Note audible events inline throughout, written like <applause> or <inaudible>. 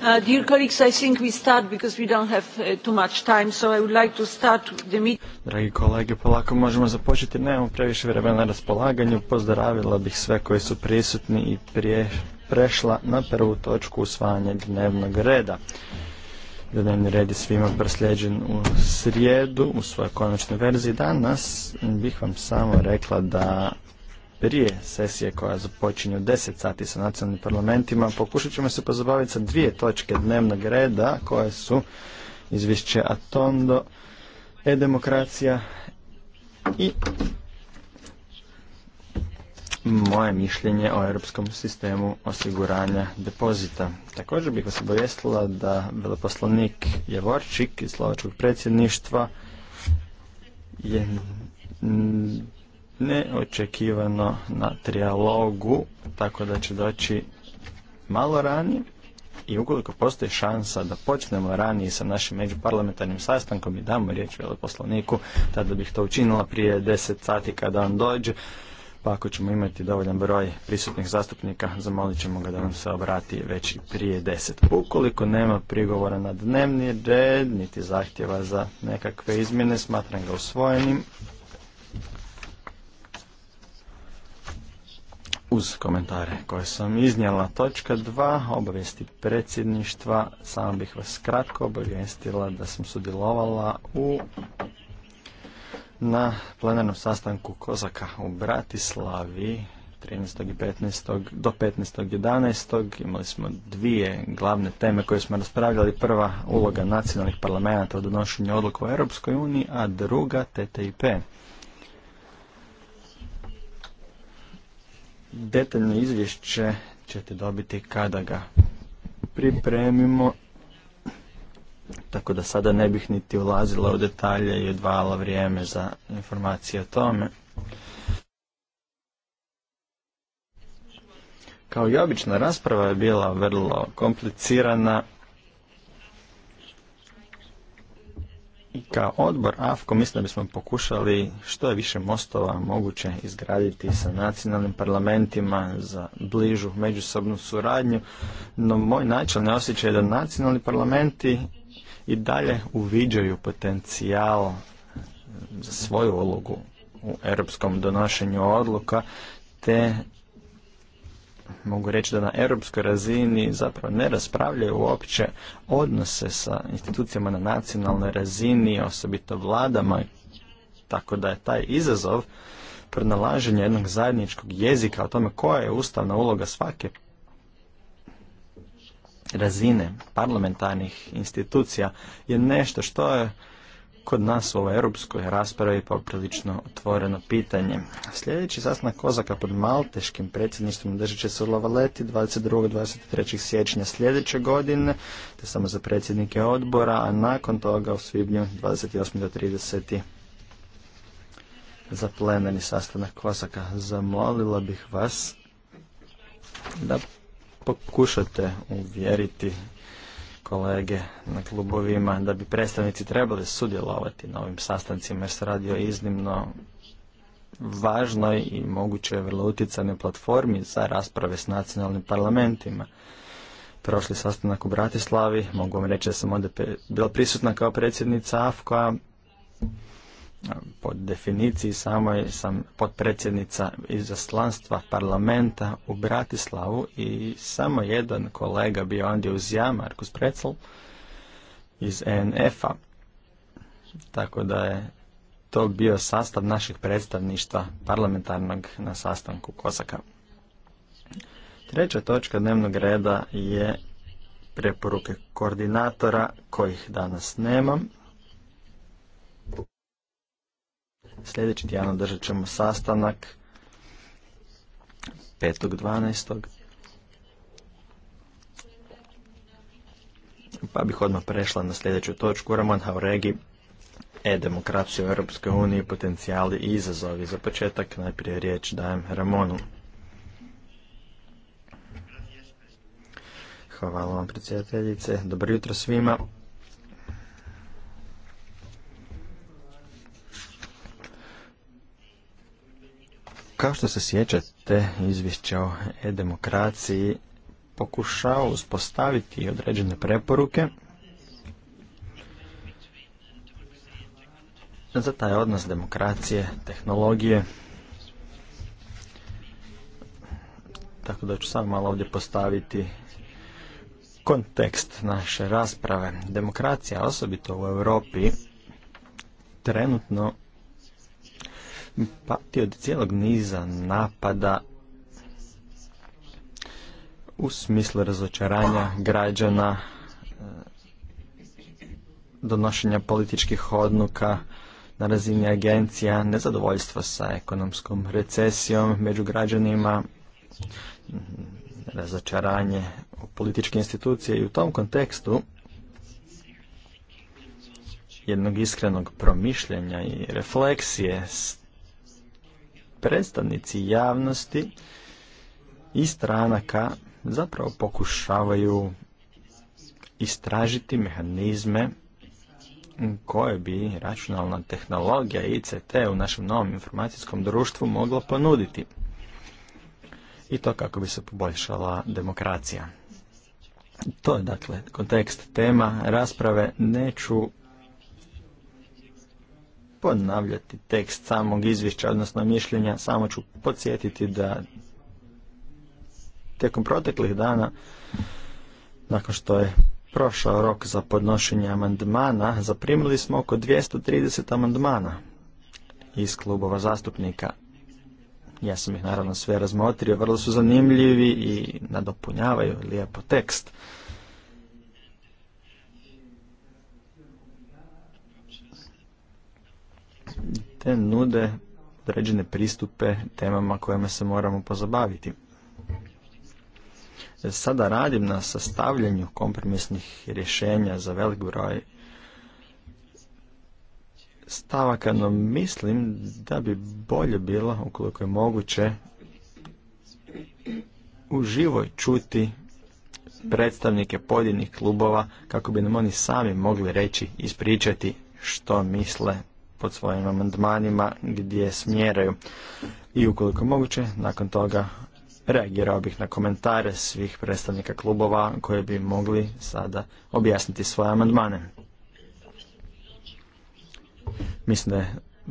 start Dragi kolege, polako možemo započeti, nemamo previše vremena na raspolaganju. Pozdravila bih sve koji su prisutni i prije prešla na prvu točku usvajanja dnevnog reda. Dnevni red je svima proslijeđen u srijedu u svojoj konačnoj verziji. Danas bih vam samo rekla da prije sesije koja započinje u 10 sati sa nacionalnim parlamentima, pokušat ćemo se pozabaviti sa dvije točke dnevnog reda koje su izvješće Atondo, e-demokracija i moje mišljenje o europskom sistemu osiguranja depozita. Također bih vas obavijestila da veleposlanik Javorčik iz slovačkog predsjedništva je neočekivano na trijalogu, tako da će doći malo ranije i ukoliko postoji šansa da počnemo ranije sa našim međuparlamentarnim sastankom i damo riječ poslovniku tada bih to učinila prije 10 sati kada on dođe, pa ako ćemo imati dovoljan broj prisutnih zastupnika, zamolit ćemo ga da nam se obrati već i prije 10. Ukoliko nema prigovora na dnevni red, niti zahtjeva za nekakve izmjene, smatram ga usvojenim. uz komentare koje sam iznijela. Točka 2. Obavijesti predsjedništva. Samo bih vas kratko obavijestila da sam sudjelovala u na plenarnom sastanku Kozaka u Bratislavi 13. i 15. do 15. 11. imali smo dvije glavne teme koje smo raspravljali. Prva uloga nacionalnih parlamenta u donošenju odluka u Europskoj uniji, a druga TTIP. Detaljno izvješće ćete dobiti kada ga pripremimo, tako da sada ne bih niti ulazila u detalje i odvala vrijeme za informacije o tome. Kao i obično, rasprava je bila vrlo komplicirana, I kao odbor AFKO mislim da bismo pokušali što je više mostova moguće izgraditi sa nacionalnim parlamentima za bližu međusobnu suradnju, no moj načelni osjećaj je da nacionalni parlamenti i dalje uviđaju potencijal za svoju ulogu u europskom donošenju odluka te mogu reći da na europskoj razini zapravo ne raspravljaju uopće odnose sa institucijama na nacionalnoj razini, osobito vladama, tako da je taj izazov pronalaženja jednog zajedničkog jezika o tome koja je ustavna uloga svake razine parlamentarnih institucija je nešto što je kod nas u ovoj europskoj raspravi poprilično otvoreno pitanje. Sljedeći sastanak Kozaka pod malteškim predsjedništvom držat će se u Lavaleti 22. 23. siječnja sljedeće godine, te samo za predsjednike odbora, a nakon toga u svibnju 28. do 30. za plenarni sastanak Kozaka. Zamolila bih vas da pokušate uvjeriti kolege na klubovima da bi predstavnici trebali sudjelovati na ovim sastancima jer se radi o iznimno važnoj i moguće vrlo utjecajnoj platformi za rasprave s nacionalnim parlamentima. Prošli sastanak u Bratislavi, mogu vam reći da sam onda bila prisutna kao predsjednica AFKA, po definiciji samoj sam potpredsjednica izaslanstva parlamenta u Bratislavu i samo jedan kolega bio ondje uz ja, Markus Precel, iz ENF-a. Tako da je to bio sastav našeg predstavništva parlamentarnog na sastanku Kosaka. Treća točka dnevnog reda je preporuke koordinatora kojih danas nemam. Sljedeći tjedan održat ćemo sastanak 5.12. Pa bih odmah prešla na sljedeću točku. Ramon Hauregi, e-demokracija u Europskoj uniji, potencijali i izazovi. Za početak najprije riječ dajem Ramonu. Hvala vam predsjedateljice. Dobro jutro svima. Kao što se sjećate, izvješće o e-demokraciji pokušao uspostaviti određene preporuke za taj odnos demokracije, tehnologije. Tako da ću samo malo ovdje postaviti kontekst naše rasprave. Demokracija, osobito u Europi, trenutno pati od cijelog niza napada u smislu razočaranja građana, e, donošenja političkih odluka na razini agencija, nezadovoljstva sa ekonomskom recesijom među građanima, razočaranje u političke institucije i u tom kontekstu jednog iskrenog promišljanja i refleksije s predstavnici javnosti i stranaka zapravo pokušavaju istražiti mehanizme koje bi računalna tehnologija ICT u našem novom informacijskom društvu mogla ponuditi. I to kako bi se poboljšala demokracija. To je dakle kontekst tema rasprave. Neću ponavljati tekst samog izvješća, odnosno mišljenja, samo ću podsjetiti da tijekom proteklih dana, nakon što je prošao rok za podnošenje amandmana, zaprimili smo oko 230 amandmana iz klubova zastupnika. Ja sam ih naravno sve razmotrio, vrlo su zanimljivi i nadopunjavaju lijepo tekst. te nude određene pristupe temama kojima se moramo pozabaviti. Sada radim na sastavljanju kompromisnih rješenja za velik broj stavaka, no mislim da bi bolje bilo, ukoliko je moguće, uživo čuti predstavnike pojedinih klubova kako bi nam oni sami mogli reći, ispričati što misle pod svojim amandmanima gdje smjeraju. I ukoliko moguće, nakon toga reagirao bih na komentare svih predstavnika klubova koji bi mogli sada objasniti svoje amandmane. Mislim da je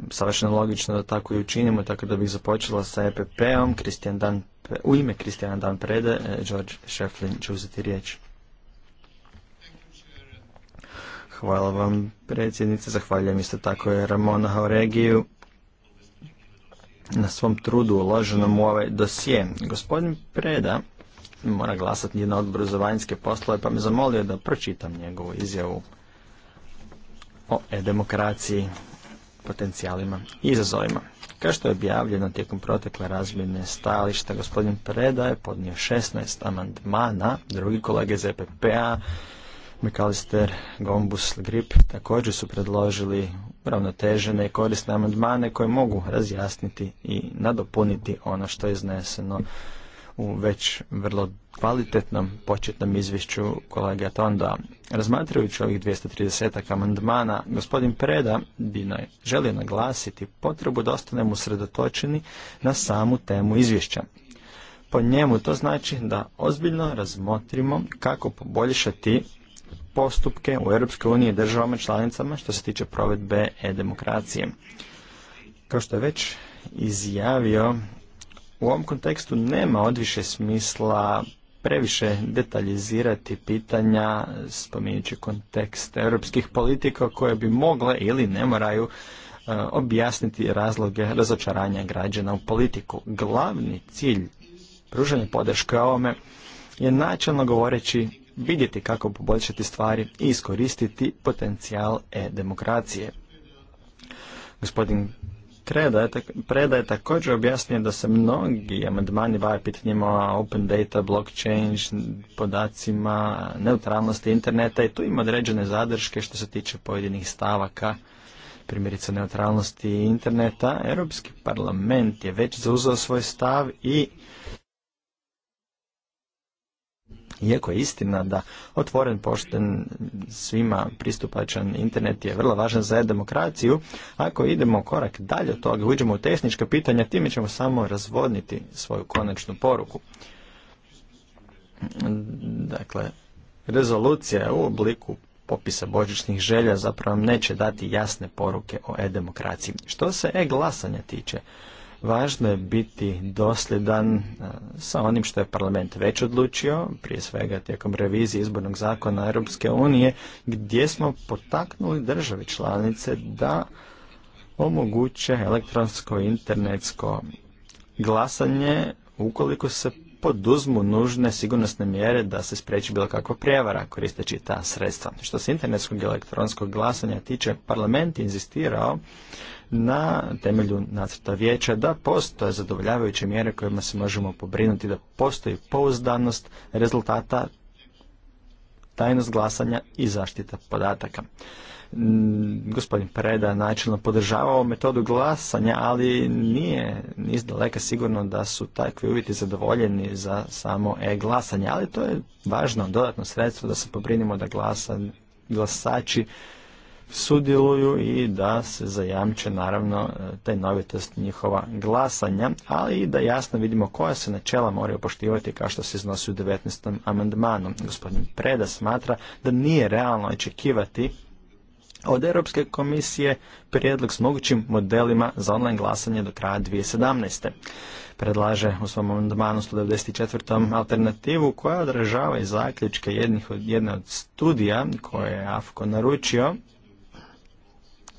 savršeno logično da tako i učinimo, tako da bih započela sa EPP-om. U ime Kristijana Dan Prede, e, George Sheflin će uzeti riječ. Hvala vam predsjednice, zahvaljujem isto tako je Ramona Hauregiju na svom trudu uloženom u ovaj dosije. Gospodin Preda mora glasati na odboru za vanjske poslove pa me zamolio da pročitam njegovu izjavu o e-demokraciji, potencijalima i izazovima. Kao što je objavljeno tijekom protekle razmjene stajališta, gospodin Preda je podnio 16 amandmana, drugi kolege iz e a McAllister, Gombus, Grip također su predložili ravnotežene i korisne amandmane koje mogu razjasniti i nadopuniti ono što je izneseno u već vrlo kvalitetnom početnom izvješću kolege Tonda. Razmatrajući ovih 230 amandmana, gospodin Preda bi želi naglasiti potrebu da ostanemo usredotočeni na samu temu izvješća. Po njemu to znači da ozbiljno razmotrimo kako poboljšati postupke u EU i državama članicama što se tiče provedbe e-demokracije. Kao što je već izjavio, u ovom kontekstu nema odviše smisla previše detaljizirati pitanja spominjući kontekst europskih politika koje bi mogle ili ne moraju e, objasniti razloge razočaranja građana u politiku. Glavni cilj pružanja podrške ovome je načelno govoreći vidjeti kako poboljšati stvari i iskoristiti potencijal e-demokracije. Gospodin Kreda je, Preda je također objasnio da se mnogi amandmani bave pitanjima open data, blockchain, podacima, neutralnosti interneta i tu ima određene zadrške što se tiče pojedinih stavaka primjerice neutralnosti interneta, Europski parlament je već zauzeo svoj stav i iako je istina da otvoren, pošten, svima pristupačan internet je vrlo važan za demokraciju, ako idemo korak dalje od toga, uđemo u tehnička pitanja, time ćemo samo razvodniti svoju konačnu poruku. Dakle, rezolucija u obliku popisa božičnih želja zapravo neće dati jasne poruke o e-demokraciji. Što se e-glasanja tiče, Važno je biti dosljedan e, sa onim što je parlament već odlučio, prije svega tijekom revizije izbornog zakona Europske unije, gdje smo potaknuli države članice da omoguće elektronsko internetsko glasanje ukoliko se poduzmu nužne sigurnosne mjere da se spriječi bilo kakva prijevara koristeći ta sredstva. Što se internetskog i elektronskog glasanja tiče, parlament je inzistirao na temelju nacrta vijeća da postoje zadovoljavajuće mjere kojima se možemo pobrinuti da postoji pouzdanost rezultata tajnost glasanja i zaštita podataka. Mm, gospodin Preda načelno podržavao metodu glasanja, ali nije niz daleka sigurno da su takvi uvjeti zadovoljeni za samo e-glasanje, ali to je važno dodatno sredstvo da se pobrinimo da glasa, glasači sudjeluju i da se zajamče naravno e, taj novitost njihova glasanja, ali i da jasno vidimo koja se načela moraju poštivati kao što se iznosi u 19. amandmanu. Gospodin Preda smatra da nije realno očekivati od Europske komisije prijedlog s mogućim modelima za online glasanje do kraja 2017. Predlaže u svom amandmanu 194. alternativu koja odražava i zaključke jednih od, jedne od studija koje je AFKO naručio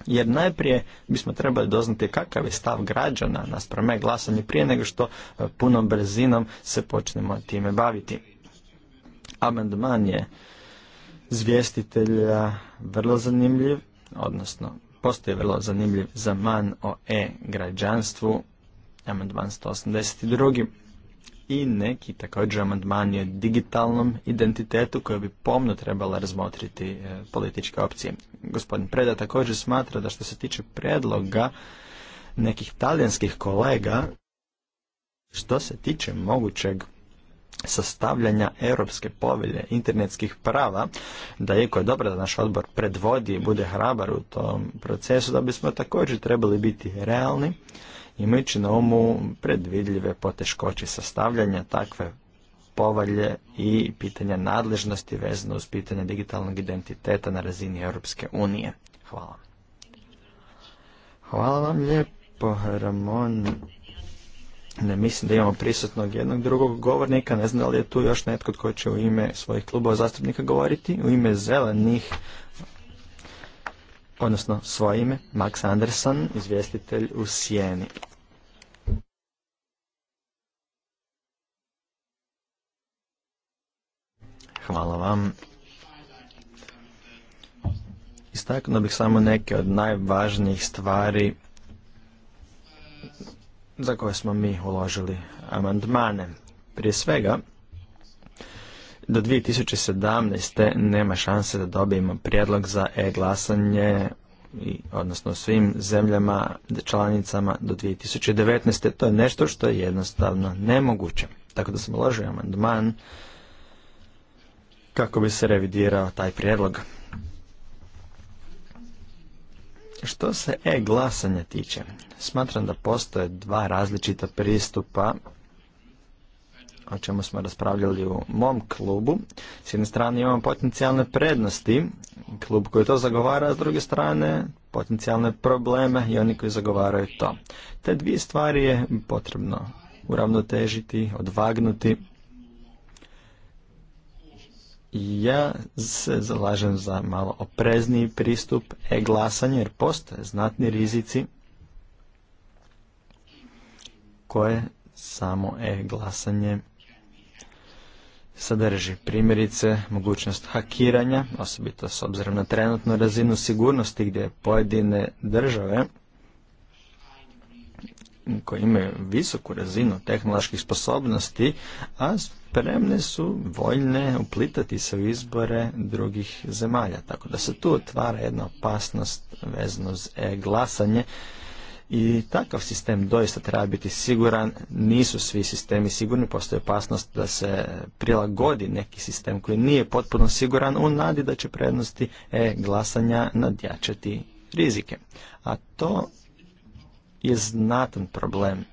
jer najprije bismo trebali doznati kakav je stav građana naspram glasanje prije nego što e, punom brzinom se počnemo time baviti. Amandman je zvjestitelja vrlo zanimljiv, odnosno postoji vrlo zanimljiv za man o e-građanstvu, amandman 182 i neki također amandmani o digitalnom identitetu koje bi pomno trebala razmotriti e, političke opcije. Gospodin Preda također smatra da što se tiče predloga nekih talijanskih kolega, što se tiče mogućeg sastavljanja europske povelje internetskih prava, da iako je dobro da naš odbor predvodi i bude hrabar u tom procesu, da bismo također trebali biti realni imajući na umu predvidljive poteškoće sastavljanja takve povalje i pitanja nadležnosti vezano uz pitanje digitalnog identiteta na razini Europske unije. Hvala. Hvala vam lijepo, Ramon. Ne mislim da imamo prisutnog jednog drugog govornika, ne znam da li je tu još netko tko će u ime svojih klubova zastupnika govoriti, u ime zelenih, odnosno svoje ime, Max Anderson, izvjestitelj u Sijeni. Hvala vam. Istaknuo bih samo neke od najvažnijih stvari za koje smo mi uložili amandmane. Prije svega, do 2017. nema šanse da dobijemo prijedlog za e-glasanje i odnosno svim zemljama članicama do 2019. To je nešto što je jednostavno nemoguće. Tako da smo uložili amandman kako bi se revidirao taj prijedlog. Što se e glasanje tiče, smatram da postoje dva različita pristupa o čemu smo raspravljali u mom klubu. S jedne strane imamo potencijalne prednosti, klub koji to zagovara, a s druge strane potencijalne probleme i oni koji zagovaraju to. Te dvije stvari je potrebno uravnotežiti, odvagnuti ja se zalažem za malo oprezniji pristup e-glasanje jer postoje znatni rizici koje samo e-glasanje sadrži. Primjerice, mogućnost hakiranja, osobito s obzirom na trenutnu razinu sigurnosti gdje pojedine države koje imaju visoku razinu tehnoloških sposobnosti, a spremne su voljne uplitati se u izbore drugih zemalja. Tako da se tu otvara jedna opasnost vezano uz e-glasanje i takav sistem doista treba biti siguran. Nisu svi sistemi sigurni, postoji opasnost da se prilagodi neki sistem koji nije potpuno siguran u nadi da će prednosti e-glasanja nadjačati rizike. A to je znatan problem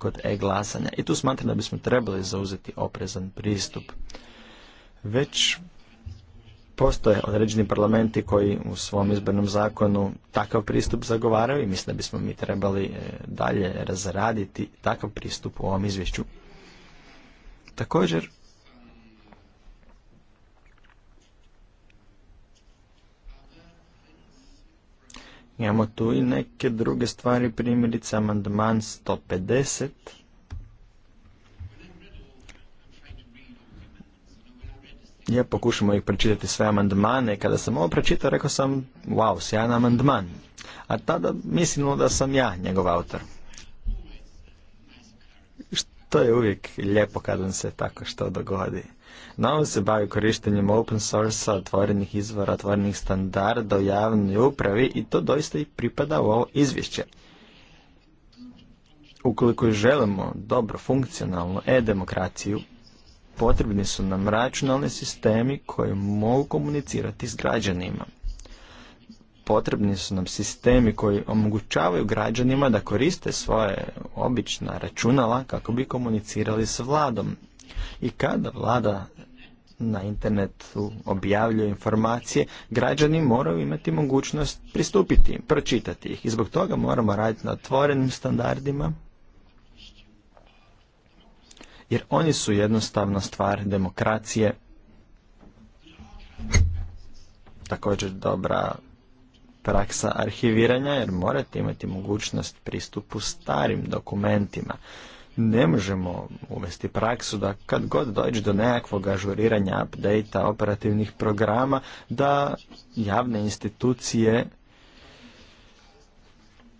kod e-glasanja. I tu smatram da bismo trebali zauzeti oprezan pristup. Već postoje određeni parlamenti koji u svom izbornom zakonu takav pristup zagovaraju i mislim da bismo mi trebali e, dalje razraditi takav pristup u ovom izvješću. Također, Imamo tu i neke druge stvari, primjerice amandman 150. Ja pokušamo ih pročitati sve amandmane kada sam ovo pročitao rekao sam wow, sjajan amandman. A tada mislimo da sam ja njegov autor. Što je uvijek lijepo kad vam se tako što dogodi na se bavi korištenjem open source otvorenih izvora, otvorenih standarda u javnoj upravi i to doista i pripada u ovo izvješće. Ukoliko želimo dobro funkcionalnu e-demokraciju, potrebni su nam računalni sistemi koji mogu komunicirati s građanima. Potrebni su nam sistemi koji omogućavaju građanima da koriste svoje obična računala kako bi komunicirali s vladom. I kada vlada na internetu objavljuju informacije, građani moraju imati mogućnost pristupiti pročitati ih. I zbog toga moramo raditi na otvorenim standardima, jer oni su jednostavna stvar demokracije, također dobra praksa arhiviranja, jer morate imati mogućnost pristupu starim dokumentima ne možemo uvesti praksu da kad god dođe do nekakvog ažuriranja updata operativnih programa da javne institucije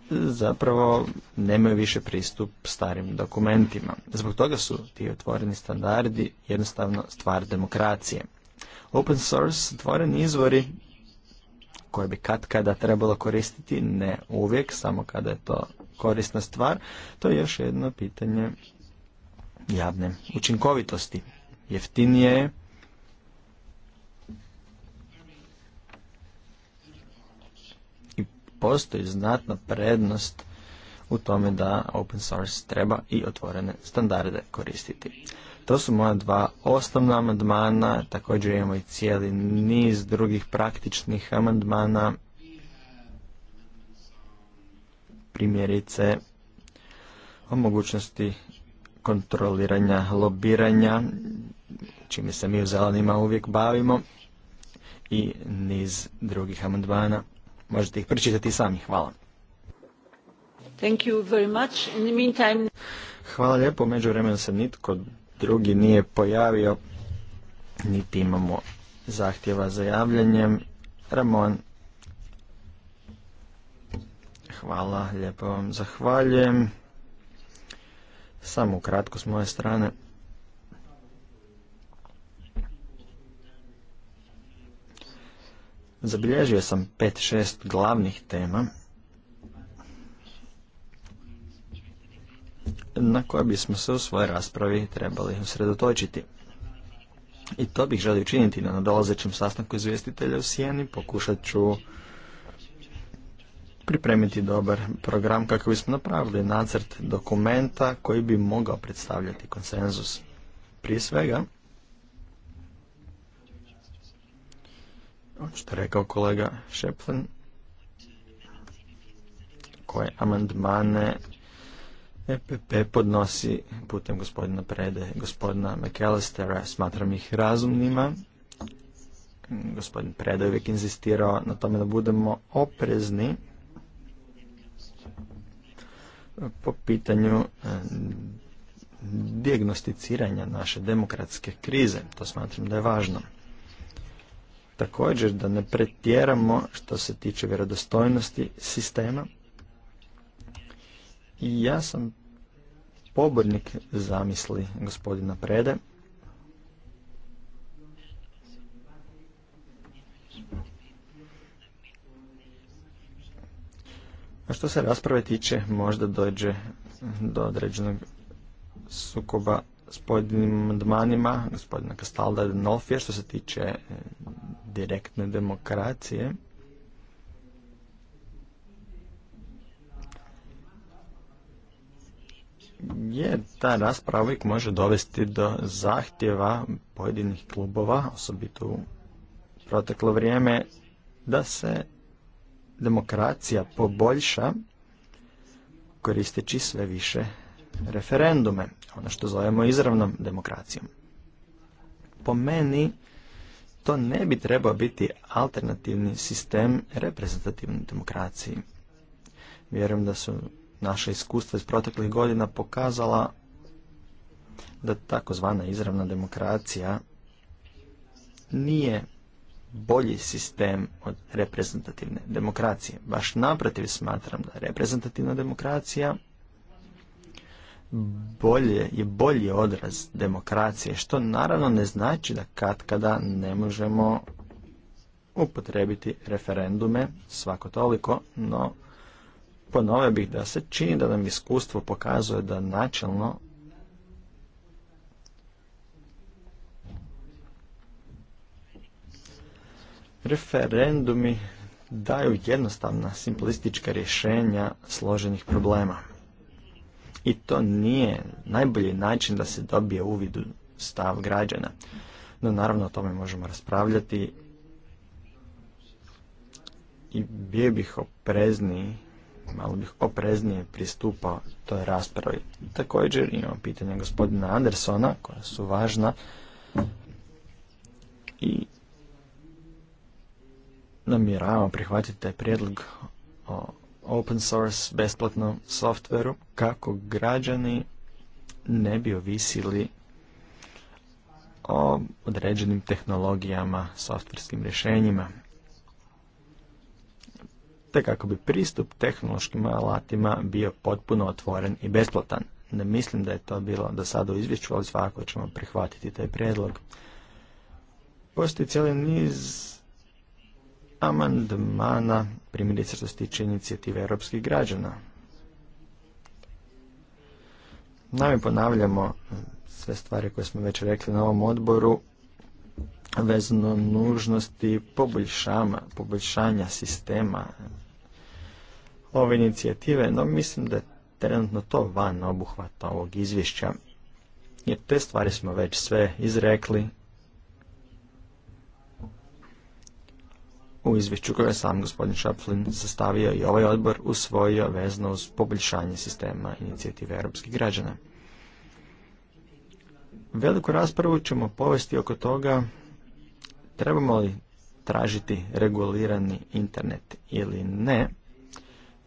zapravo nemaju više pristup starim dokumentima. Zbog toga su ti otvoreni standardi jednostavno stvar demokracije. Open source, otvoreni izvori koje bi kad kada trebalo koristiti, ne uvijek, samo kada je to korisna stvar, to je još jedno pitanje javne učinkovitosti. Jeftinije je i postoji znatna prednost u tome da open source treba i otvorene standarde koristiti. To su moja dva osnovna amandmana, također imamo i cijeli niz drugih praktičnih amandmana primjerice o mogućnosti kontroliranja, lobiranja, čime se mi u zelenima uvijek bavimo i niz drugih amandmana. Možete ih pročitati sami. Hvala. Thank you very much. In the meantime... Hvala lijepo. Među vremenu se nitko drugi nije pojavio. Niti imamo zahtjeva za javljanjem. Ramon, Hvala, lijepo vam zahvaljujem. Samo ukratko s moje strane. Zabilježio sam pet, šest glavnih tema na koje bismo se u svojoj raspravi trebali usredotočiti. I to bih želio učiniti na nadolazećem sastanku izvjestitelja u Sijeni. Pokušat ću pripremiti dobar program kako bismo napravili nacrt dokumenta koji bi mogao predstavljati konsenzus. Prije svega, ono što je rekao kolega Šeplin, koje amandmane EPP podnosi putem gospodina Prede, gospodina McAllistera, smatram ih razumnima. Gospodin Prede uvijek inzistirao na tome da budemo oprezni po pitanju e, dijagnosticiranja naše demokratske krize. To smatram da je važno. Također da ne pretjeramo što se tiče vjerodostojnosti sistema. I ja sam pobornik zamisli gospodina Prede A što se rasprave tiče, možda dođe do određenog sukoba s pojedinim amandmanima gospodina Kastalda Nolfija što se tiče eh, direktne demokracije. je ta rasprava uvijek može dovesti do zahtjeva pojedinih klubova, osobito u proteklo vrijeme, da se demokracija poboljša koristeći sve više referendume, ono što zovemo izravnom demokracijom. Po meni to ne bi trebao biti alternativni sistem reprezentativne demokraciji. Vjerujem da su naša iskustva iz proteklih godina pokazala da takozvana izravna demokracija nije bolji sistem od reprezentativne demokracije. Baš naprotiv smatram da reprezentativna demokracija bolje, je bolji odraz demokracije, što naravno ne znači da kad kada ne možemo upotrebiti referendume svako toliko, no ponove bih da se čini da nam iskustvo pokazuje da načelno Referendumi daju jednostavna simplistička rješenja složenih problema. I to nije najbolji način da se dobije uvid u stav građana. No naravno o tome možemo raspravljati i bio bih oprezniji, malo bih opreznije pristupao toj raspravi. Također imamo pitanja gospodina Andersona koja su važna i namjeravamo prihvatiti taj prijedlog o open source besplatnom softveru kako građani ne bi ovisili o određenim tehnologijama, softverskim rješenjima. Te kako bi pristup tehnološkim alatima bio potpuno otvoren i besplatan. Ne mislim da je to bilo do sada u izvješću, ali svakako ćemo prihvatiti taj prijedlog. Postoji cijeli niz amandmana, primjerice što se tiče inicijative europskih građana. Nami ponavljamo sve stvari koje smo već rekli na ovom odboru vezano nužnosti poboljšama, poboljšanja sistema ove inicijative, no mislim da je trenutno to van obuhvata ovog izvješća, jer te stvari smo već sve izrekli u izvješću koje je sam gospodin Šaplin sastavio i ovaj odbor usvojio vezno uz poboljšanje sistema inicijative europskih građana. Veliku raspravu ćemo povesti oko toga trebamo li tražiti regulirani internet ili ne.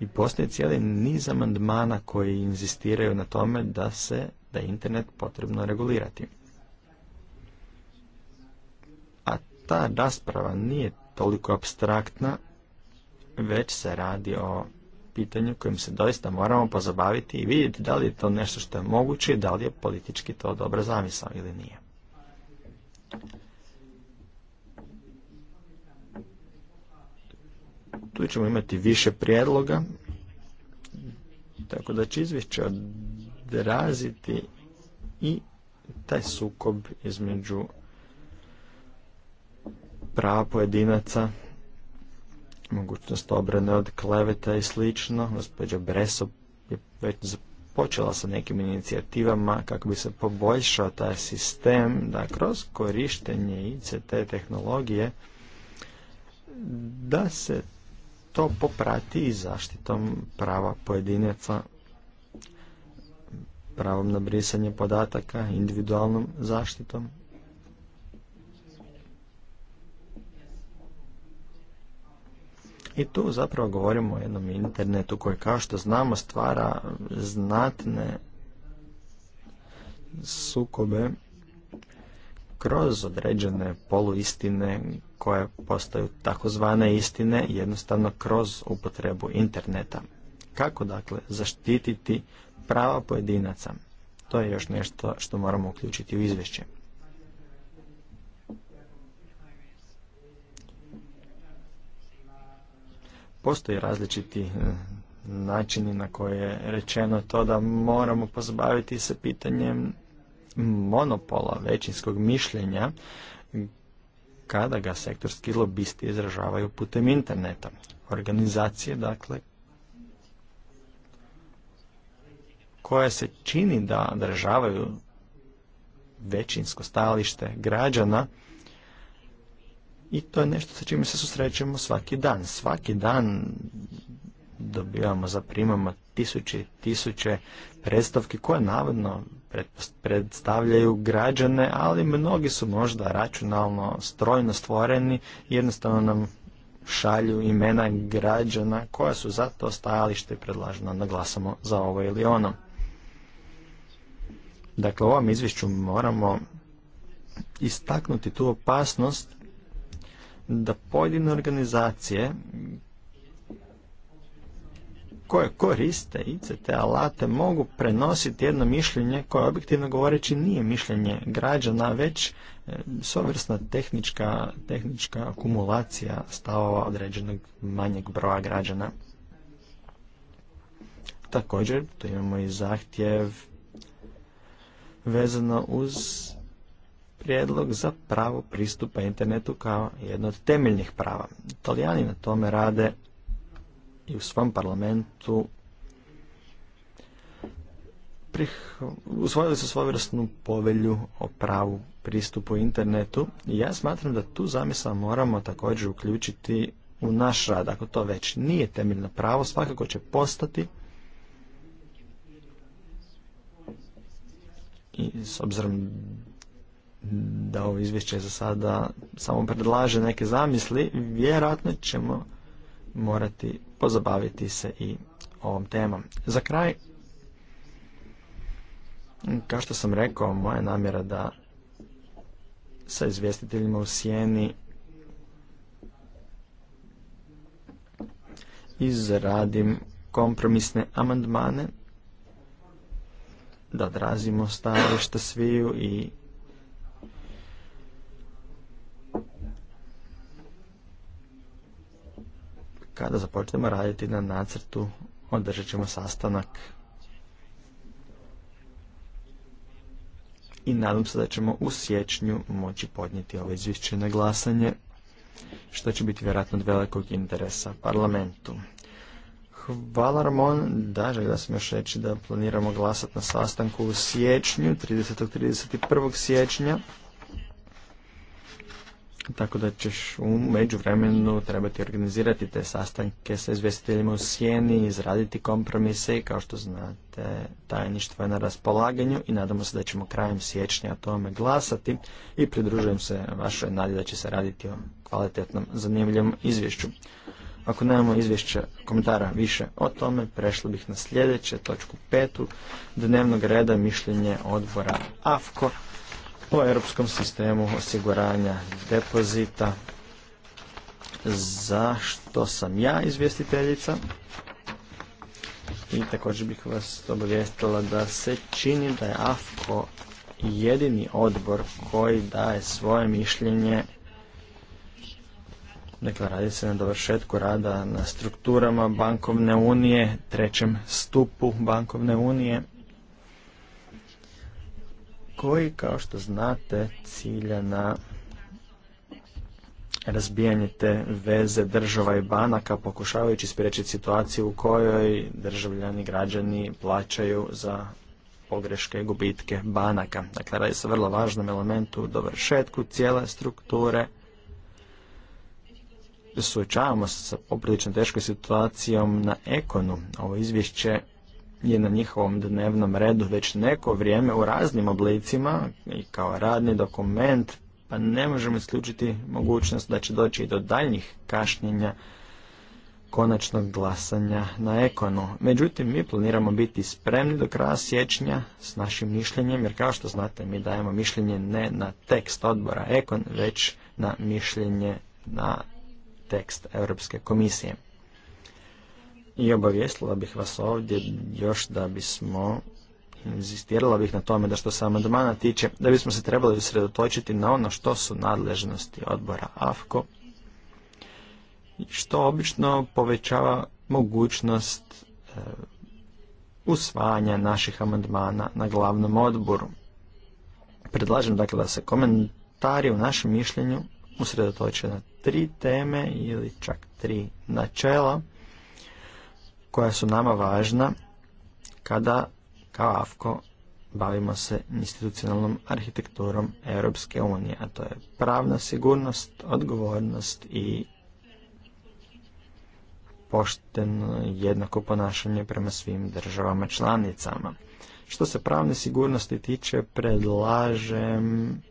I postoji cijeli niz amandmana koji inzistiraju na tome da se da je internet potrebno regulirati. A ta rasprava nije toliko abstraktna, već se radi o pitanju kojim se doista moramo pozabaviti i vidjeti da li je to nešto što je moguće i da li je politički to dobra zamisao ili nije. Tu ćemo imati više prijedloga, tako da će izvješće raziti i taj sukob između prava pojedinaca, mogućnost obrane od kleveta i slično. Gospođa Breso je već počela sa nekim inicijativama kako bi se poboljšao taj sistem da kroz korištenje ICT tehnologije da se to poprati i zaštitom prava pojedinaca, pravom na brisanje podataka, individualnom zaštitom. I tu zapravo govorimo o jednom internetu koji kao što znamo stvara znatne sukobe kroz određene poluistine koje postaju takozvane istine jednostavno kroz upotrebu interneta. Kako dakle zaštititi prava pojedinaca? To je još nešto što moramo uključiti u izvješće. Postoje različiti eh, načini na koje je rečeno to da moramo pozbaviti se pitanjem monopola većinskog mišljenja kada ga sektorski lobisti izražavaju putem interneta. Organizacije, dakle, koje se čini da državaju većinsko stajalište građana i to je nešto sa čime se susrećemo svaki dan. Svaki dan dobivamo, zaprimamo tisuće i tisuće predstavki koje navodno predstavljaju građane, ali mnogi su možda računalno strojno stvoreni jednostavno nam šalju imena građana koja su za to stajalište i predlažu da glasamo za ovo ili ono. Dakle, u ovom izvješću moramo istaknuti tu opasnost da pojedine organizacije koje koriste ICT alate mogu prenositi jedno mišljenje koje objektivno govoreći nije mišljenje građana, već e, sovrsna tehnička, tehnička akumulacija stavova određenog manjeg broja građana. Također, to imamo i zahtjev vezano uz prijedlog za pravo pristupa internetu kao jedno od temeljnih prava. Italijani na tome rade i u svom parlamentu usvojili su svojvrstnu povelju o pravu pristupu internetu i ja smatram da tu zamisla moramo također uključiti u naš rad. Ako to već nije temeljno pravo, svakako će postati i s obzirom da ovo izvješće za sada samo predlaže neke zamisli, vjerojatno ćemo morati pozabaviti se i ovom temom. Za kraj, kao što sam rekao, moja namjera da sa izvjestiteljima u sjeni izradim kompromisne amandmane, da odrazimo stajališta sviju i kada započnemo raditi na nacrtu, održat ćemo sastanak i nadam se da ćemo u siječnju moći podnijeti ovo izvješće na glasanje, što će biti vjerojatno od velikog interesa parlamentu. Hvala Ramon, da, želim sam još reći da planiramo glasat na sastanku u siječnju, 30. 31. siječnja. Tako da ćeš u međuvremenu trebati organizirati te sastanke sa izvjestiteljima u sjeni, izraditi kompromise i kao što znate tajništvo je na raspolaganju i nadamo se da ćemo krajem siječnja o tome glasati i pridružujem se vašoj nadi da će se raditi o kvalitetnom, zanimljivom izvješću. Ako nemamo izvješća komentara više o tome, prešli bih na sljedeće, točku petu, dnevnog reda mišljenje odbora AFKO o europskom sistemu osiguranja depozita zašto sam ja izvjestiteljica i također bih vas obavijestila da se čini da je AFKO jedini odbor koji daje svoje mišljenje dakle radi se na dovršetku rada na strukturama bankovne unije trećem stupu bankovne unije koji, kao što znate, cilja na razbijanje te veze država i banaka pokušavajući spriječiti situaciju u kojoj državljani građani plaćaju za pogreške i gubitke banaka. Dakle, radi se o vrlo važnom elementu u dovršetku cijele strukture. Suočavamo se sa poprilično teškom situacijom na ekonu. Ovo izvješće je na njihovom dnevnom redu već neko vrijeme u raznim oblicima i kao radni dokument, pa ne možemo isključiti mogućnost da će doći do daljnjih kašnjenja konačnog glasanja na ekonu. Međutim, mi planiramo biti spremni do kraja siječnja s našim mišljenjem, jer kao što znate, mi dajemo mišljenje ne na tekst odbora ekon, već na mišljenje na tekst Europske komisije. I obavijestila bih vas ovdje još da bismo inzistirala bih na tome da što se amandmana tiče, da bismo se trebali usredotočiti na ono što su nadležnosti odbora AFKO, što obično povećava mogućnost e, usvajanja naših amandmana na glavnom odboru. Predlažem dakle da se komentari u našem mišljenju usredotoče na tri teme ili čak tri načela – koja su nama važna kada kao AFKO bavimo se institucionalnom arhitekturom Europske unije, a to je pravna sigurnost, odgovornost i pošteno jednako ponašanje prema svim državama članicama. Što se pravne sigurnosti tiče, predlažem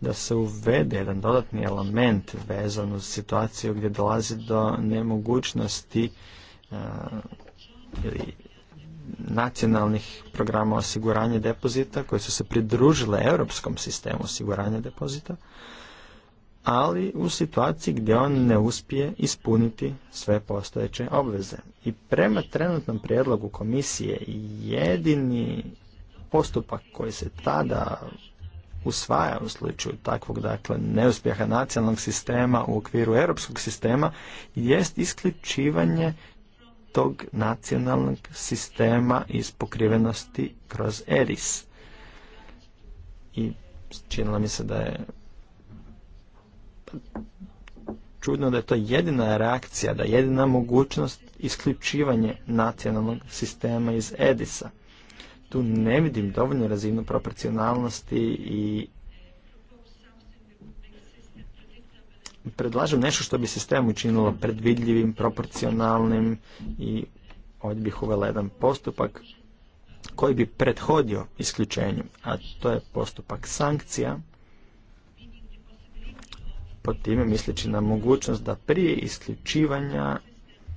da se uvede jedan dodatni element vezan uz situaciju gdje dolazi do nemogućnosti Eh, ili nacionalnih programa osiguranja depozita koje su se pridružile europskom sistemu osiguranja depozita, ali u situaciji gdje on ne uspije ispuniti sve postojeće obveze. I prema trenutnom prijedlogu komisije jedini postupak koji se tada usvaja u slučaju takvog dakle neuspjeha nacionalnog sistema u okviru europskog sistema jest isključivanje tog nacionalnog sistema iz pokrivenosti kroz ERIS. I činilo mi se da je čudno da je to jedina reakcija, da jedina mogućnost isključivanje nacionalnog sistema iz Edisa. Tu ne vidim dovoljnu razinu proporcionalnosti i predlažem nešto što bi sistem učinilo predvidljivim, proporcionalnim i ovdje bih uvela jedan postupak koji bi prethodio isključenju, a to je postupak sankcija, pod time misleći na mogućnost da prije isključivanja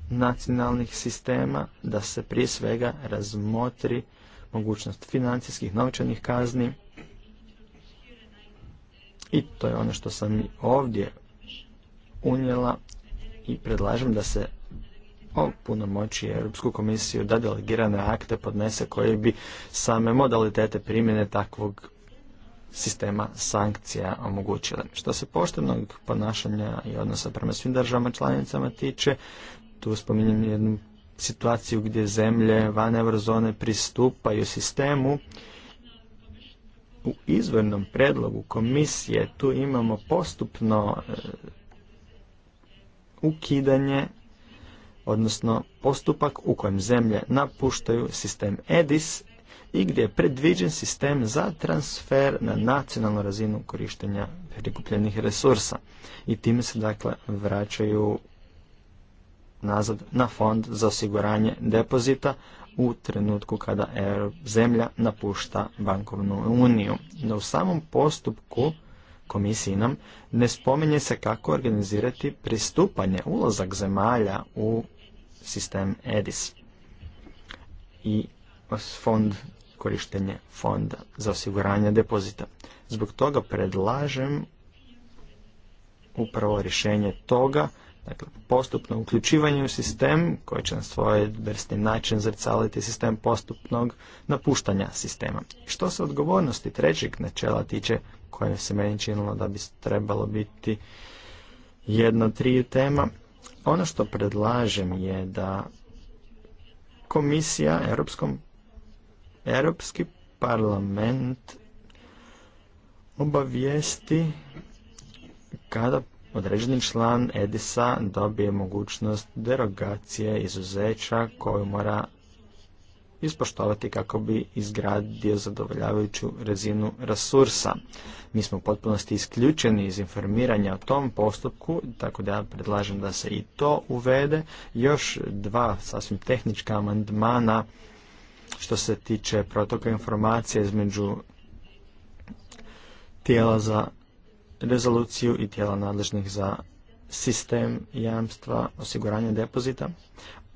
nacionalnih sistema, da se prije svega razmotri mogućnost financijskih novčanih kazni, i to je ono što sam ovdje unijela i predlažem da se o puno moći Europsku komisiju da delegirane akte podnese koje bi same modalitete primjene takvog sistema sankcija omogućile. Što se poštenog ponašanja i odnosa prema svim državama članicama tiče, tu spominjem jednu situaciju gdje zemlje van eurozone pristupaju sistemu. U izvornom predlogu komisije tu imamo postupno e, ukidanje, odnosno postupak u kojem zemlje napuštaju sistem EDIS i gdje je predviđen sistem za transfer na nacionalnu razinu korištenja prikupljenih resursa. I time se dakle vraćaju nazad na fond za osiguranje depozita u trenutku kada zemlja napušta bankovnu uniju. Da u samom postupku komisijinom ne spominje se kako organizirati pristupanje ulazak zemalja u sistem EDIS i fond korištenje fonda za osiguranje depozita. Zbog toga predlažem upravo rješenje toga, dakle postupno uključivanje u sistem koji će na svoj vrstni način zrcaliti sistem postupnog napuštanja sistema. Što se odgovornosti trećeg načela tiče, koje se meni činilo da bi trebalo biti jedna od triju tema. Ono što predlažem je da komisija, Europskom, Europski parlament obavijesti kada određeni član Edisa dobije mogućnost derogacije izuzeća koju mora ispoštovati kako bi izgradio zadovoljavajuću razinu resursa. Mi smo u potpunosti isključeni iz informiranja o tom postupku, tako da ja predlažem da se i to uvede. Još dva sasvim tehnička amandmana što se tiče protoka informacija između tijela za rezoluciju i tijela nadležnih za sistem jamstva osiguranja depozita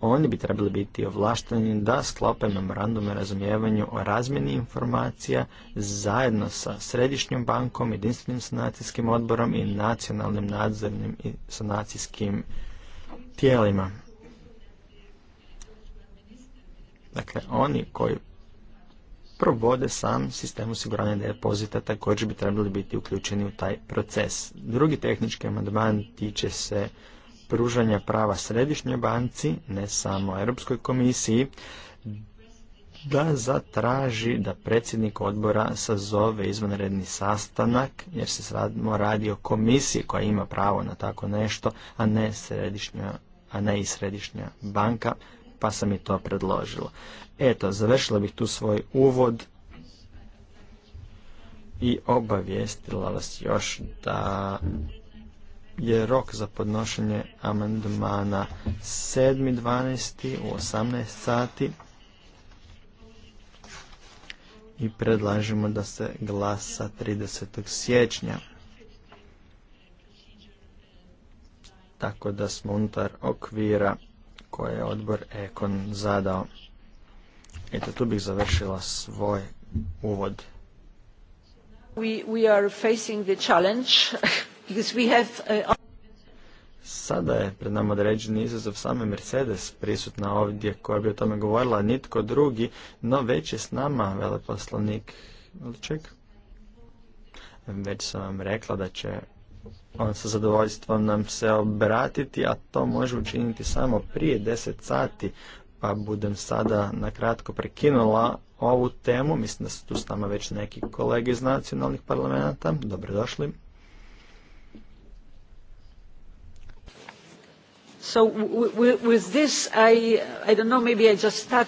oni bi trebali biti ovlašteni da sklope memorandume razumijevanju o razmjeni informacija zajedno sa Središnjom bankom, Jedinstvenim sanacijskim odborom i nacionalnim nadzornim i sanacijskim tijelima. Dakle, oni koji provode sam sistem osiguranja depozita također bi trebali biti uključeni u taj proces. Drugi tehnički amandman tiče se pružanja prava središnjoj banci, ne samo Europskoj komisiji, da zatraži da predsjednik odbora sazove izvanredni sastanak, jer se radimo radi o komisiji koja ima pravo na tako nešto, a ne, središnja, a ne i središnja banka, pa sam i to predložilo. Eto, završila bih tu svoj uvod i obavijestila vas još da je rok za podnošenje amandmana 7.12. u 18 sati i predlažemo da se glasa 30. siječnja. Tako da smo unutar okvira koje je odbor Ekon zadao. Eto, tu bih završila svoj uvod. We, we are facing the challenge <laughs> Uh, sada je pred nama određeni izazov same Mercedes prisutna ovdje koja bi o tome govorila, nitko drugi, no već je s nama veleposlanik Ček. Već sam vam rekla da će on sa zadovoljstvom nam se obratiti, a to može učiniti samo prije 10 sati, pa budem sada nakratko prekinula ovu temu. Mislim da su tu s nama već neki kolege iz nacionalnih parlamenta. Dobrodošli. So with this, I, I don't know, maybe I just start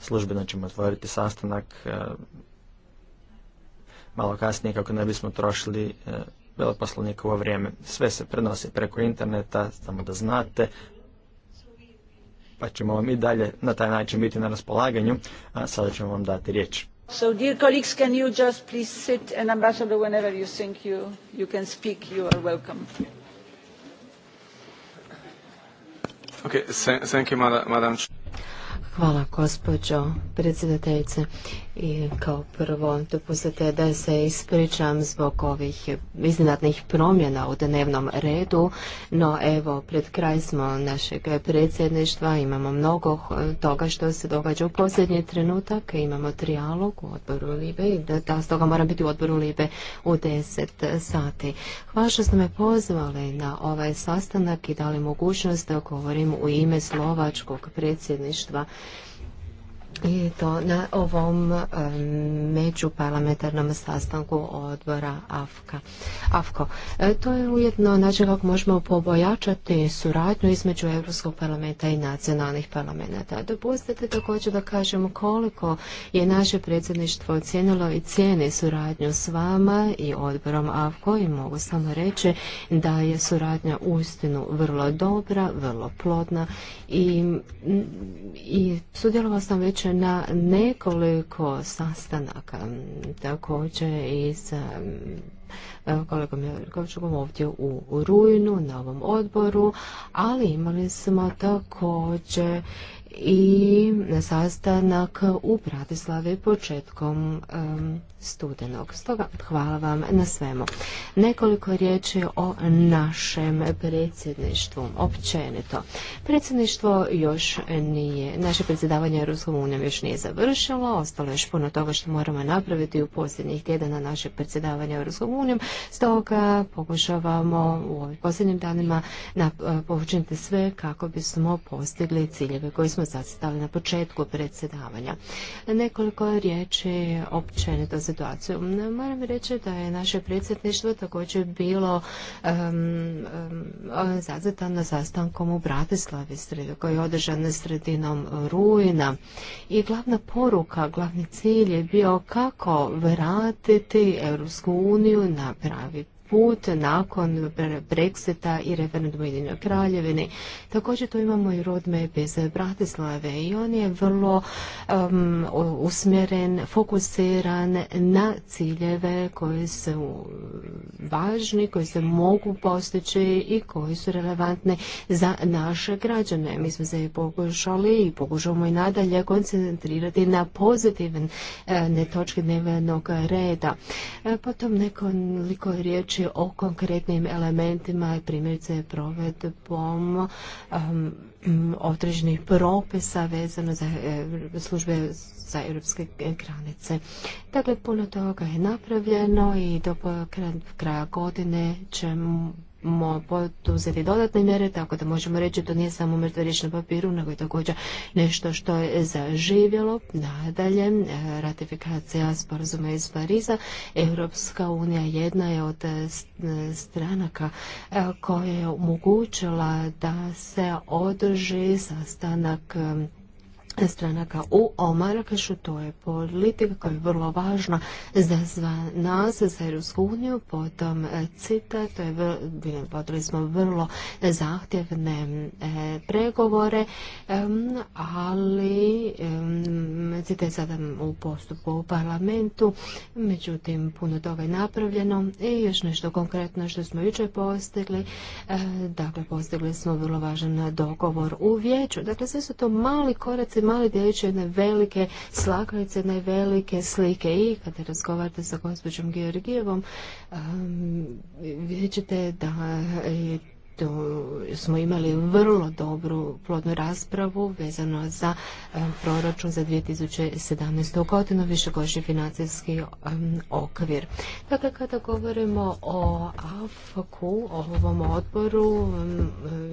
Službeno ćemo otvoriti sastanak e, malo kasnije kako ne bismo trošili e, veleposlanikovo vrijeme. Sve se prenosi preko interneta, samo da znate, pa ćemo vam i dalje na taj način biti na raspolaganju, a sada ćemo vam dati riječ. So dear colleagues, can you just please sit and ambassador whenever you think you, you can speak, you are welcome. Okay, thank you, madam. Hvala gospođo predsjedateljice. I kao prvo, dopustite da se ispričam zbog ovih iznenadnih promjena u dnevnom redu, no evo, pred kraj smo našeg predsjedništva, imamo mnogo toga što se događa u posljednji trenutak, imamo trijalog u odboru Libe i da toga moram biti u odboru Libe u 10 sati. Hvala što ste me pozvali na ovaj sastanak i dali mogućnost da govorim u ime slovačkog predsjedništva i to na ovom međuparlamentarnom sastanku odbora AFKA. AFKO. E, to je ujedno način kako možemo pobojačati suradnju između Europskog parlamenta i nacionalnih parlamenta. Dopustite također da kažem koliko je naše predsjedništvo ocijenilo i cijeni suradnju s vama i odborom AFKO i mogu samo reći da je suradnja uistinu vrlo dobra, vrlo plodna i, i sudjelovao sam već na nekoliko sastanaka, također i kolegom ovdje u, Rujnu, na ovom odboru, ali imali smo također i sastanak u Bratislavi početkom studenog. Stoga hvala vam na svemu. Nekoliko riječi o našem predsjedništvu, općenito. Predsjedništvo još nije, naše predsjedavanje EU unijom još nije završilo, ostalo je još puno toga što moramo napraviti u posljednjih tjedana našeg predsjedavanja EU. unijom, stoga pokušavamo u ovim posljednjim danima na, e, sve kako bismo postigli ciljeve koje smo zacitali na početku predsjedavanja. Nekoliko riječi općenito za situaciju. Moram reći da je naše predsjedništvo također bilo um, na zazetano sastankom u Bratislavi koji je održan sredinom rujna. I glavna poruka, glavni cilj je bio kako vratiti Europsku uniju na pravi put nakon Brexita i referendum Ujedinjenoj kraljevini. Također tu imamo i rodme iz Bratislave i on je vrlo usmjeren, fokusiran na ciljeve koji su važni, koji se mogu postići i koji su relevantne za naše građane. Mi smo se pokušali i pokušamo i nadalje koncentrirati na pozitivne e, točke dnevnog reda. E, potom nekoliko riječi riječi o konkretnim elementima, primjerice provedbom um, određenih propisa vezano za e, službe za europske granice. Dakle, puno toga je napravljeno i do kraja godine ćemo ćemo poduzeti dodatne mjere, tako da možemo reći to nije samo mrtva riječ na papiru, nego je također nešto što je zaživjelo. Nadalje, ratifikacija sporazuma iz Pariza. Europska unija jedna je od stranaka e, koja je omogućila da se održi sastanak stranaka u Omarakešu. To je politika koja je vrlo važna za sva nas, za Europsku uniju, potom e, CITA, to je vrlo smo vrlo zahtjevne e, pregovore, ali CITA je sada u postupku u parlamentu, međutim puno toga je napravljeno i još nešto konkretno što smo jučer postigli, e, dakle postigli smo vrlo važan dogovor u vijeću. Dakle, sve su to mali koraci mali dječje jedne velike slakalice, jedne velike slike. I kada razgovarate sa gospođom Georgijevom, um, vidjet ćete da je tu smo imali vrlo dobru plodnu raspravu vezano za e, proračun za 2017. godinu, višegodišnji financijski okvir. Dakle, kada govorimo o afk o ovom odboru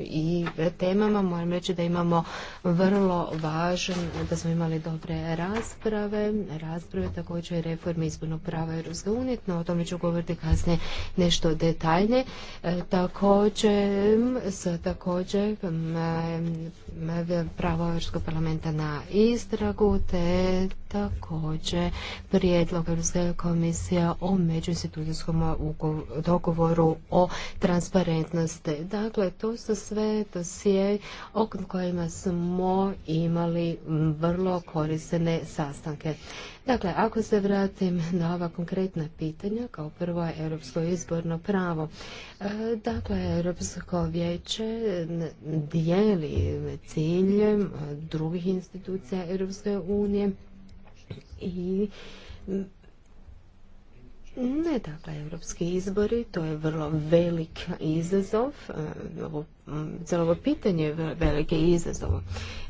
i temama, moram reći da imamo vrlo važan, da smo imali dobre rasprave, rasprave također reforme izbornog prava Europske unije, no o tome ću govoriti kasnije nešto detaljnije. E, također s također pravo Europskog parlamenta na istragu te također prijedlog Evropske komisije o međuinstitucijskom dogovoru o transparentnosti. Dakle, to su sve dosije o kojima smo imali vrlo korisne sastanke. Dakle, ako se vratim na ova konkretna pitanja, kao prvo je europsko izborno pravo. E, dakle, Europsko vijeće dijeli ciljem drugih institucija Europske unije i ne, dakle, europski izbori, to je vrlo velik izazov, e, ovo, ovo pitanje je velike izazov.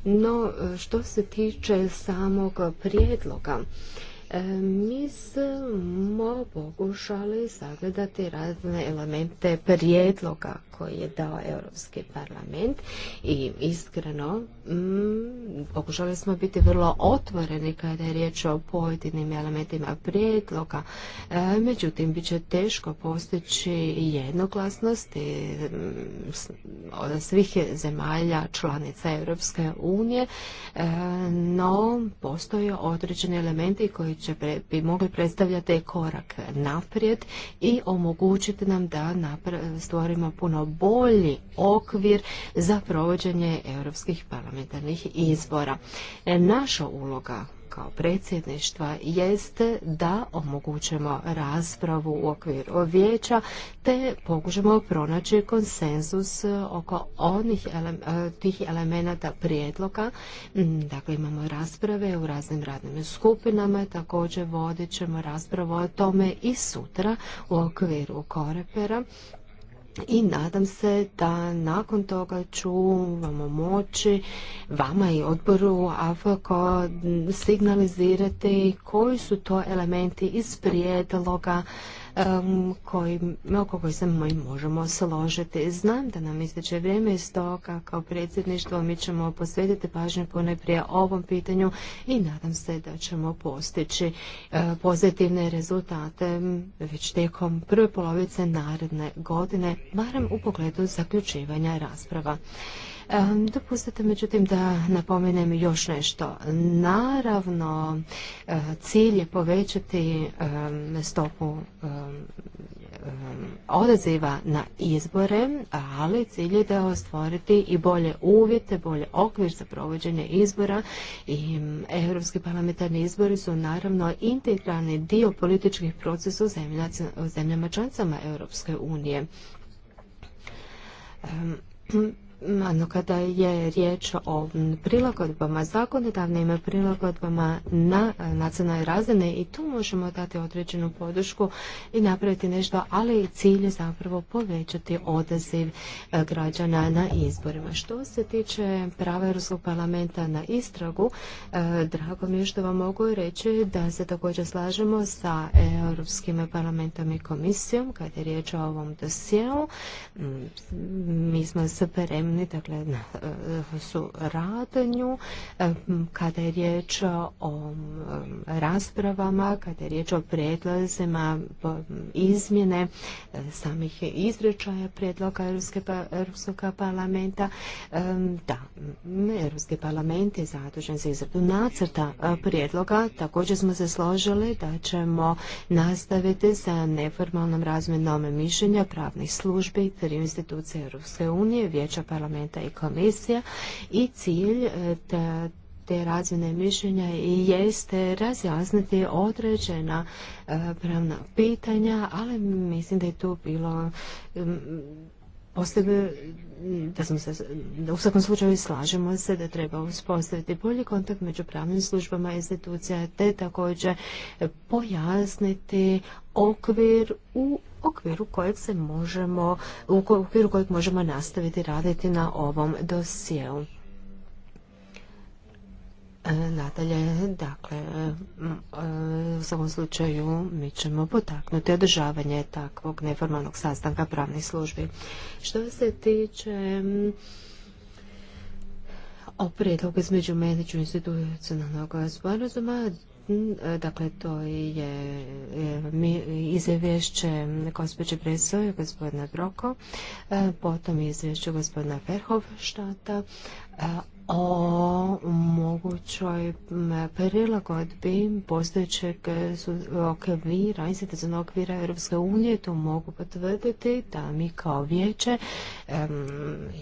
No, e, što se tiče samog prijedloga, E, mi smo pokušali sagledati razne elemente prijedloga koji je dao Europski parlament i iskreno mm, pokušali smo biti vrlo otvoreni kada je riječ o pojedinim elementima prijedloga. E, međutim, bit će teško postići jednoglasnosti e, od svih zemalja članica Europske unije, no postoje određeni elementi koji će pre, bi mogli predstavljati korak naprijed i omogućiti nam da stvorimo puno bolji okvir za provođenje europskih parlamentarnih izbora. E, naša uloga kao predsjedništva jeste da omogućemo raspravu u okviru vijeća te pokušamo pronaći konsenzus oko onih e, tih elemenata prijedloga. Mm, dakle, imamo rasprave u raznim radnim skupinama, također vodit ćemo raspravu o tome i sutra u okviru korepera i nadam se da nakon toga ću vam moći vama i odboru AFAKO signalizirati koji su to elementi iz prijedloga um, kojim, oko koji se mi možemo složiti. Znam da nam ističe vrijeme i stoga kao predsjedništvo mi ćemo posvetiti pažnju ponajprije ovom pitanju i nadam se da ćemo postići e, pozitivne rezultate već tijekom prve polovice naredne godine, barem u pogledu zaključivanja rasprava. Dopustite međutim da napomenem još nešto. Naravno, eh, cilj je povećati stopu odaziva na izbore, ali cilj je da ostvoriti i bolje uvjete, bolje okvir za provođenje izbora i europski parlamentarni izbori su naravno integralni dio političkih procesa u, zemljama članicama Europske unije. Ano, kada je riječ o prilagodbama, zakonodavnim prilagodbama na nacionalnoj razine i tu možemo dati određenu podršku i napraviti nešto, ali cilj je zapravo povećati odaziv e, građana na izborima. Što se tiče prava Europskog parlamenta na istragu, e, drago mi je što vam mogu reći da se također slažemo sa Europskim parlamentom i komisijom kada je riječ o ovom dosjeu. Mm, mi smo peremni ni dakle, e, su suradnju e, kada je riječ o raspravama, kada je riječ o prijedlozima izmjene e, samih izrečaja predloga pa, Europskog parlamenta. Da, Europski parlament je zadužen za izradu nacrta prijedloga. Također smo se složili da ćemo nastaviti sa neformalnom razmjenom mišljenja pravnih službi tri institucije Europske unije, Vijeća parlamenta parlamenta i komisija i cilj e, da te razvine mišljenja jeste razjasniti određena e, pravna pitanja, ali mislim da je to bilo postavljeno da se, u svakom slučaju slažemo se da treba uspostaviti bolji kontakt među pravnim službama institucija te također pojasniti okvir u okviru kojeg se možemo, u okviru kojeg možemo nastaviti raditi na ovom dosjeu. E, nadalje, dakle, e, u svakom slučaju mi ćemo potaknuti održavanje takvog neformalnog sastanka pravnih službi. Što se tiče o predlogu između institucionalnog sporazuma, Dakle, to je e, izvješće gospođe Bresovi, i gospodina Broko, e, potom izvješće gospodina Verhofštata, o mogućoj prilagodbi postojećeg e, okvira, institucionalnog okvira Europske unije, to mogu potvrditi da mi kao vijeće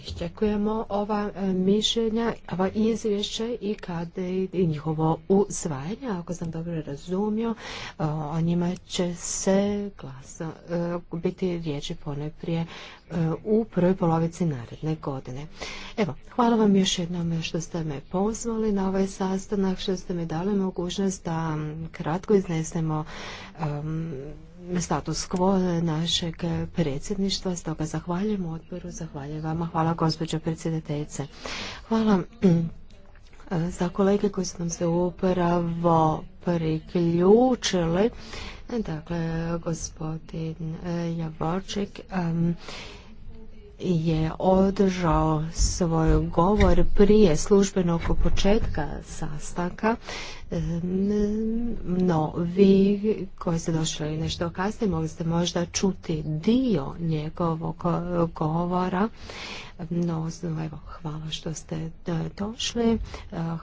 iščekujemo ova e, mišljenja, ova izvješće i kada i njihovo usvajanje, ako sam dobro razumio, o njima će se glas e, biti riječi pone prije E, u prvoj polovici naredne godine. Evo, hvala vam još jednom što ste me pozvali na ovaj sastanak, što ste mi dali mogućnost da kratko iznesemo status quo našeg predsjedništva. Stoga zahvaljujem odboru, zahvaljujem vama, hvala gospođo predsjedateljice. Hvala <clears throat> za kolege koji su nam se upravo priključili. Dakle, gospodin e, Javorčik um, je održao svoj govor prije službenog početka sastanka, no vi koji ste došli nešto kasnije mogli ste možda čuti dio njegovog govora no, evo, hvala što ste e, došli, e,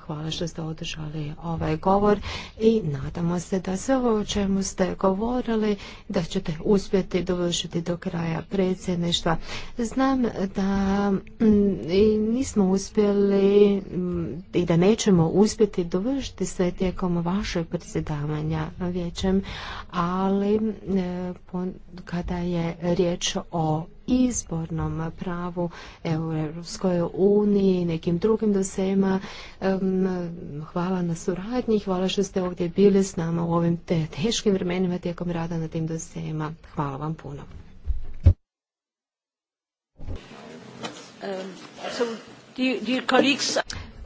hvala što ste održali ovaj govor i nadamo se da sve ovo o čemu ste govorili, da ćete uspjeti dovršiti do kraja predsjedništva. Znam da mm, nismo uspjeli mm, i da nećemo uspjeti dovršiti sve tijekom vašeg predsjedavanja vijećem, ali e, kada je riječ o izbornom pravu Europskoj uniji i nekim drugim dosema. Hvala na suradnji, hvala što ste ovdje bili s nama u ovim teškim vremenima tijekom rada na tim dosema. Hvala vam puno.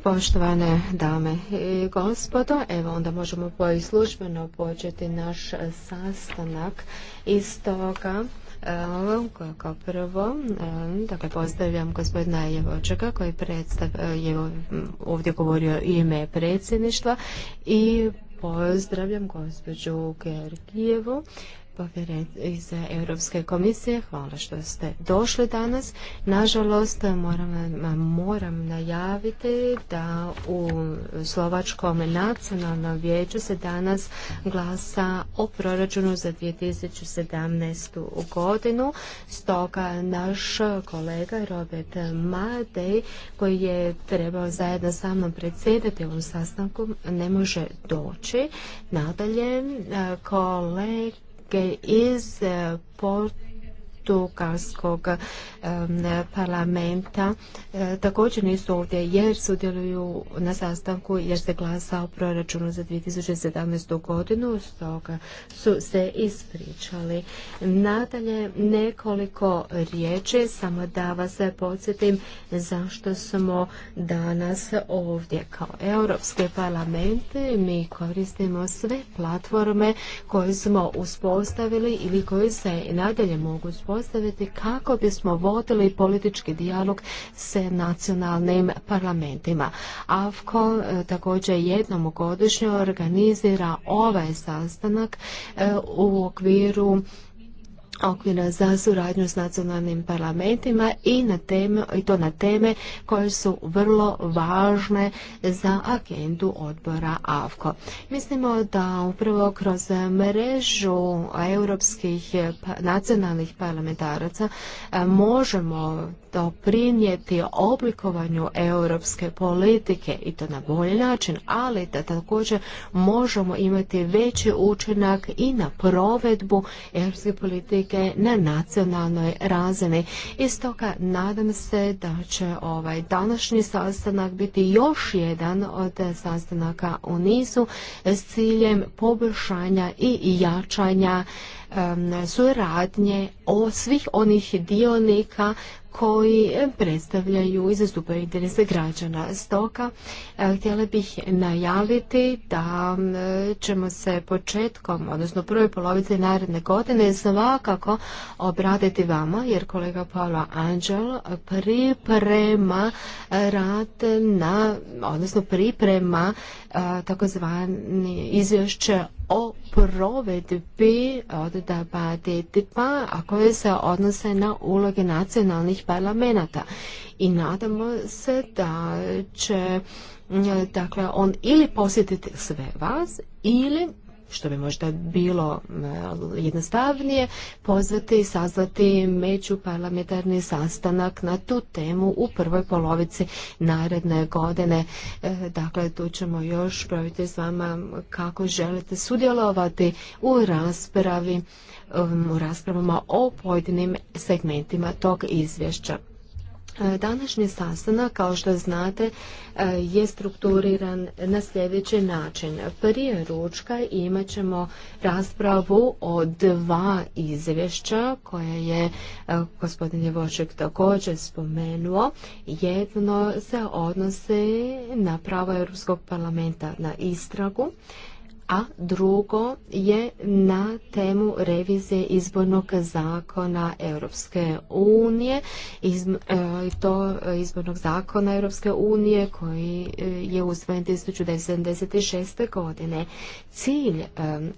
Poštovane dame i gospodo, evo onda možemo po službeno početi naš sastanak iz toga. Kao prvo, e, dakle, pozdravljam gospodina Jevočaka koji predstav, e, je ovdje govorio ime predsjedništva i pozdravljam gospođu Gergijevu iz Europske komisije. Hvala što ste došli danas. Nažalost, moram, najaviti da u Slovačkom nacionalnom vijeću se danas glasa o proračunu za 2017. godinu. Stoga naš kolega Robert Madej, koji je trebao zajedno sa mnom predsjedati ovom sastanku, ne može doći. Nadalje, kolega iz eh, Portugalskog parlamenta e, također nisu ovdje jer sudjeluju na sastanku jer se glasa o proračunu za 2017. godinu, stoga su se ispričali. Nadalje nekoliko riječi, samo da vas podsjetim zašto smo danas ovdje kao Europske parlamente. Mi koristimo sve platforme koje smo uspostavili ili koje se nadalje mogu uspostaviti postaviti kako bismo vodili politički dijalog s nacionalnim parlamentima. AFKO e, također jednom godišnje organizira ovaj sastanak e, u okviru okvira za suradnju s nacionalnim parlamentima i, na i to na teme koje su vrlo važne za agendu odbora AFKO. Mislimo da upravo kroz mrežu europskih pa-, nacionalnih parlamentaraca e, možemo doprinijeti oblikovanju europske politike i to na bolji način, ali da također možemo imati veći učinak i na provedbu europske politike na nacionalnoj razini. I nadam se da će ovaj današnji sastanak biti još jedan od sastanaka u nizu s ciljem poboljšanja i jačanja suradnje o svih onih dionika koji predstavljaju i zastupaju interese građana. stoka. E, htjela bih najaviti da ćemo se početkom, odnosno prvoj polovici naredne godine svakako obraditi vama, jer kolega Paolo Anđel priprema rad na, odnosno priprema e, takozvani izvješće o provedbi od DABA a koje se odnose na uloge nacionalnih parlamenata. parlamenta i nadamo se da će dakle on ili posjetiti sve vas ili što bi možda bilo e, jednostavnije, pozvati i sazvati međuparlamentarni sastanak na tu temu u prvoj polovici naredne godine. E, dakle, tu ćemo još praviti s vama kako želite sudjelovati u raspravi e, u raspravama o pojedinim segmentima tog izvješća. E, današnji sastanak, kao što znate, e, je strukturiran na sljedeći način. Prije ručka imat ćemo raspravu o dva izvješća koje je e, gospodin Jevošek također spomenuo. Jedno se odnose na pravo Europskog parlamenta na istragu a drugo je na temu revizije izbornog zakona Europske unije, iz, e, to e, izbornog zakona Europske unije koji e, je usvojen 1976. godine. Cilj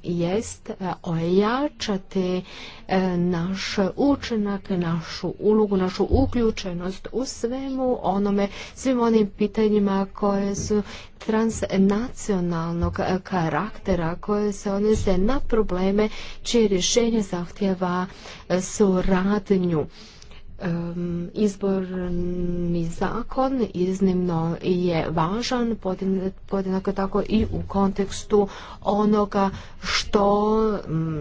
jest ojačati E, naš učinak, našu ulogu, našu uključenost u svemu onome, svim onim pitanjima koje su transnacionalnog karaktera koje se odnose na probleme čije rješenje zahtjeva e, suradnju izborni zakon iznimno je važan, podjednako tako i u kontekstu onoga što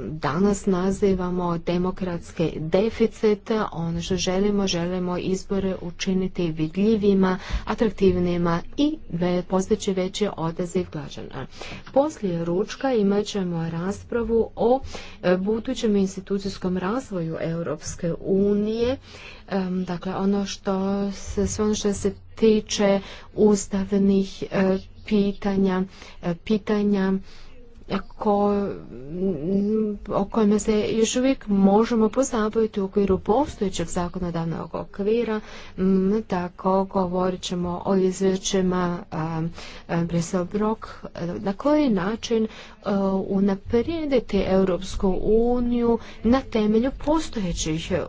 danas nazivamo demokratske deficite, ono što želimo, želimo izbore učiniti vidljivima, atraktivnijima i postići veći odaziv građana. Poslije ručka imat ćemo raspravu o e, budućem institucijskom razvoju Europske unije Dakle, ono što se, sve ono što se tiče ustavnih e, pitanja, e, pitanja Ko, o kojima se još uvijek možemo pozabaviti u okviru postojećeg zakonodavnog okvira. Mm, tako govorit ćemo o izvješćima Brisel Brok, na koji način e, unaprijediti Europsku uniju na temelju postojećih e,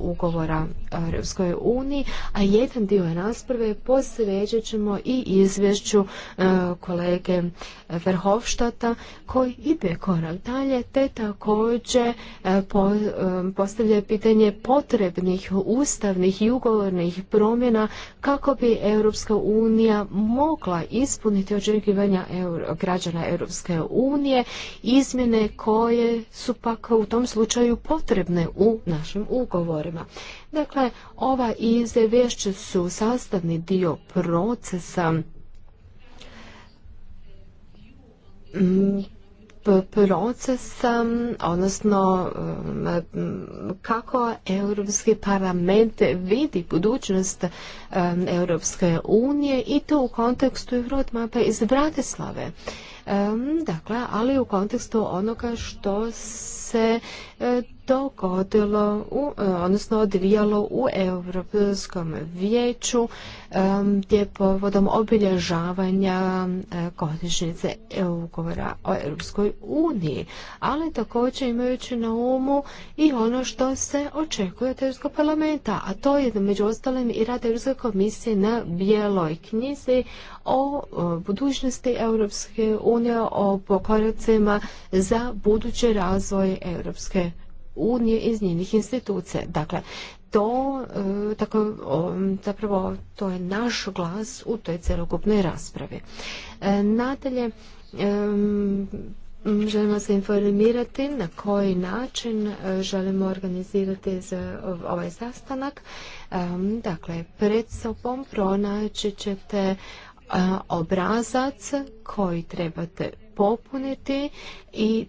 ugovora Europskoj uniji, a jedan dio rasprave posvećit ćemo i izvješću e, kolege Verhofštata koji ide korak dalje, te također e, e, postavlja pitanje potrebnih ustavnih i ugovornih promjena kako bi Europska unija mogla ispuniti očekivanja građana Europske unije, izmjene koje su pak u tom slučaju potrebne u našim ugovorima. Dakle, ova izvješća su sastavni dio procesa Mm, sam odnosno mm, kako Europski parlament vidi budućnost mm, Europske unije i to u kontekstu roadmapa iz Bratislave. Dakle, ali u kontekstu onoga što se e, dogodilo, u, e, odnosno odvijalo u Europskom vijeću gdje povodom obilježavanja e, godišnjice ugovora o Europskoj uniji, ali također imajući na umu i ono što se očekuje od Europskog parlamenta, a to je među ostalim i rad Europske komisije na bijeloj knjizi o budućnosti Europske unije, o pokoracima za budući razvoj Europske unije iz njenih institucija. Dakle, to e, tako, zapravo to je naš glas u toj celokupnoj raspravi. E, nadalje, e, želimo se informirati na koji način želimo organizirati ovaj sastanak. Dakle, pred sobom pronaći ćete obrazac koji trebate popuniti i,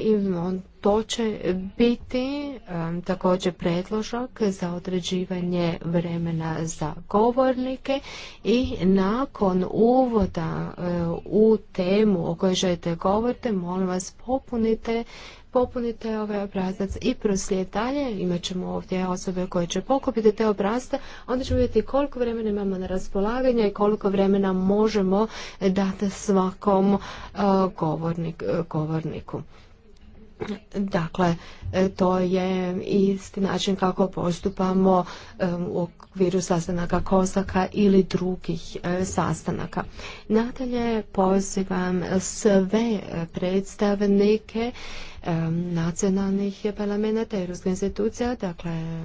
i on to će biti također predložak za određivanje vremena za govornike i nakon uvoda eh, u temu o kojoj želite govoriti, molim vas popunite popunite ovaj obrazac i proslijed dalje, imat ćemo ovdje osobe koje će pokupiti te obrazce, onda ćemo vidjeti koliko vremena imamo na raspolaganje i koliko vremena možemo dati svakom eh, govornik, eh, govorniku. Dakle, e, to je isti način kako postupamo e, u okviru sastanaka Kozaka ili drugih e, sastanaka. Nadalje pozivam sve predstavnike nacionalnih parlamenta i ruske institucija, dakle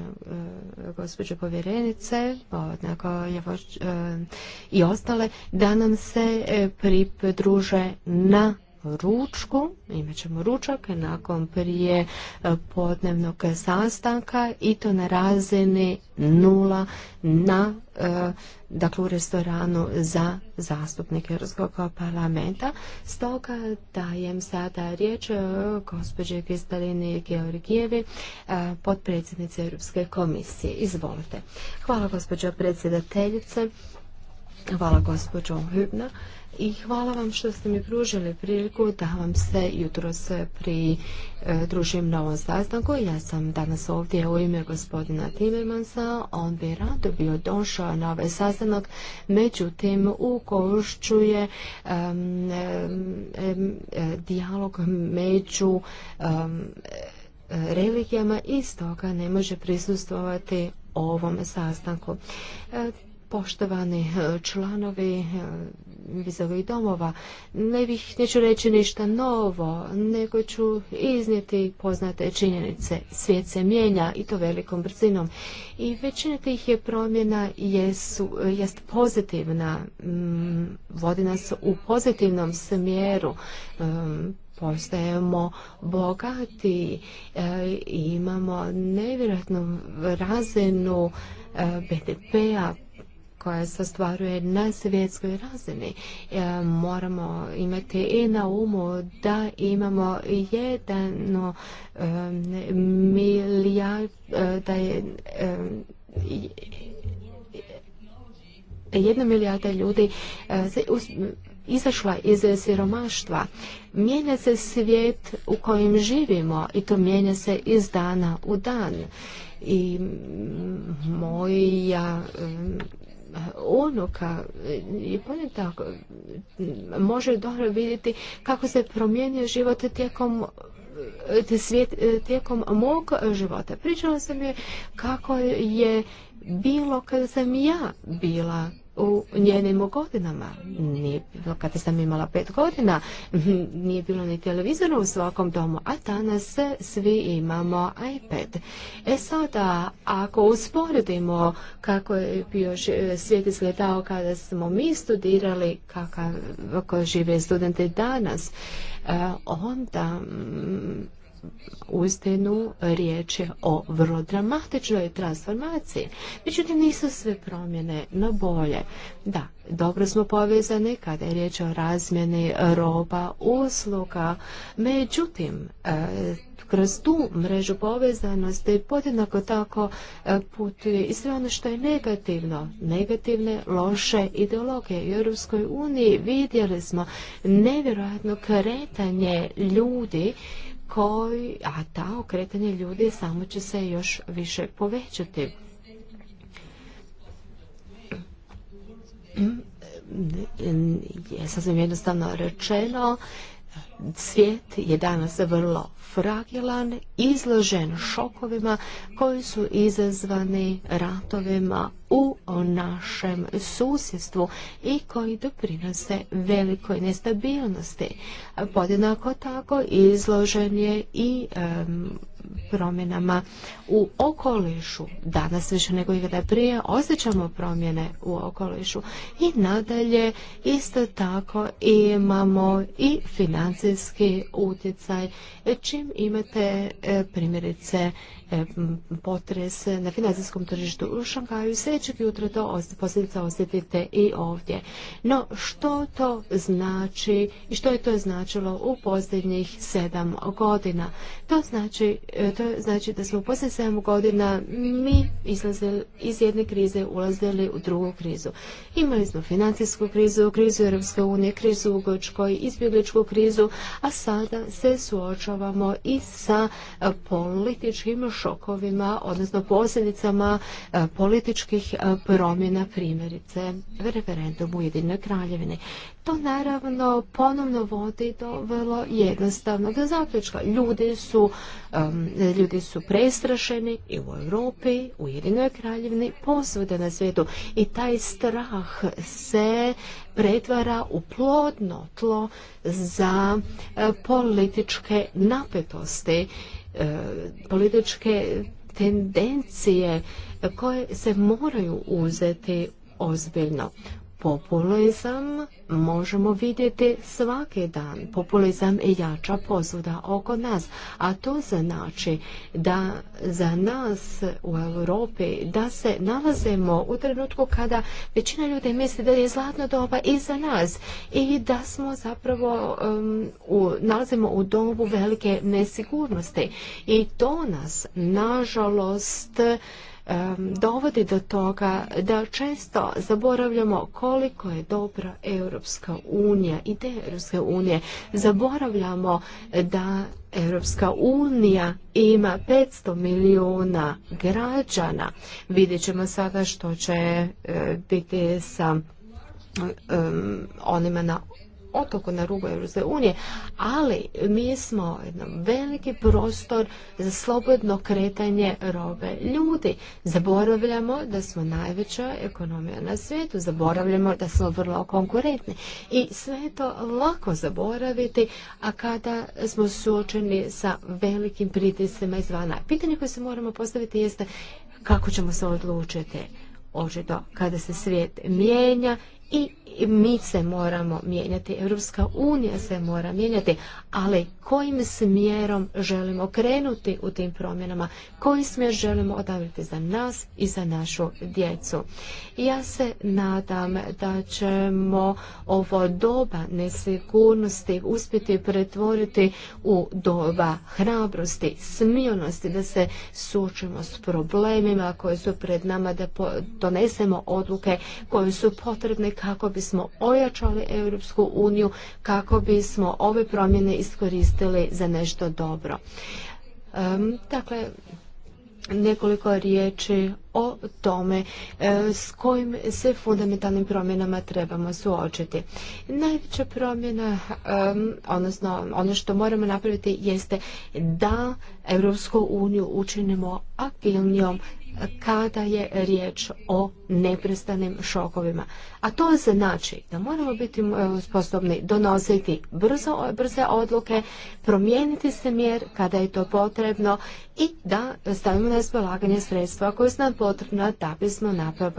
gospođe povjerenice, i ostale, da nam se pridruže na ručku, imat ćemo ručak nakon prije e, podnevnog sastanka i to na razini nula na e, dakle u restoranu za zastupnike Europskog parlamenta. Stoga dajem sada riječ e, gospođe Kristalini Georgijevi, potpredsjednice Europske komisije. Izvolite. Hvala gospođo predsjedateljice. Hvala gospođo Hübner i hvala vam što ste mi pružili priliku da vam se jutro se pridružim na ovom sastanku. Ja sam danas ovdje u ime gospodina Timmermansa, on bi rado bio došao na ovaj sastanak, međutim u košću dijalog među religijama i stoga ne može prisustovati ovom sastanku poštovani e, članovi e, vizovih domova. Ne bih, neću reći ništa novo, nego ću iznijeti poznate činjenice. Svijet se mijenja i to velikom brzinom. I većina tih je promjena jesu, jest pozitivna, mm, vodi nas u pozitivnom smjeru e, postajemo bogati i imamo nevjerojatnu razinu BDP-a koja se stvaruje na svjetskoj razini. E, moramo imati i na umu da imamo jedno e, milijard, e, da je jedna milijarda ljudi izašla iz siromaštva. Mijenja se svijet u kojem živimo i to mijenja se iz dana u dan i moja unuka i tako može dobro vidjeti kako se promijenio život tijekom svijet, tijekom mog života. Pričala sam je kako je bilo kada sam ja bila u njenim godinama. Nije bilo, kada sam imala pet godina, <laughs> nije bilo ni televizora u svakom domu, a danas svi imamo iPad. E sada, ako usporedimo kako je bio svijet izgledao kada smo mi studirali, kako žive studenti danas, e, onda mm, uistinu riječ je o vrlo dramatičnoj transformaciji. Međutim, nisu sve promjene na bolje. Da, dobro smo povezani kada je riječ o razmjeni roba, usluga. Međutim, e, kroz tu mrežu povezanosti podjednako tako e, putuje i sve ono što je negativno, negativne, loše ideologije. U Europskoj uniji vidjeli smo nevjerojatno kretanje ljudi koji, a ta okretanje ljudi samo će se još više povećati. Mm, mm, je sasvim jednostavno rečeno, Svijet je danas vrlo fragilan, izložen šokovima koji su izazvani ratovima u našem susjedstvu i koji doprinose velikoj nestabilnosti. Podjednako tako izložen je i promjenama u okolišu. Danas više nego kada prije osjećamo promjene u okolišu i nadalje isto tako imamo i financijski utjecaj čim imate e, primjerice E, potrese na financijskom tržištu u Šangaju. Sljedećeg jutra to posljedica osjetite i ovdje. No, što to znači i što je to značilo u posljednjih sedam godina? To znači, e, to znači da smo u posljednjih sedam godina mi izlazili, iz jedne krize ulazili u drugu krizu. Imali smo financijsku krizu, krizu Europske unije, krizu u izbjegličku krizu, a sada se suočavamo i sa e, političkim šokovima, odnosno posljedicama e, političkih e, promjena primjerice referendum u Jedinoj Kraljevini. To naravno ponovno vodi do vrlo jednostavnog zaključka. Ljudi su, ljudi su prestrašeni i u Europi, u Jedinoj Kraljevini, posvude na svijetu i taj strah se pretvara u plodno tlo za e, političke napetosti E, političke tendencije koje se moraju uzeti ozbiljno populizam možemo vidjeti svaki dan. Populizam je jača posuda oko nas, a to znači da za nas u Europi da se nalazimo u trenutku kada većina ljudi misli da je zlatna doba i za nas i da smo zapravo um, u, nalazimo u dobu velike nesigurnosti i to nas nažalost dovodi do toga da često zaboravljamo koliko je dobra Europska unija, te Europske unije. Zaboravljamo da Europska unija ima 500 milijuna građana. Vidjet ćemo sada što će eh, biti sa onima na otoku na rubu EU, unije, ali mi smo jedan veliki prostor za slobodno kretanje robe ljudi. Zaboravljamo da smo najveća ekonomija na svijetu, zaboravljamo da smo vrlo konkurentni i sve je to lako zaboraviti, a kada smo suočeni sa velikim pritiscima izvana. Pitanje koje se moramo postaviti jeste kako ćemo se odlučiti očito kada se svijet mijenja i mi se moramo mijenjati, Europska unija se mora mijenjati, ali kojim smjerom želimo krenuti u tim promjenama, koji smjer želimo odabrati za nas i za našu djecu. Ja se nadam da ćemo ovo doba nesigurnosti uspjeti pretvoriti u doba hrabrosti, smilnosti, da se sučimo s problemima koji su pred nama, da donesemo odluke koje su potrebne kako bismo ojačali Europsku uniju, kako bismo ove promjene iskoristili za nešto dobro. dakle, nekoliko riječi o tome e, s kojim se fundamentalnim promjenama trebamo suočiti. Najveća promjena, odnosno ono što moramo napraviti jeste da Europsku uniju učinimo aktivnijom kada je riječ o neprestanim šokovima. A to znači da moramo biti e, sposobni donositi brzo, brze odluke, promijeniti se mjer kada je to potrebno i da stavimo na raspolaganje sredstva koje su nam potrebna da bismo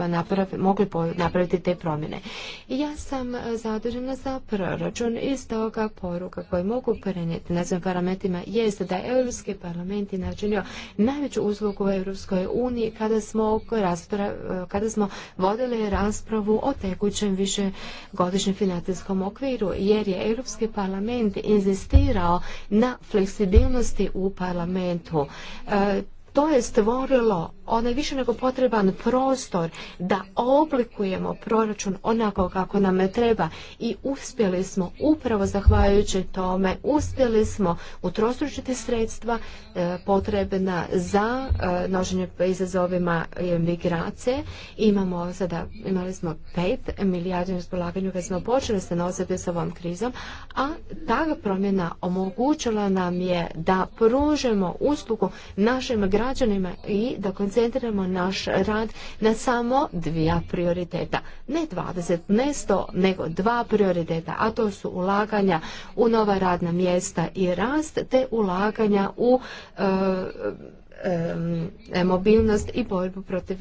naprav, mogli napraviti te promjene. Ja sam e, zadužena za proračun i stoga poruka koju mogu prenijeti na svim parlamentima jeste da je Europski parlament je načinio najveću uzlogu u Europskoj uniji kada smo, e, kada smo vodili raspravu o te više višegodišnjem financijskom okviru, jer je Europski parlament inzistirao na fleksibilnosti u parlamentu. E, to je stvorilo onaj više nego potreban prostor da oblikujemo proračun onako kako nam treba i uspjeli smo upravo zahvaljujući tome, uspjeli smo utrostručiti sredstva e, potrebna za e, noženje izazovima migracije. Imamo sada, imali smo pet milijardi raspolaganju kad smo počeli se nositi s ovom krizom, a ta promjena omogućila nam je da pružemo uslugu našim građanima i da koncentriramo naš rad na samo dva prioriteta. Ne 20, ne 100, nego dva prioriteta, a to su ulaganja u nova radna mjesta i rast, te ulaganja u e, e, e, mobilnost i borbu protiv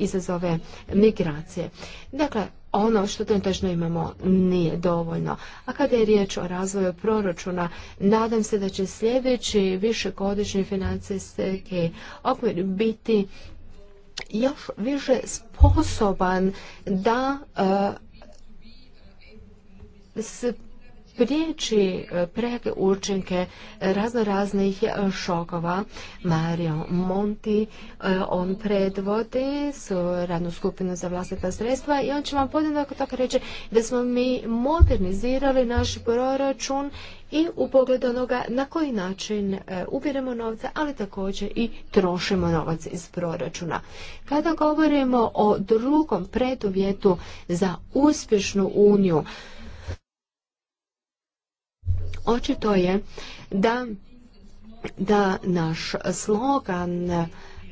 izazove migracije. Dakle, ono što trenutačno imamo nije dovoljno. A kada je riječ o razvoju proračuna, nadam se da će sljedeći višegodišnji financijski okvir biti još više sposoban da uh, priječi e, preke učinke e, razno raznih e, šokova. Mario Monti, on predvodi su radnu skupinu za vlastita sredstva i on će vam podjednako tako reći da smo mi modernizirali naš proračun i u pogledu onoga na koji način ubiremo novce, ali također i trošimo novac iz proračuna. Kada govorimo o drugom preduvjetu za uspješnu uniju, Očito je da, da naš slogan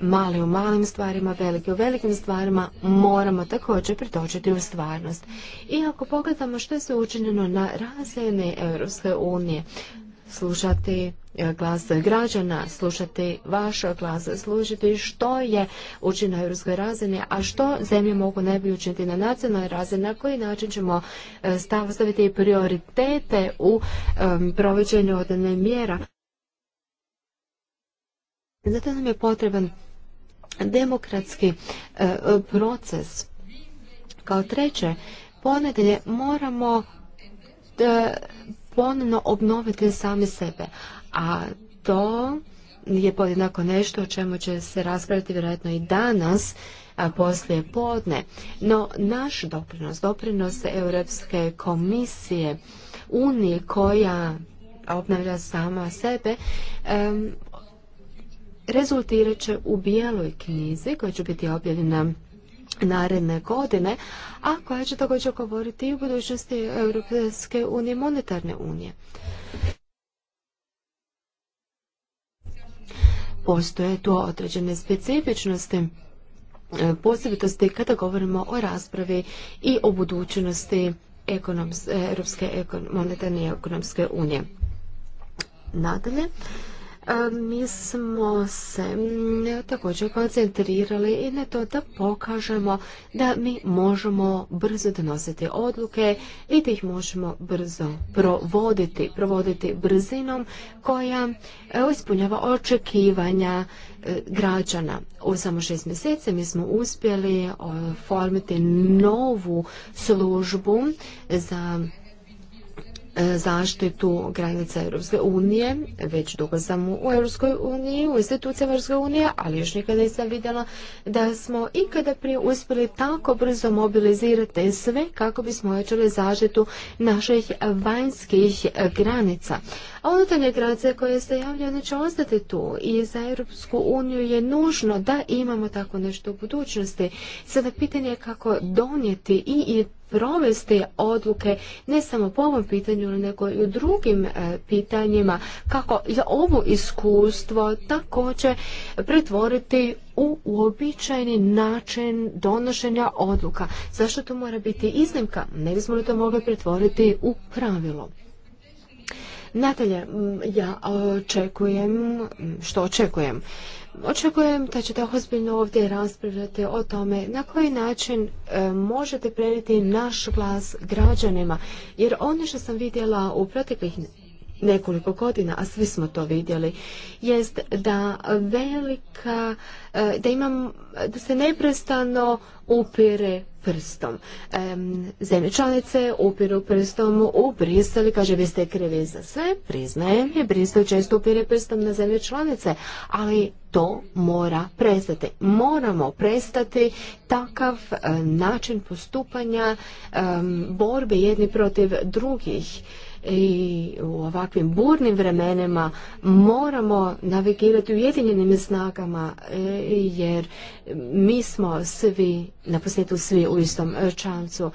mali u malim stvarima, veliki u velikim stvarima, moramo također pritočiti u stvarnost. I ako pogledamo što je se učinjeno na razini Europske unije, slušati e, glas građana, slušati vaš glas, slušati što je učin na europskoj razini, a što zemlje mogu najbolje učiniti na nacionalnoj razini, na koji način ćemo e, staviti prioritete u e, provođenju odne mjera. Zato nam je potreban demokratski proces. Kao treće, ponedjelje moramo ponovno obnoviti sami sebe. A to je podjednako nešto o čemu će se raspraviti vjerojatno i danas a poslije podne. No naš doprinos, doprinos Europske komisije, Unije koja obnavlja sama sebe, rezultirat će u bijeloj knjizi koja će biti objavljena naredne godine, a koja će također govoriti i o budućnosti Europske unije monetarne unije. Postoje tu određene specifičnosti e, posebitosti kada govorimo o raspravi i o budućnosti e, Europske monetarne i ekonomske unije. Nadalje, mi smo se e, također koncentrirali i na to da pokažemo da mi možemo brzo donositi odluke i da ih možemo brzo provoditi, provoditi brzinom koja e, ispunjava očekivanja e, građana. U samo šest mjeseci mi smo uspjeli formiti novu službu za E, zaštitu granica Europske unije. Već dugo sam u Europskoj uniji, u institucijama Europske unije, ali još nikada nisam vidjela da smo ikada prije uspjeli tako brzo mobilizirati sve kako bismo ojačali zaštitu naših vanjskih granica unutarnja te koje se javlja, ona će ostati tu i za Europsku uniju je nužno da imamo tako nešto u budućnosti. Sada pitanje je kako donijeti i, i provesti odluke ne samo po ovom pitanju, nego i u drugim e, pitanjima, kako za ovo iskustvo također pretvoriti u uobičajeni način donošenja odluka. Zašto to mora biti iznimka? Ne bismo li to mogli pretvoriti u pravilo? natalje ja očekujem, što očekujem? Očekujem da ćete ozbiljno ovdje raspravljati o tome na koji način e, možete prenijeti naš glas građanima. Jer ono što sam vidjela u proteklih nekoliko godina, a svi smo to vidjeli, jest da velika, e, da imam, da se neprestano upire prstom. Zemlje članice upiru prstom u Bristoli. i kaže vi ste krivi za sve, priznajem je, Bristol često upire prstom na zemlje članice, ali to mora prestati. Moramo prestati takav način postupanja borbe jedni protiv drugih i u ovakvim burnim vremenima moramo navigirati ujedinjenim snagama e, jer mi smo svi, na svi u istom čancu.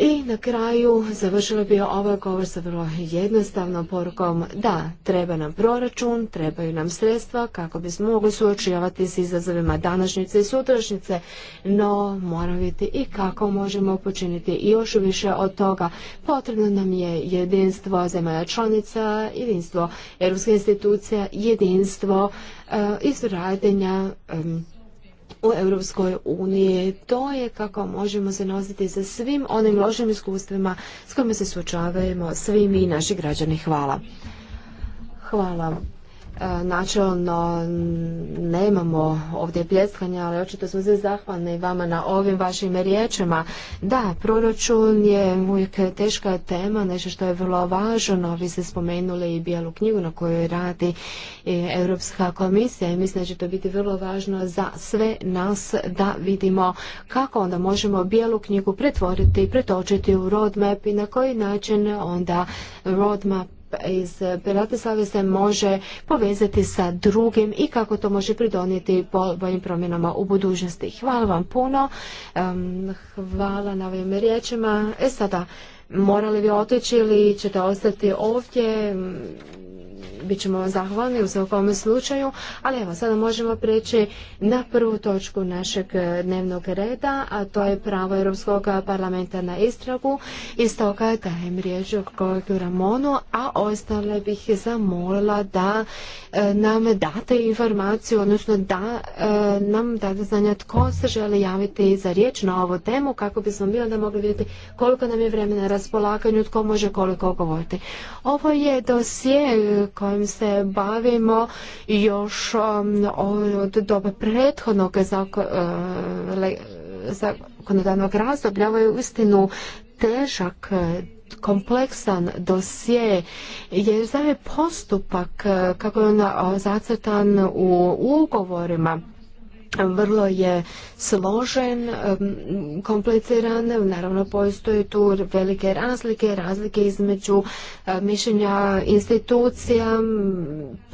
I na kraju završila bi ovaj govor sa vrlo jednostavnom porukom da, treba nam proračun, trebaju nam sredstva kako bismo mogli suočivati s izazovima današnjice i sutrašnjice, no moramo vidjeti i kako možemo počiniti još više od toga. Potrebno nam je jedinstvo zemlja članica, jedinstvo europske institucija, jedinstvo e, izradenja u Europskoj uniji. To je kako možemo se nositi sa svim onim lošim iskustvima s kojima se suočavamo svi mi i naši građani. Hvala. Hvala. E, načelno nemamo ovdje pljeskanja, ali očito smo se zahvalni vama na ovim vašim riječima. Da, proračun je uvijek teška tema, nešto što je vrlo važno. Vi ste spomenuli i bijelu knjigu na kojoj radi Europska komisija i mislim da će to biti vrlo važno za sve nas da vidimo kako onda možemo bijelu knjigu pretvoriti i pretočiti u roadmap i na koji način onda roadmap iz Bratislave se može povezati sa drugim i kako to može pridonijeti boljim promjenama u budućnosti. Hvala vam puno, hvala na ovim riječima. E sada, morali vi otići ili ćete ostati ovdje? bit ćemo vam zahvalni u svakom slučaju, ali evo sada možemo preći na prvu točku našeg e, dnevnog reda, a to je pravo Europskog parlamenta na istragu. Iz toga dajem riječ kolegu Ramonu, a ostale bih zamolila da e, nam date informaciju, odnosno da e, nam date znanja tko se želi javiti za riječ na ovu temu, kako bismo bili da mogli vidjeti koliko nam je vremena na raspolaganju, tko može koliko govoriti. Ovo je dosije kojim se bavimo još um, od doba prethodnog uh, zakonodavnog razdoblja. Ovo je istinu težak uh, kompleksan dosje jer zove postupak uh, kako je on zacrtan u ugovorima vrlo je složen, kompliciran, naravno postoje tu velike razlike, razlike između e, mišljenja institucija,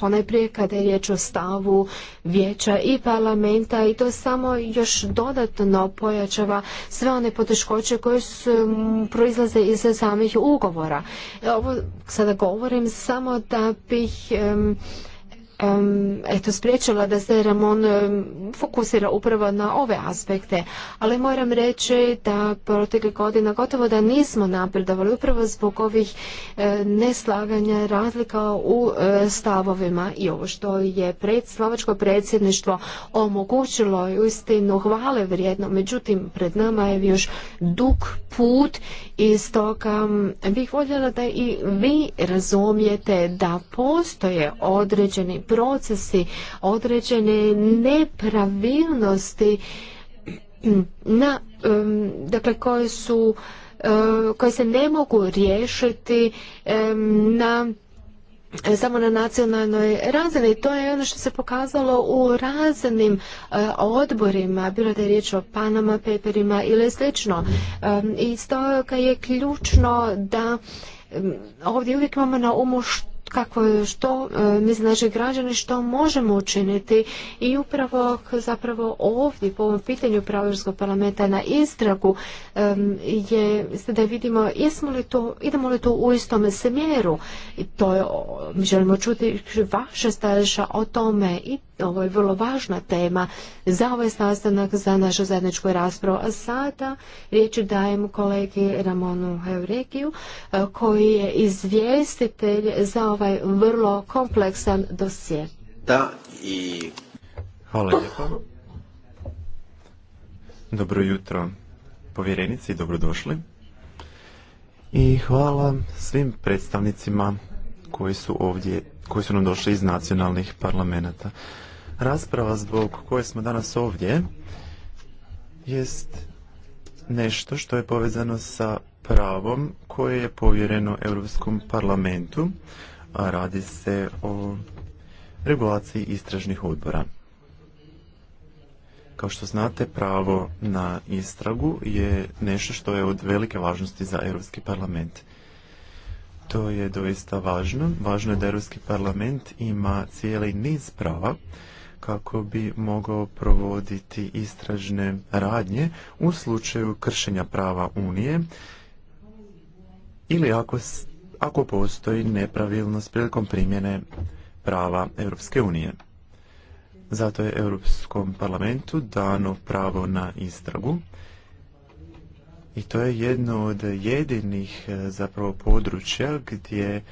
ponajprije kada je riječ o stavu vijeća i parlamenta i to samo još dodatno pojačava sve one poteškoće koje su, proizlaze iz samih ugovora. Ovo sada govorim samo da bih um, eto spriječila da se Ramon fokusira upravo na ove aspekte. Ali moram reći da protekle godina gotovo da nismo napredovali upravo zbog ovih neslaganja razlika u stavovima i ovo što je pred, slovačko predsjedništvo omogućilo uistinu hvale vrijedno. Međutim, pred nama je još dug put i stoga bih voljela da i vi razumijete da postoje određeni procesi, određene nepravilnosti na, dakle, koje su e, se ne mogu riješiti na samo na nacionalnoj razini. To je ono što se pokazalo u raznim e, odborima, bilo da je riječ o Panama paperima ili slično. I stoga je ključno da ovdje uvijek imamo na umu što kako, što e, mi naši građani, što možemo učiniti i upravo zapravo ovdje po ovom pitanju pravorskog parlamenta na istragu je da vidimo jesmo li to, idemo li to u istom smjeru i to je, želimo čuti vaše stajaša o tome i ovo je vrlo važna tema za ovaj sastanak, za našu zajedničku raspravu. A sada riječ dajem kolegi Ramonu Heuregiju e, koji je izvjestitelj za ovaj ovaj vrlo kompleksan dosje. Da i... Hvala lijepo. Dobro jutro povjerenici i dobrodošli. I hvala svim predstavnicima koji su ovdje, koji su nam došli iz nacionalnih parlamenta. Rasprava zbog koje smo danas ovdje jest nešto što je povezano sa pravom koje je povjereno Europskom parlamentu, a radi se o regulaciji istražnih odbora. Kao što znate, pravo na istragu je nešto što je od velike važnosti za Europski parlament. To je doista važno. Važno je da Europski parlament ima cijeli niz prava kako bi mogao provoditi istražne radnje u slučaju kršenja prava Unije ili ako ako postoji nepravilnost prilikom primjene prava Europske unije. Zato je Europskom parlamentu dano pravo na istragu i to je jedno od jedinih e, zapravo područja gdje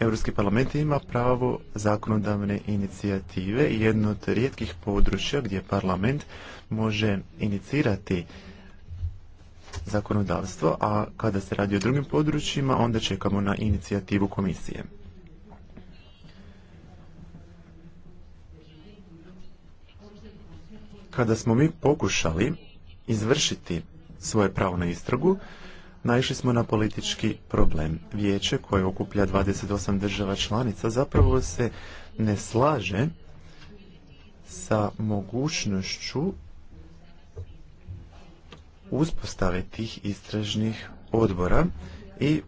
Europski parlament ima pravo zakonodavne inicijative i jedno od rijetkih područja gdje parlament može inicirati zakonodavstvo, a kada se radi o drugim područjima, onda čekamo na inicijativu komisije. Kada smo mi pokušali izvršiti svoje pravo na istragu, naišli smo na politički problem. Vijeće koje okuplja 28 država članica zapravo se ne slaže sa mogućnošću uspostave tih istražnih odbora i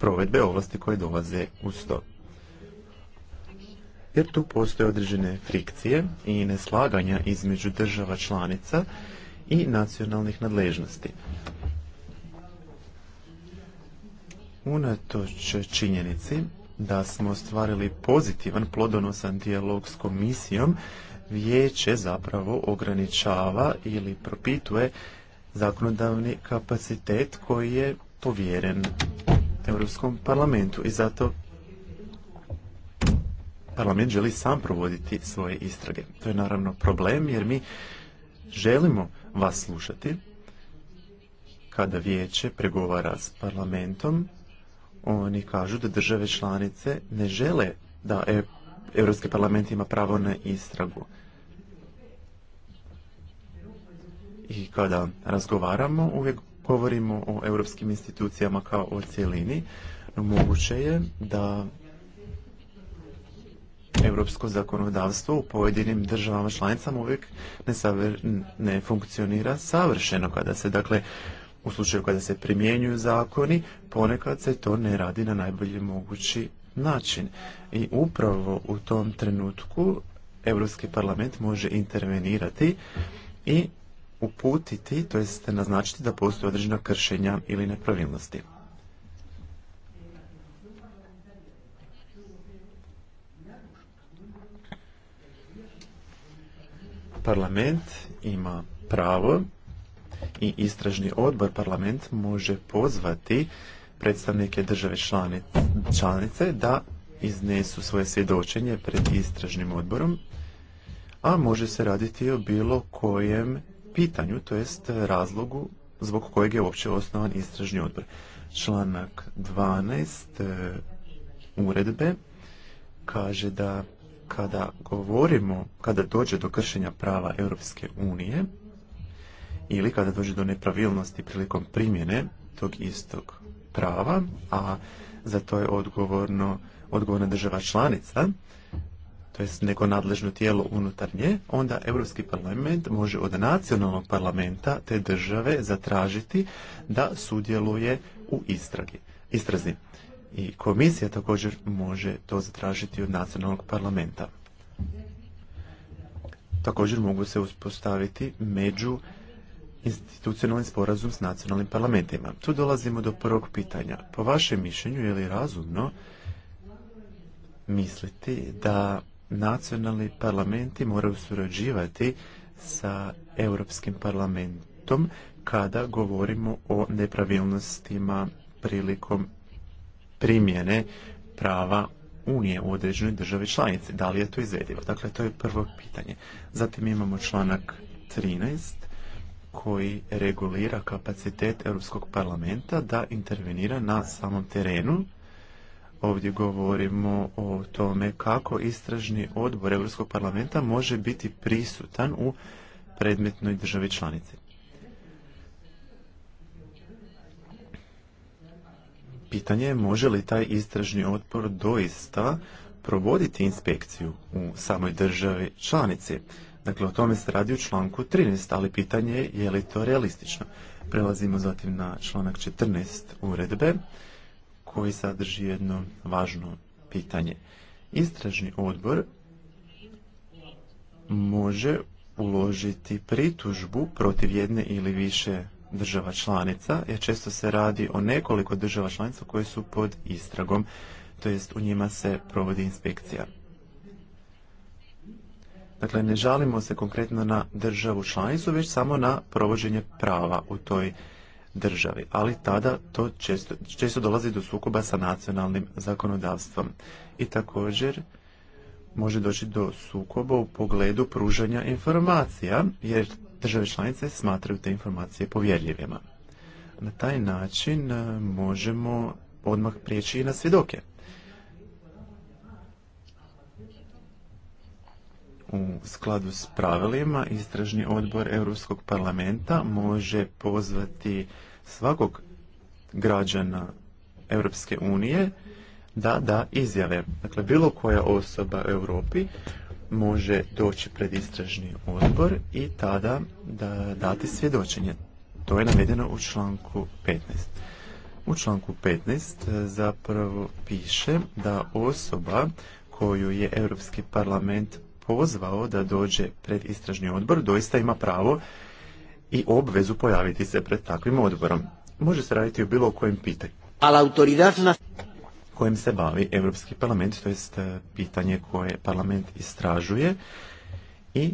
provedbe ovlasti koje dolaze uz to. Jer tu postoje određene frikcije i neslaganja između država članica i nacionalnih nadležnosti. Unatoč činjenici da smo ostvarili pozitivan plodonosan dijalog s komisijom, vijeće zapravo ograničava ili propituje zakonodavni kapacitet koji je povjeren Europskom parlamentu i zato parlament želi sam provoditi svoje istrage. To je naravno problem jer mi želimo vas slušati kada vijeće pregovara s parlamentom. Oni kažu da države članice ne žele da e- Europski parlament ima pravo na istragu. i kada razgovaramo uvijek govorimo o europskim institucijama kao o cjelini, no moguće je da europsko zakonodavstvo u pojedinim državama članicama uvijek ne, ne funkcionira savršeno kada se dakle u slučaju kada se primjenjuju zakoni ponekad se to ne radi na najbolji mogući način i upravo u tom trenutku Europski parlament može intervenirati i uputiti, to naznačiti da postoje određena kršenja ili nepravilnosti. Parlament ima pravo i istražni odbor parlament može pozvati predstavnike države članice da iznesu svoje svjedočenje pred istražnim odborom, a može se raditi o bilo kojem pitanju, to jest e, razlogu zbog kojeg je uopće osnovan istražni odbor. Članak 12 e, uredbe kaže da kada govorimo, kada dođe do kršenja prava Europske unije ili kada dođe do nepravilnosti prilikom primjene tog istog prava, a za to je odgovorno odgovorna država članica, to jest neko nadležno tijelo unutar nje, onda Europski parlament može od nacionalnog parlamenta te države zatražiti da sudjeluje u istragi, istrazi. I komisija također može to zatražiti od nacionalnog parlamenta. Također mogu se uspostaviti među institucionalni sporazum s nacionalnim parlamentima. Tu dolazimo do prvog pitanja. Po vašem mišljenju je li razumno misliti da nacionalni parlamenti moraju surađivati sa Europskim parlamentom kada govorimo o nepravilnostima prilikom primjene prava Unije u određenoj državi članici. Da li je to izvedivo? Dakle, to je prvo pitanje. Zatim imamo članak 13 koji regulira kapacitet Europskog parlamenta da intervenira na samom terenu ovdje govorimo o tome kako istražni odbor Europskog parlamenta može biti prisutan u predmetnoj državi članici. Pitanje je može li taj istražni odbor doista provoditi inspekciju u samoj državi članici. Dakle, o tome se radi u članku 13, ali pitanje je je li to realistično. Prelazimo zatim na članak 14 uredbe koji sadrži jedno važno pitanje. Istražni odbor može uložiti pritužbu protiv jedne ili više država članica, jer često se radi o nekoliko država članica koje su pod istragom, to jest u njima se provodi inspekcija. Dakle, ne žalimo se konkretno na državu članicu, već samo na provođenje prava u toj državi, ali tada to često, često dolazi do sukoba sa nacionalnim zakonodavstvom. I također može doći do sukoba u pogledu pružanja informacija, jer države članice smatraju te informacije povjerljivima. Na taj način e, možemo odmah prijeći i na svjedoke. u skladu s pravilima istražni odbor Europskog parlamenta može pozvati svakog građana Europske unije da da izjave. Dakle, bilo koja osoba u Europi može doći pred istražni odbor i tada da dati svjedočenje. To je navedeno u članku 15. U članku 15 e, zapravo piše da osoba koju je Europski parlament pozvao da dođe pred istražni odbor doista ima pravo i obvezu pojaviti se pred takvim odborom. Može se raditi o bilo kojem pitanju. Kojim se bavi Europski parlament, to jest e, pitanje koje parlament istražuje i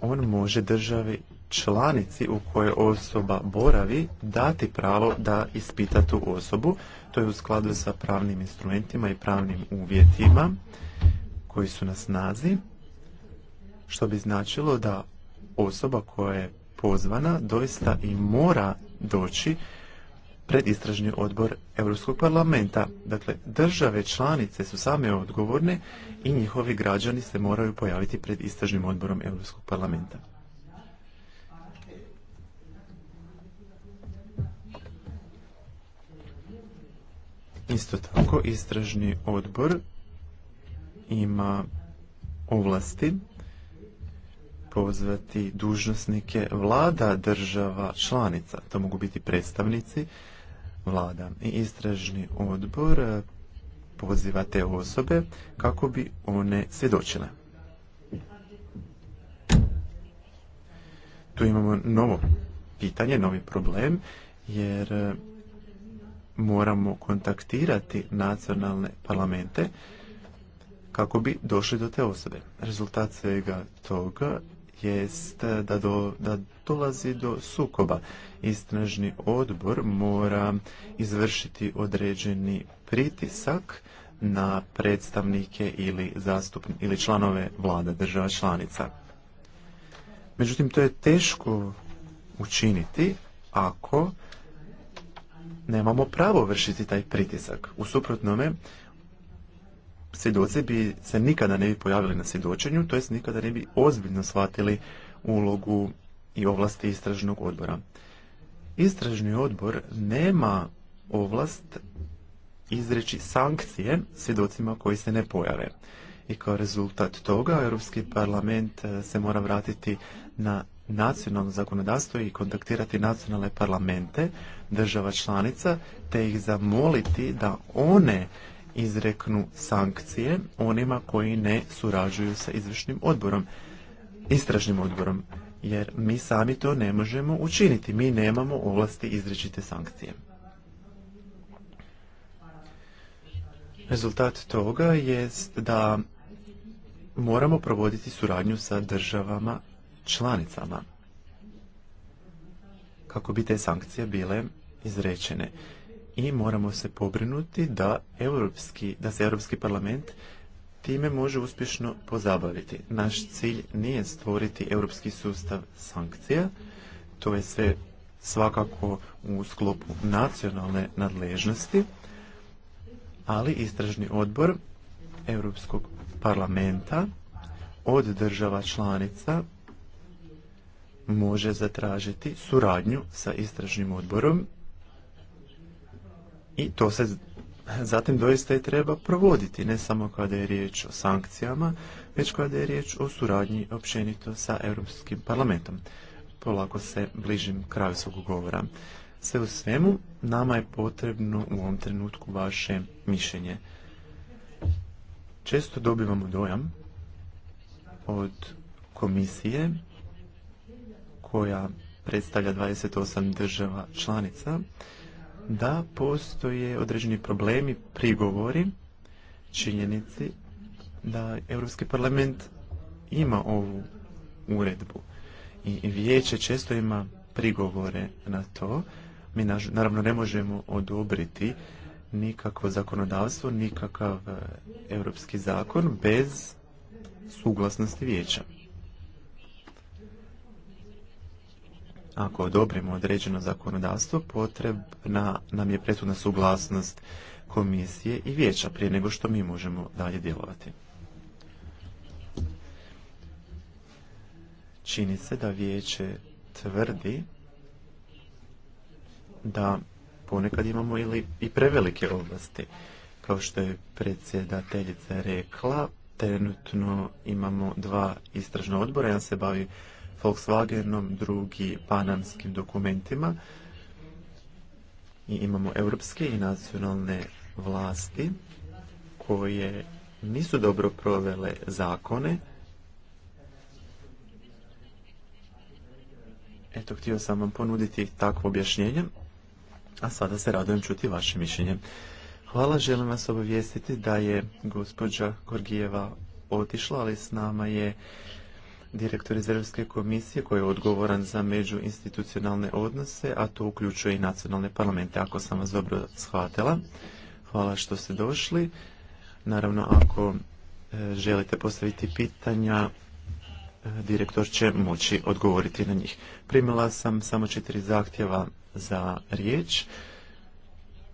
on može državi članici u kojoj osoba boravi dati pravo da ispita tu osobu. To je u skladu sa pravnim instrumentima i pravnim uvjetima koji su na snazi, što bi značilo da osoba koja je pozvana doista i mora doći pred istražni odbor Europskog parlamenta. Dakle, države članice su same odgovorne i njihovi građani se moraju pojaviti pred istražnim odborom Europskog parlamenta. Isto tako, istražni odbor ima ovlasti pozvati dužnosnike vlada država članica. To mogu biti predstavnici vlada i istražni odbor poziva te osobe kako bi one svjedočile. Tu imamo novo pitanje, novi problem, jer moramo kontaktirati nacionalne parlamente kako bi došli do te osobe. Rezultat svega toga jest da, do, da dolazi do sukoba. Istražni odbor mora izvršiti određeni pritisak na predstavnike ili, ili članove vlada država članica. Međutim, to je teško učiniti ako nemamo pravo vršiti taj pritisak. U suprotnome, svjedoci bi se nikada ne bi pojavili na svjedočenju, to jest nikada ne bi ozbiljno shvatili ulogu i ovlasti istražnog odbora. Istražni odbor nema ovlast izreći sankcije svjedocima koji se ne pojave. I kao rezultat toga Europski parlament eh, se mora vratiti na nacionalno zakonodavstvo i kontaktirati nacionalne parlamente država članica te ih zamoliti da one izreknu sankcije onima koji ne surađuju sa izvršnim odborom, istražnim odborom, jer mi sami to ne možemo učiniti. Mi nemamo ovlasti izrečite sankcije. Rezultat toga jest da moramo provoditi suradnju sa državama članicama kako bi te sankcije bile izrečene i moramo se pobrinuti da, da se Europski parlament time može uspješno pozabaviti. Naš cilj nije stvoriti europski sustav sankcija, to je sve svakako u sklopu nacionalne nadležnosti, ali istražni odbor Europskog parlamenta od država članica može zatražiti suradnju sa istražnim odborom i to se zatim doista i treba provoditi, ne samo kada je riječ o sankcijama, već kada je riječ o suradnji općenito sa Europskim parlamentom. Polako se bližim kraju svog govora. Sve u svemu, nama je potrebno u ovom trenutku vaše mišljenje. Često dobivamo dojam od komisije koja predstavlja 28 država članica da postoje određeni problemi, prigovori, činjenici da Europski parlament ima ovu uredbu i vijeće često ima prigovore na to. Mi naravno ne možemo odobriti nikakvo zakonodavstvo, nikakav eh, europski zakon bez suglasnosti vijeća. ako odobrimo određeno zakonodavstvo, potrebna nam je presudna suglasnost komisije i vijeća prije nego što mi možemo dalje djelovati. Čini se da vijeće tvrdi da ponekad imamo ili i prevelike oblasti. Kao što je predsjedateljica rekla, trenutno imamo dva istražna odbora, jedan se bavi Volkswagenom, drugi panamskim dokumentima. I imamo europske i nacionalne vlasti koje nisu dobro provele zakone. Eto, htio sam vam ponuditi takvo objašnjenje, a sada se radujem čuti vaše mišljenje. Hvala, želim vas obavijestiti da je gospođa Gorgijeva otišla, ali s nama je direktor iz Europske komisije koji je odgovoran za međuinstitucionalne odnose, a to uključuje i nacionalne parlamente, ako sam vas dobro shvatila. Hvala što ste došli. Naravno, ako e, želite postaviti pitanja, e, direktor će moći odgovoriti na njih. Primila sam samo četiri zahtjeva za riječ,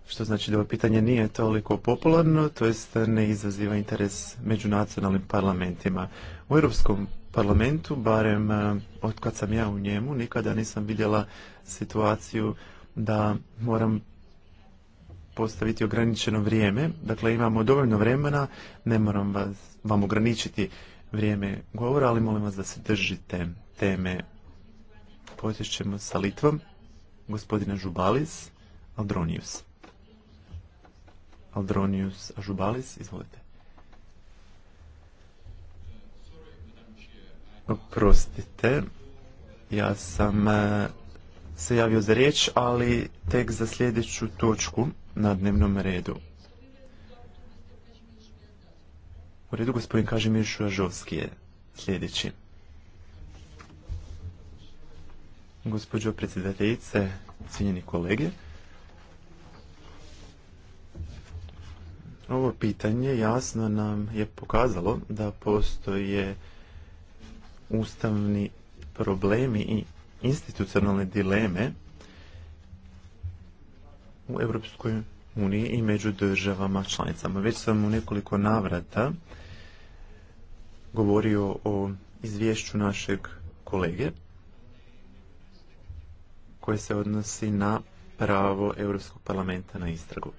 što znači da ovo pitanje nije toliko popularno, to jest ne izaziva interes među nacionalnim parlamentima. U Europskom parlamentu, barem eh, od kad sam ja u njemu, nikada nisam vidjela situaciju da moram postaviti ograničeno vrijeme. Dakle, imamo dovoljno vremena, ne moram vam ograničiti vrijeme govora, ali molim vas da se držite teme. Posjećemo sa Litvom gospodina Žubalis, Aldronius. Aldronius Žubalis, izvolite. Oprostite, ja sam e, se javio za riječ, ali tek za sljedeću točku na dnevnom redu. U redu gospodin Kažimir Šuažovski je sljedeći. Gospođo predsjedateljice, cijenjeni kolege, ovo pitanje jasno nam je pokazalo da postoje ustavni problemi i institucionalne dileme u Europskoj uniji i među državama članicama. Već sam u nekoliko navrata govorio o izvješću našeg kolege koje se odnosi na pravo Europskog parlamenta na istragu.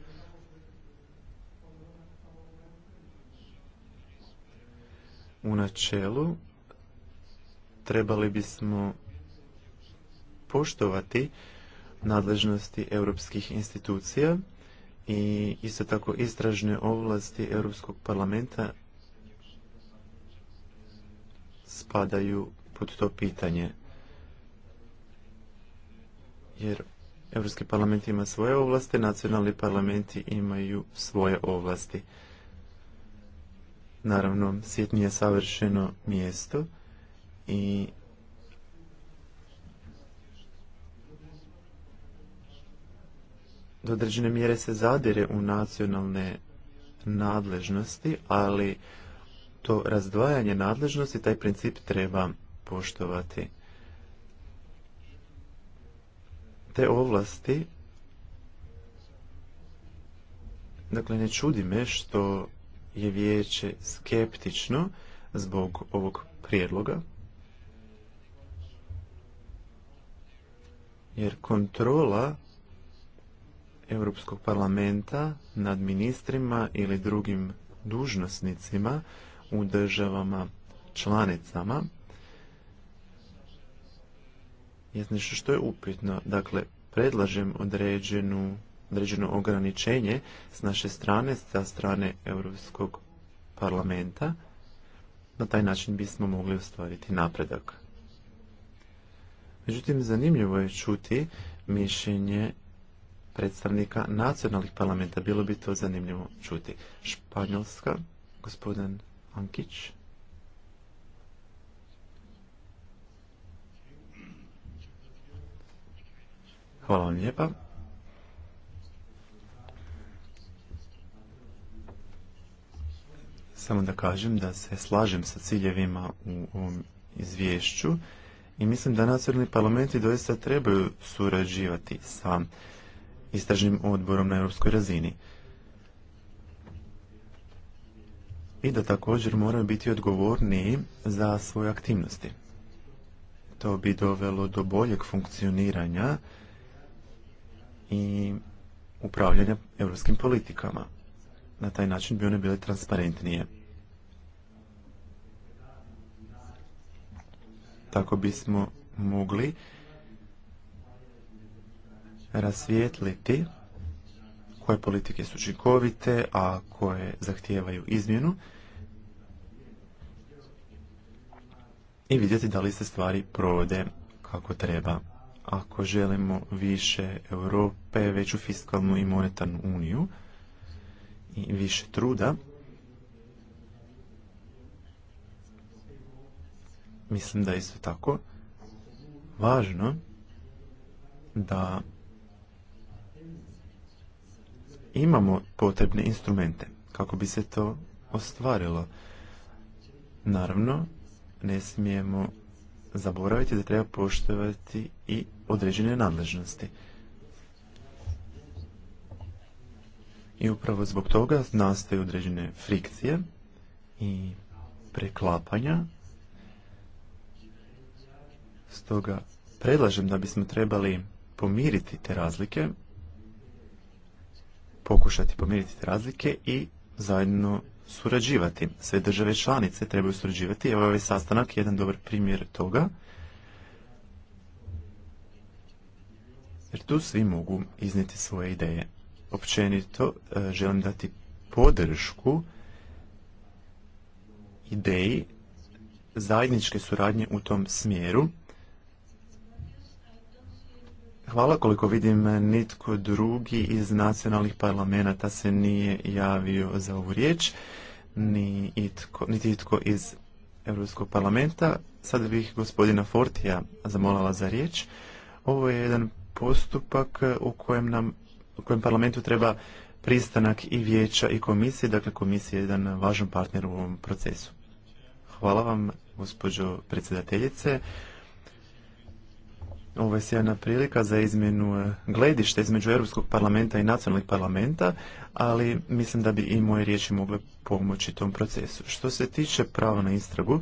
U načelu trebali bismo poštovati nadležnosti europskih institucija i isto tako istražne ovlasti Europskog parlamenta spadaju pod to pitanje. Jer Europski parlament ima svoje ovlasti, nacionalni parlamenti imaju svoje ovlasti. Naravno, svijet nije savršeno mjesto i do određene mjere se zadire u nacionalne nadležnosti, ali to razdvajanje nadležnosti, taj princip treba poštovati. Te ovlasti, dakle ne čudi me što je vijeće skeptično zbog ovog prijedloga, jer kontrola Europskog parlamenta nad ministrima ili drugim dužnosnicima u državama članicama je nešto što je upitno. Dakle, predlažem određenu, određeno ograničenje s naše strane, sa strane Europskog parlamenta. Na taj način bismo mogli ostvariti napredak. Međutim, zanimljivo je čuti mišljenje predstavnika nacionalnih parlamenta. Bilo bi to zanimljivo čuti. Španjolska, gospodin Ankić. Hvala vam lijepa. Samo da kažem da se slažem sa ciljevima u ovom izvješću i mislim da nacionalni parlamenti doista trebaju surađivati sa istražnim odborom na europskoj razini. I da također moraju biti odgovorniji za svoje aktivnosti. To bi dovelo do boljeg funkcioniranja i upravljanja europskim politikama. Na taj način bi one bile transparentnije. tako bismo mogli rasvijetliti koje politike su učinkovite, a koje zahtijevaju izmjenu i vidjeti da li se stvari provode kako treba. Ako želimo više Europe, veću fiskalnu i monetarnu uniju i više truda, Mislim da je isto tako važno da imamo potrebne instrumente kako bi se to ostvarilo. Naravno, ne smijemo zaboraviti da treba poštovati i određene nadležnosti. I upravo zbog toga nastaju određene frikcije i preklapanja Stoga predlažem da bismo trebali pomiriti te razlike, pokušati pomiriti te razlike i zajedno surađivati. Sve države članice trebaju surađivati. Evo ovaj sastanak je jedan dobar primjer toga. Jer tu svi mogu iznijeti svoje ideje. Općenito e, želim dati podršku ideji zajedničke suradnje u tom smjeru Hvala koliko vidim nitko drugi iz nacionalnih parlamenta se nije javio za ovu riječ, ni niti itko iz Europskog parlamenta. Sada bih gospodina Fortija zamolala za riječ. Ovo je jedan postupak u kojem, nam, u kojem parlamentu treba pristanak i vijeća i komisije. Dakle, komisija je jedan važan partner u ovom procesu. Hvala vam, gospođo predsjedateljice. Ovo je sjajna prilika za izmjenu e, gledišta između Europskog parlamenta i nacionalnih parlamenta, ali mislim da bi i moje riječi mogle pomoći tom procesu. Što se tiče prava na istragu,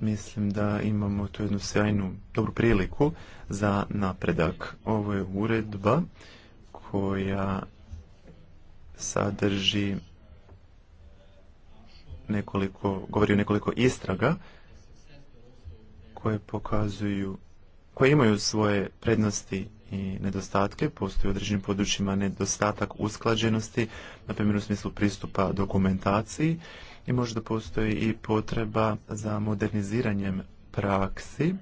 mislim da imamo tu jednu sjajnu, dobru priliku za napredak. Ovo je uredba koja sadrži nekoliko, govori o nekoliko istraga koje pokazuju koje imaju svoje prednosti i nedostatke. Postoji u određenim područjima nedostatak usklađenosti, na primjer u smislu pristupa dokumentaciji i možda postoji i potreba za moderniziranjem praksi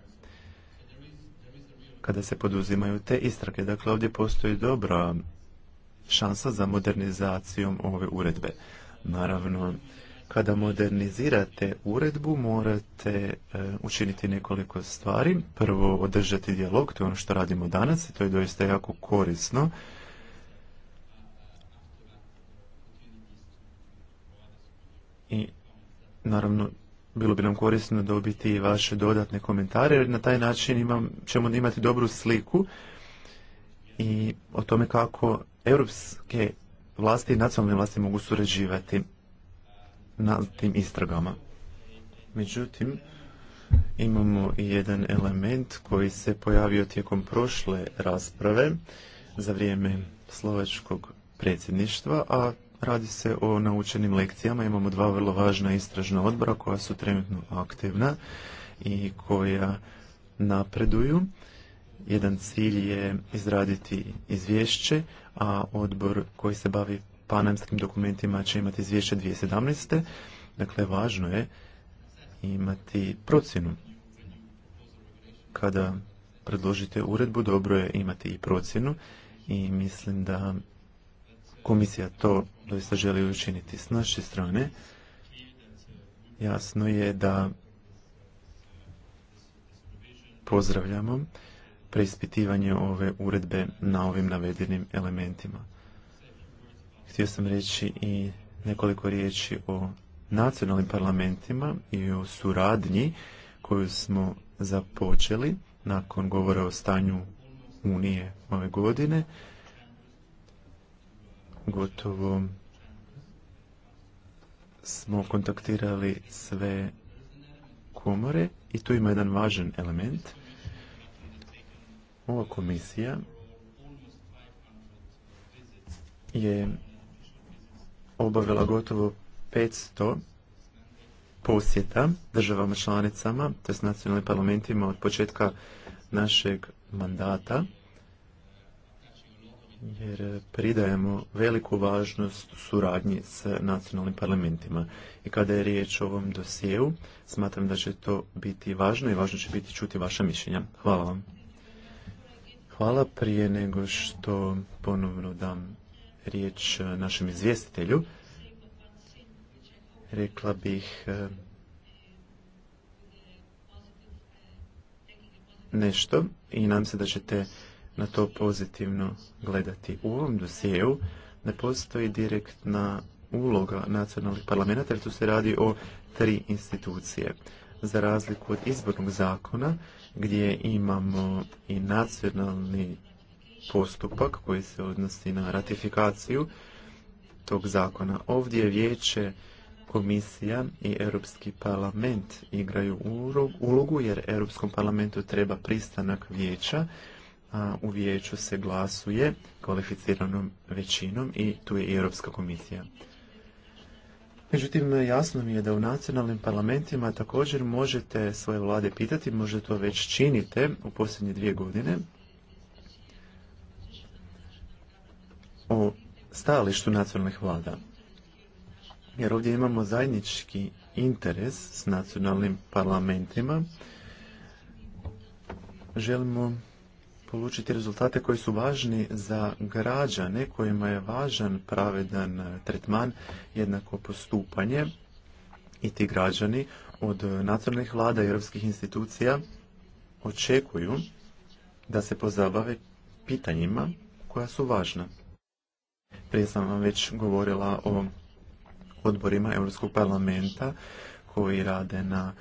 kada se poduzimaju te istrage. Dakle, ovdje postoji dobra šansa za modernizacijom ove uredbe. Naravno, kada modernizirate uredbu morate e, učiniti nekoliko stvari. Prvo održati dijalog, to je ono što radimo danas i to je doista jako korisno. I naravno bilo bi nam korisno dobiti i vaše dodatne komentare jer na taj način ćemo imati dobru sliku i o tome kako europske vlasti i nacionalne vlasti mogu surađivati na tim istragama. Međutim, imamo i jedan element koji se pojavio tijekom prošle rasprave za vrijeme slovačkog predsjedništva, a radi se o naučenim lekcijama. Imamo dva vrlo važna istražna odbora koja su trenutno aktivna i koja napreduju. Jedan cilj je izraditi izvješće, a odbor koji se bavi panamskim dokumentima će imati izvješće 2017. Dakle, važno je imati procjenu. Kada predložite uredbu, dobro je imati i procjenu i mislim da komisija to doista želi učiniti s naše strane. Jasno je da pozdravljamo preispitivanje ove uredbe na ovim navedenim elementima. Htio sam reći i nekoliko riječi o nacionalnim parlamentima i o suradnji koju smo započeli nakon govora o stanju Unije ove godine. Gotovo smo kontaktirali sve komore i tu ima jedan važan element. Ova komisija je obavila gotovo 500 posjeta državama članicama, to s nacionalnim parlamentima od početka našeg mandata, jer pridajemo veliku važnost suradnji s nacionalnim parlamentima. I kada je riječ o ovom dosjeu, smatram da će to biti važno i važno će biti čuti vaša mišljenja. Hvala vam. Hvala prije nego što ponovno dam riječ e, našem izvjestitelju. Rekla bih e, nešto i nam se da ćete na to pozitivno gledati. U ovom dosjeu ne postoji direktna uloga nacionalnih parlamenta, jer tu se radi o tri institucije. Za razliku od izbornog zakona, gdje imamo i nacionalni postupak koji se odnosi na ratifikaciju tog zakona. Ovdje vijeće, komisija i Europski parlament igraju ulogu jer Europskom parlamentu treba pristanak vijeća, a u vijeću se glasuje kvalificiranom većinom i tu je i Europska komisija. Međutim, jasno mi je da u nacionalnim parlamentima također možete svoje vlade pitati, možda to već činite u posljednje dvije godine, o stajalištu nacionalnih vlada. Jer ovdje imamo zajednički interes s nacionalnim parlamentima. Želimo polučiti rezultate koji su važni za građane, kojima je važan pravedan tretman, jednako postupanje i ti građani od nacionalnih vlada i europskih institucija očekuju da se pozabave pitanjima koja su važna. Prije sam vam već govorila o odborima Europskog parlamenta koji rade na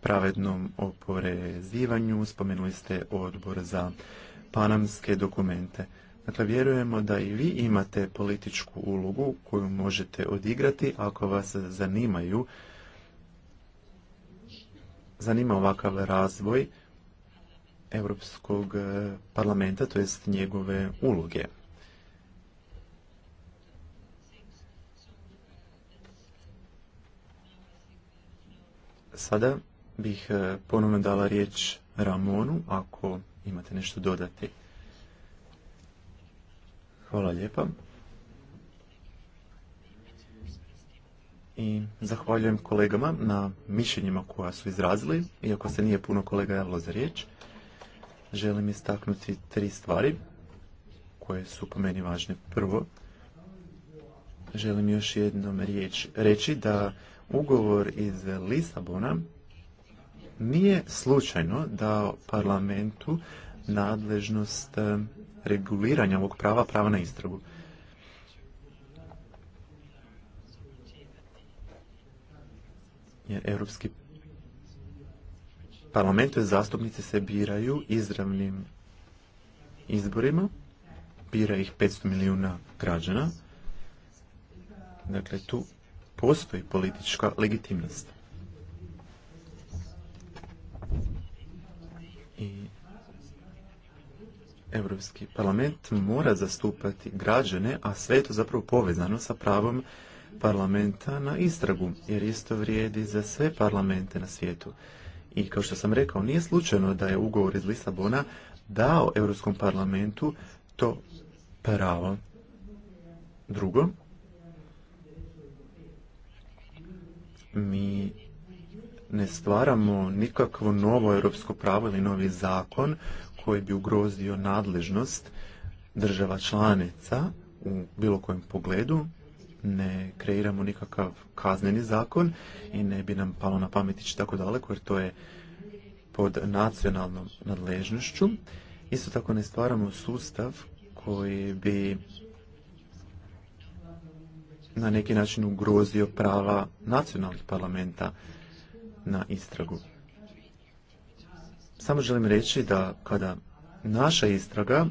pravednom oporezivanju. Spomenuli ste odbor za panamske dokumente. Dakle, vjerujemo da i vi imate političku ulogu koju možete odigrati ako vas zanimaju zanima ovakav razvoj Europskog parlamenta, to jest njegove uloge. Sada bih e, ponovno dala riječ Ramonu, ako imate nešto dodati. Hvala lijepa. I zahvaljujem kolegama na mišljenjima koja su izrazili, iako se nije puno kolega javilo za riječ. Želim istaknuti tri stvari koje su po meni važne. Prvo, želim još jednom riječ reći da Ugovor iz Lisabona nije slučajno dao parlamentu nadležnost e, reguliranja ovog prava, prava na istragu. Jer Europski parlament, zastupnici se biraju izravnim izborima, bira ih 500 milijuna građana. Dakle, tu postoji politička legitimnost. I Europski parlament mora zastupati građane, a sve je to zapravo povezano sa pravom parlamenta na istragu, jer isto vrijedi za sve parlamente na svijetu. I kao što sam rekao, nije slučajno da je ugovor iz Lisabona dao Europskom parlamentu to pravo. Drugo, Mi ne stvaramo nikakvo novo europsko pravo ili novi zakon koji bi ugrozio nadležnost država članica u bilo kojem pogledu. Ne kreiramo nikakav kazneni zakon i ne bi nam palo na pamet ići tako daleko jer to je pod nacionalnom nadležnošću. Isto tako ne stvaramo sustav koji bi na neki način ugrozio prava nacionalnih parlamenta na istragu. Samo želim reći da kada naša istraga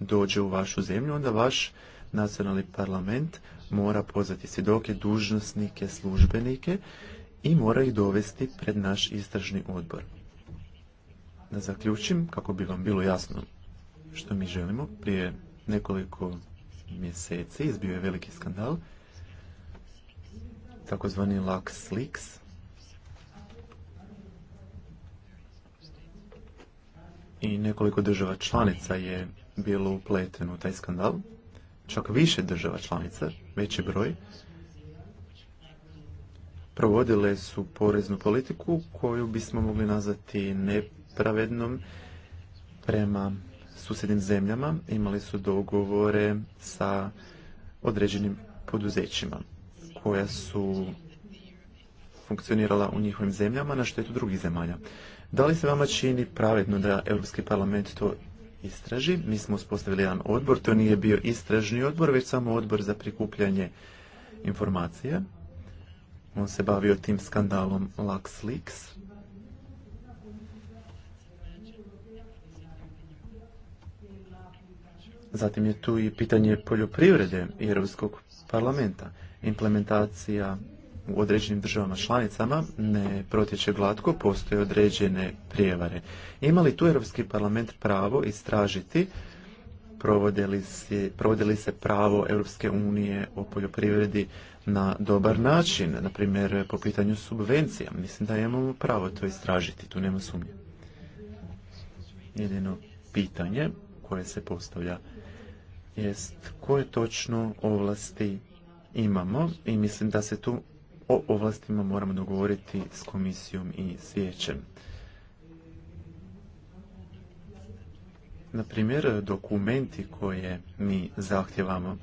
dođe u vašu zemlju, onda vaš nacionalni parlament mora pozvati svjedoke, dužnosnike, službenike i mora ih dovesti pred naš istražni odbor. Da zaključim, kako bi vam bilo jasno što mi želimo, prije nekoliko mjeseci izbio je veliki skandal takozvani Lux Leaks. I nekoliko država članica je bilo upleteno u taj skandal. Čak više država članica, veći broj, provodile su poreznu politiku koju bismo mogli nazvati nepravednom prema susjednim zemljama. Imali su dogovore sa određenim poduzećima koja su funkcionirala u njihovim zemljama na štetu drugih zemalja. Da li se vama čini pravedno da Europski parlament to istraži? Mi smo uspostavili jedan odbor, to nije bio istražni odbor, već samo odbor za prikupljanje informacija. On se bavio tim skandalom LuxLeaks. Zatim je tu i pitanje poljoprivrede i Europskog parlamenta implementacija u određenim državama članicama ne protječe glatko, postoje određene prijevare. Ima li tu Europski parlament pravo istražiti provode li se, pravo Europske unije o poljoprivredi na dobar način, na primjer po pitanju subvencija. Mislim da imamo pravo to istražiti, tu nema sumnje. Jedino pitanje koje se postavlja jest koje točno ovlasti imamo i mislim da se tu o ovlastima moramo dogovoriti s komisijom i s vijećem. Na primjer, dokumenti koje mi zahtjevamo,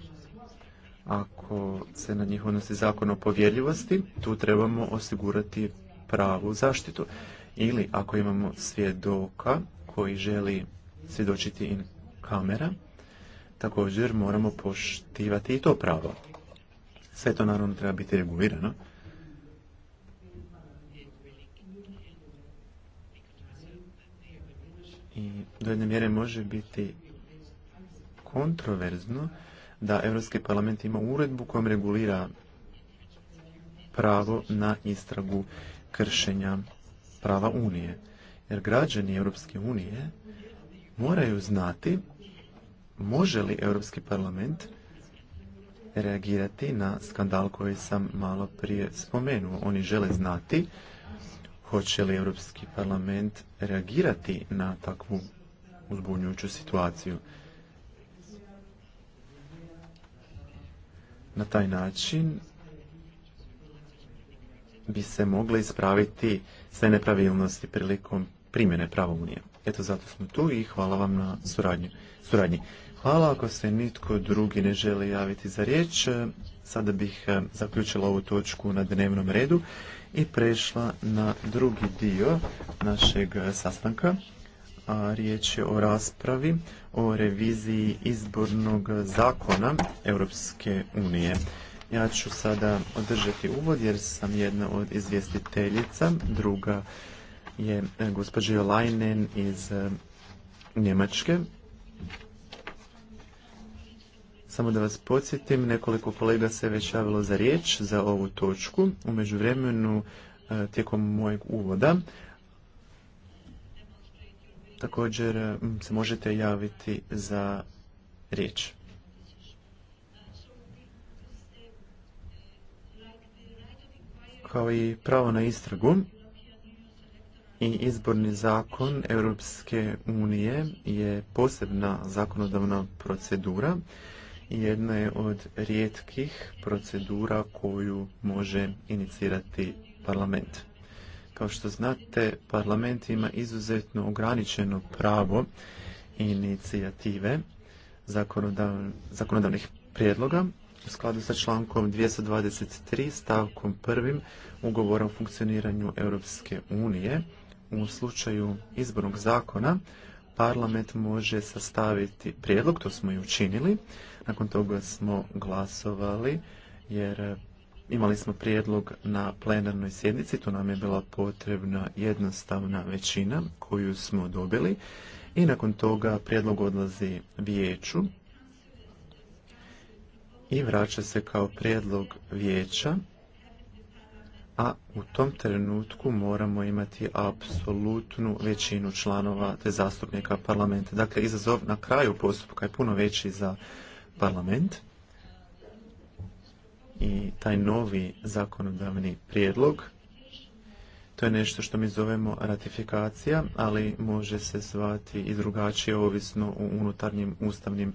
ako se na njih odnosi zakon o povjerljivosti, tu trebamo osigurati pravu zaštitu. Ili ako imamo svjedoka koji želi svjedočiti in kamera, također moramo poštivati i to pravo. Sve to naravno treba biti regulirano. I do jedne mjere može biti kontroverzno da Europski parlament ima uredbu kojom regulira pravo na istragu kršenja prava Unije. Jer građani Europske unije moraju znati može li Europski parlament reagirati na skandal koji sam malo prije spomenuo. Oni žele znati hoće li Europski parlament reagirati na takvu uzbunjuću situaciju. Na taj način bi se mogle ispraviti sve nepravilnosti prilikom primjene prava Unije. Eto, zato smo tu i hvala vam na suradnji. Hvala. Ako se nitko drugi ne želi javiti za riječ, e, sada bih e, zaključila ovu točku na dnevnom redu i prešla na drugi dio našeg e, sastanka. A riječ je o raspravi o reviziji izbornog zakona Europske unije. Ja ću sada održati uvod jer sam jedna od izvjestiteljica, druga je gospođa Jolajnen iz Njemačke samo da vas podsjetim, nekoliko kolega se već javilo za riječ za ovu točku. U međuvremenu e, tijekom mojeg uvoda. Također e, se možete javiti za riječ. Kao i pravo na istragu i izborni zakon Europske unije je posebna zakonodavna procedura jedna je od rijetkih procedura koju može inicirati parlament. Kao što znate, parlament ima izuzetno ograničeno pravo inicijative zakonodavnih prijedloga u skladu sa člankom 223 stavkom 1. ugovora o funkcioniranju Europske unije. U slučaju izbornog zakona parlament može sastaviti prijedlog, to smo i učinili, nakon toga smo glasovali jer eh, imali smo prijedlog na plenarnoj sjednici, tu nam je bila potrebna jednostavna većina koju smo dobili i nakon toga prijedlog odlazi vijeću i vraća se kao prijedlog vijeća, a u tom trenutku moramo imati apsolutnu većinu članova te zastupnika parlamenta. Dakle, izazov na kraju postupka je puno veći za parlament i taj novi zakonodavni prijedlog to je nešto što mi zovemo ratifikacija, ali može se zvati i drugačije ovisno u unutarnjim ustavnim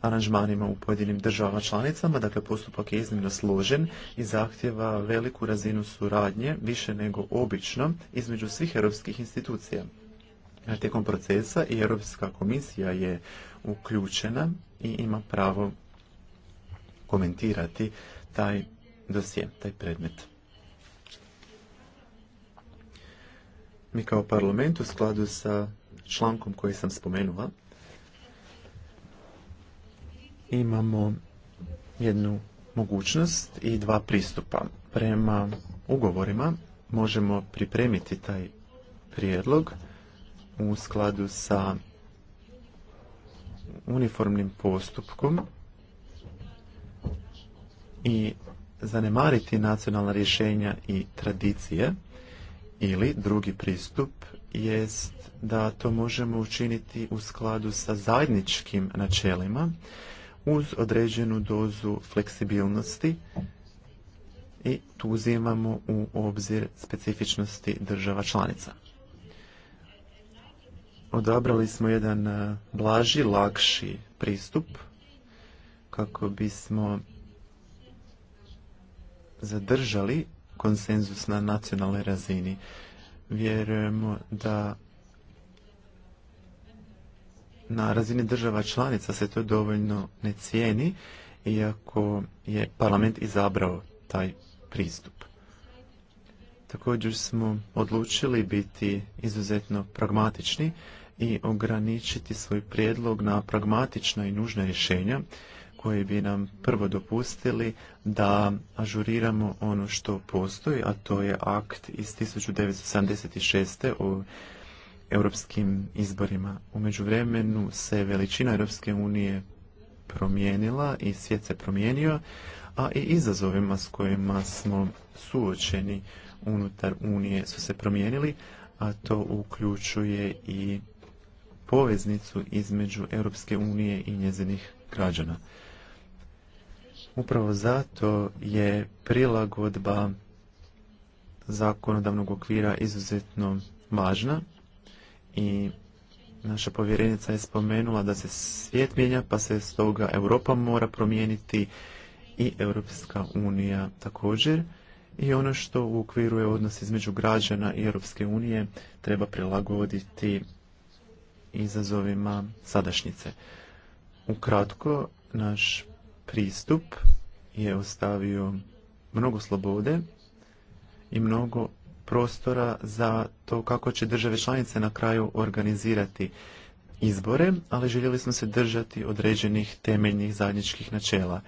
aranžmanima u pojedinim državama članicama. Dakle, postupak je iznimno složen i zahtjeva veliku razinu suradnje, više nego obično, između svih europskih institucija tijekom procesa i Europska komisija je uključena i ima pravo komentirati taj dosje, taj predmet. Mi kao parlament u skladu sa člankom koji sam spomenula imamo jednu mogućnost i dva pristupa. Prema ugovorima možemo pripremiti taj prijedlog u skladu sa uniformnim postupkom i zanemariti nacionalna rješenja i tradicije ili drugi pristup jest da to možemo učiniti u skladu sa zajedničkim načelima uz određenu dozu fleksibilnosti i tu uzimamo u obzir specifičnosti država članica odabrali smo jedan e, blaži, lakši pristup kako bismo zadržali konsenzus na nacionalnoj razini. Vjerujemo da na razini država članica se to dovoljno ne cijeni, iako je parlament izabrao taj pristup. Također smo odlučili biti izuzetno pragmatični i ograničiti svoj prijedlog na pragmatična i nužna rješenja koje bi nam prvo dopustili da ažuriramo ono što postoji, a to je akt iz 1976. o europskim izborima. U međuvremenu se veličina Europske unije promijenila i svijet se promijenio, a i izazovima s kojima smo suočeni unutar Unije su se promijenili, a to uključuje i poveznicu između Europske unije i njezinih građana. Upravo zato je prilagodba zakonodavnog okvira izuzetno važna i naša povjerenica je spomenula da se svijet mijenja pa se stoga Europa mora promijeniti i Europska unija također i ono što u okviru je odnos između građana i Europske unije treba prilagoditi izazovima sadašnjice. Ukratko, naš pristup je ostavio mnogo slobode i mnogo prostora za to kako će države članice na kraju organizirati izbore, ali željeli smo se držati određenih temeljnih zajedničkih načela.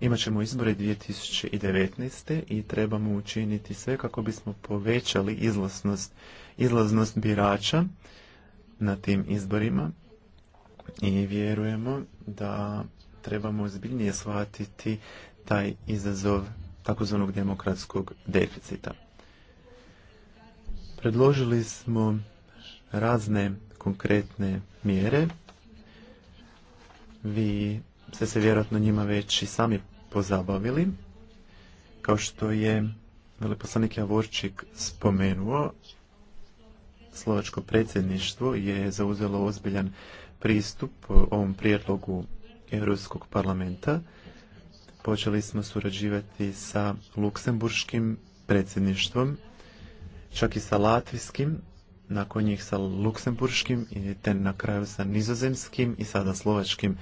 Imaćemo izbore 2019. i trebamo učiniti sve kako bismo povećali izlaznost, izlaznost birača na tim izborima i vjerujemo da trebamo zbiljnije shvatiti taj izazov takozvanog demokratskog deficita. Predložili smo razne konkretne mjere. Vi ste se vjerojatno njima već i sami pozabavili. Kao što je veleposlanik Javorčik spomenuo, Slovačko predsjedništvo je zauzelo ozbiljan pristup ovom prijedlogu Europskog parlamenta. Počeli smo surađivati sa luksemburškim predsjedništvom, čak i sa latvijskim, nakon njih sa luksemburškim i te na kraju sa nizozemskim i sada slovačkim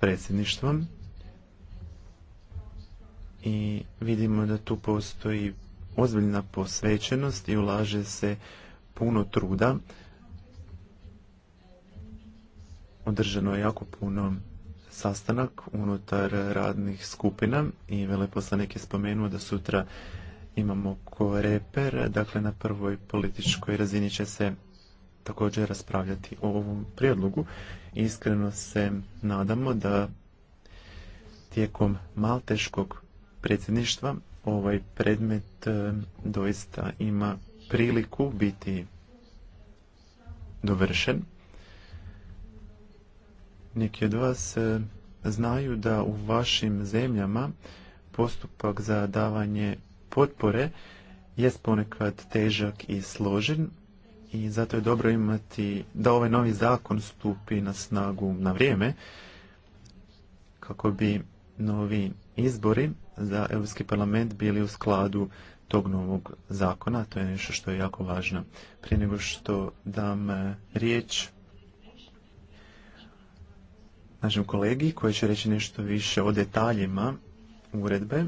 predsjedništvom. I vidimo da tu postoji ozbiljna posvećenost i ulaže se puno truda. Održano je jako puno sastanak unutar radnih skupina i veleposlanik je spomenuo da sutra imamo koreper, dakle na prvoj političkoj razini će se također raspravljati o ovom prijedlogu. Iskreno se nadamo da tijekom malteškog predsjedništva ovaj predmet e, doista ima priliku biti dovršen. Neki od vas e, znaju da u vašim zemljama postupak za davanje potpore jest ponekad težak i složen i zato je dobro imati da ovaj novi zakon stupi na snagu na vrijeme kako bi novi izbori za Europski parlament bili u skladu tog novog zakona, to je nešto što je jako važno. Prije nego što dam e, riječ našem kolegi koji će reći nešto više o detaljima uredbe,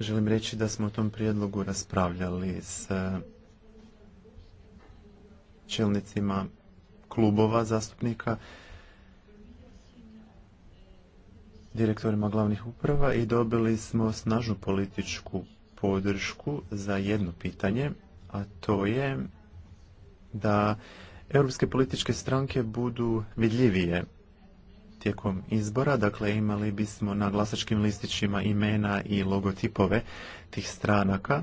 želim reći da smo o tom prijedlogu raspravljali s e, čelnicima klubova zastupnika, direktorima glavnih uprava i dobili smo snažnu političku podršku za jedno pitanje, a to je da europske političke stranke budu vidljivije tijekom izbora, dakle imali bismo na glasačkim listićima imena i logotipove tih stranaka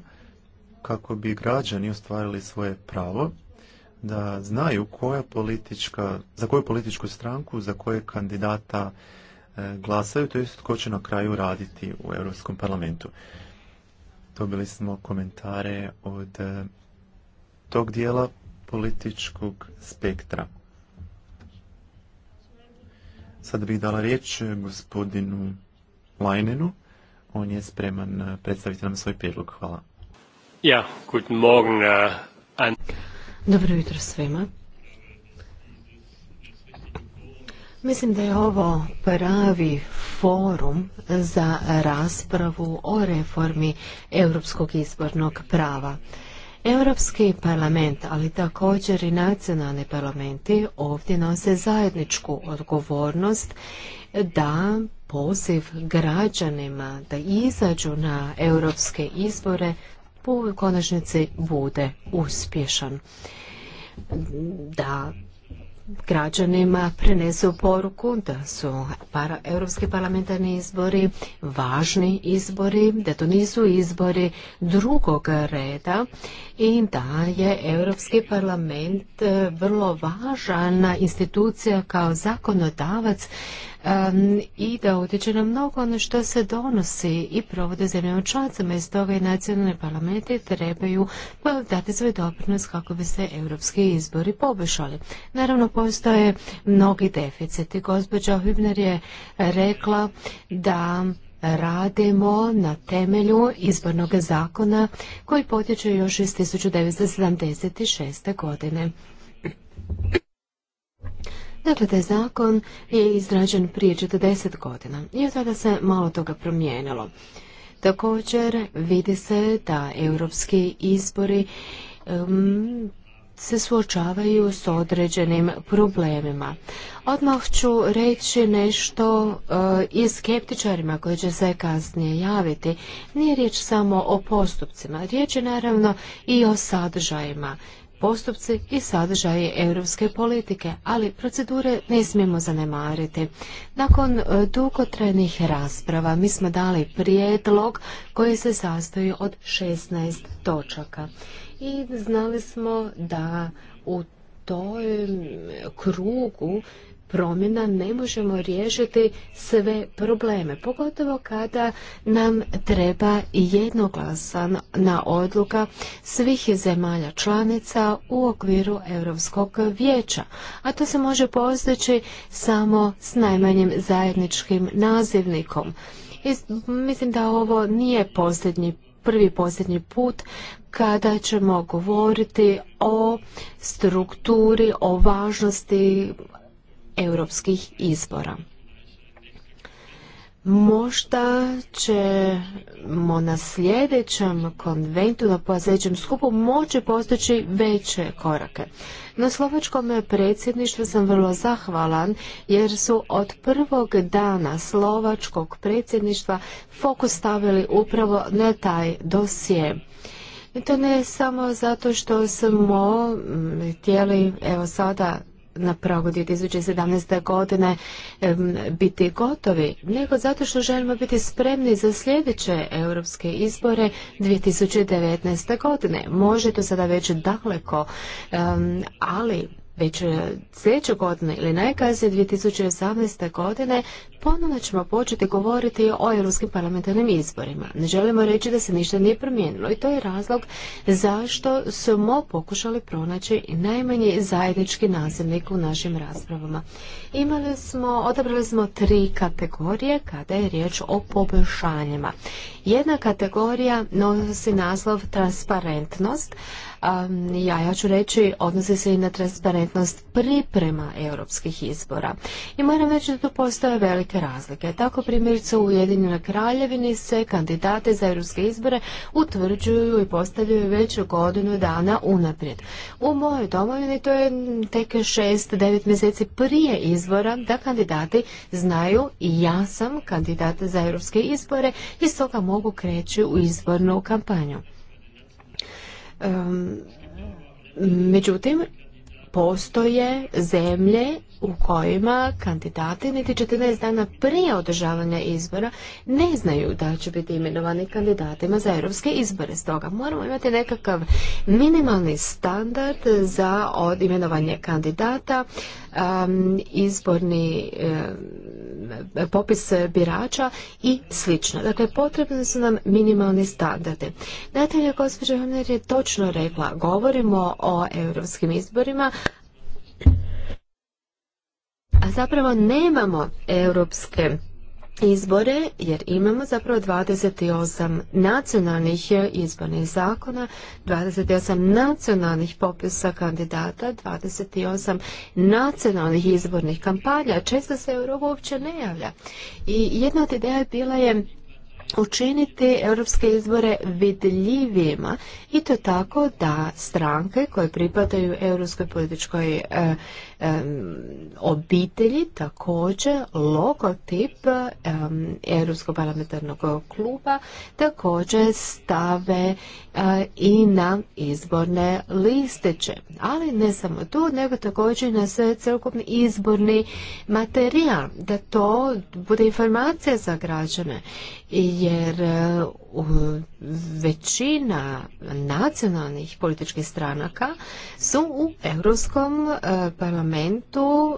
kako bi građani ostvarili svoje pravo da znaju koja politička, za koju političku stranku, za koje kandidata e, glasaju, to je tko će na kraju raditi u Europskom parlamentu. Dobili smo komentare od e, tog dijela političkog spektra. Sada bih dala riječ gospodinu Lajnenu. On je spreman e, predstaviti nam svoj prijedlog. Hvala. Ja, guten morgen. E, Dobro jutro svima. Mislim da je ovo pravi forum za raspravu o reformi europskog izbornog prava. Europski parlament, ali također i nacionalni parlamenti ovdje nose zajedničku odgovornost da poziv građanima da izađu na europske izbore u konačnici bude uspješan. Da građanima prenesu poruku da su europski parlamentarni izbori važni izbori, da to nisu izbori drugog reda i da je Europski parlament e, vrlo važna institucija kao zakonodavac i da utječe na mnogo ono što se donosi i provode zemljama članicama i stoga i nacionalne parlamente trebaju dati svoj doprinos kako bi se europski izbori poboljšali. Naravno, postoje mnogi deficiti. Gospođa Hübner je rekla da radimo na temelju izbornog zakona koji potječe još iz 1976. godine. Dakle, taj zakon je izrađen prije 40 godina i od tada se malo toga promijenilo. Također vidi se da europski izbori se suočavaju s određenim problemima. Odmah ću reći nešto e, i skeptičarima koji će se kasnije javiti. Nije riječ samo o postupcima, riječ je naravno i o sadržajima postupci i sadržaje europske politike, ali procedure ne smijemo zanemariti. Nakon e, dugotrajnih rasprava mi smo dali prijedlog koji se sastoji od 16 točaka. I znali smo da u toj krugu promjena ne možemo riješiti sve probleme, pogotovo kada nam treba jednoglasna odluka svih zemalja članica u okviru Europskog vijeća, a to se može postići samo s najmanjim zajedničkim nazivnikom. mislim da ovo nije posljednji prvi posljednji put kada ćemo govoriti o strukturi, o važnosti europskih izbora. Možda ćemo na sljedećem konventu, na sljedećem skupu moći postići veće korake. Na slovačkom predsjedništvu sam vrlo zahvalan jer su od prvog dana slovačkog predsjedništva fokus stavili upravo na taj dosje. I to ne samo zato što smo htjeli evo sada na pragu 2017. godine biti gotovi, nego zato što želimo biti spremni za sljedeće europske izbore 2019. godine. Može to sada već daleko, ali već eh, sljedeće godine ili najkasnije 2018. godine Ponovno ćemo početi govoriti o europskim parlamentarnim izborima. Ne želimo reći da se ništa nije promijenilo i to je razlog zašto smo pokušali pronaći najmanji zajednički nazivnik u našim raspravama. Imali smo, odabrali smo tri kategorije kada je riječ o poboljšanjima. Jedna kategorija nosi naslov transparentnost, ja, ja ću reći, odnosi se i na transparentnost priprema europskih izbora. I moram reći da tu postoje veliki razlike. Tako primjerice u Ujedinjenoj kraljevini se kandidate za europske izbore utvrđuju i postavljaju već godinu dana unaprijed. U mojoj domovini to je tek 6-9 mjeseci prije izbora da kandidati znaju i ja sam kandidat za europske izbore i stoga mogu kreći u izbornu kampanju. međutim, postoje zemlje u kojima kandidati niti 14 dana prije održavanja izbora ne znaju da će biti imenovani kandidatima za europske izbore. Stoga moramo imati nekakav minimalni standard za od imenovanje kandidata, izborni popis birača i slično. Dakle, potrebni su nam minimalni standarde. Natalja gospođa Hamner je točno rekla, govorimo o europskim izborima, a zapravo nemamo europske izbore jer imamo zapravo 28 nacionalnih izbornih zakona, 28 nacionalnih popisa kandidata, 28 nacionalnih izbornih kampanja. Često se Europa uopće ne javlja. I jedna od ideja je bila je učiniti europske izbore vidljivijima i to tako da stranke koje pripadaju europskoj političkoj eh, obitelji također logotip Europskog parlamentarnog kluba također stave e, i na izborne listeće. Ali ne samo tu, nego također i na sve celokupni izborni materijal, da to bude informacija za građane. Jer većina nacionalnih političkih stranaka su u Europskom e, parlamentu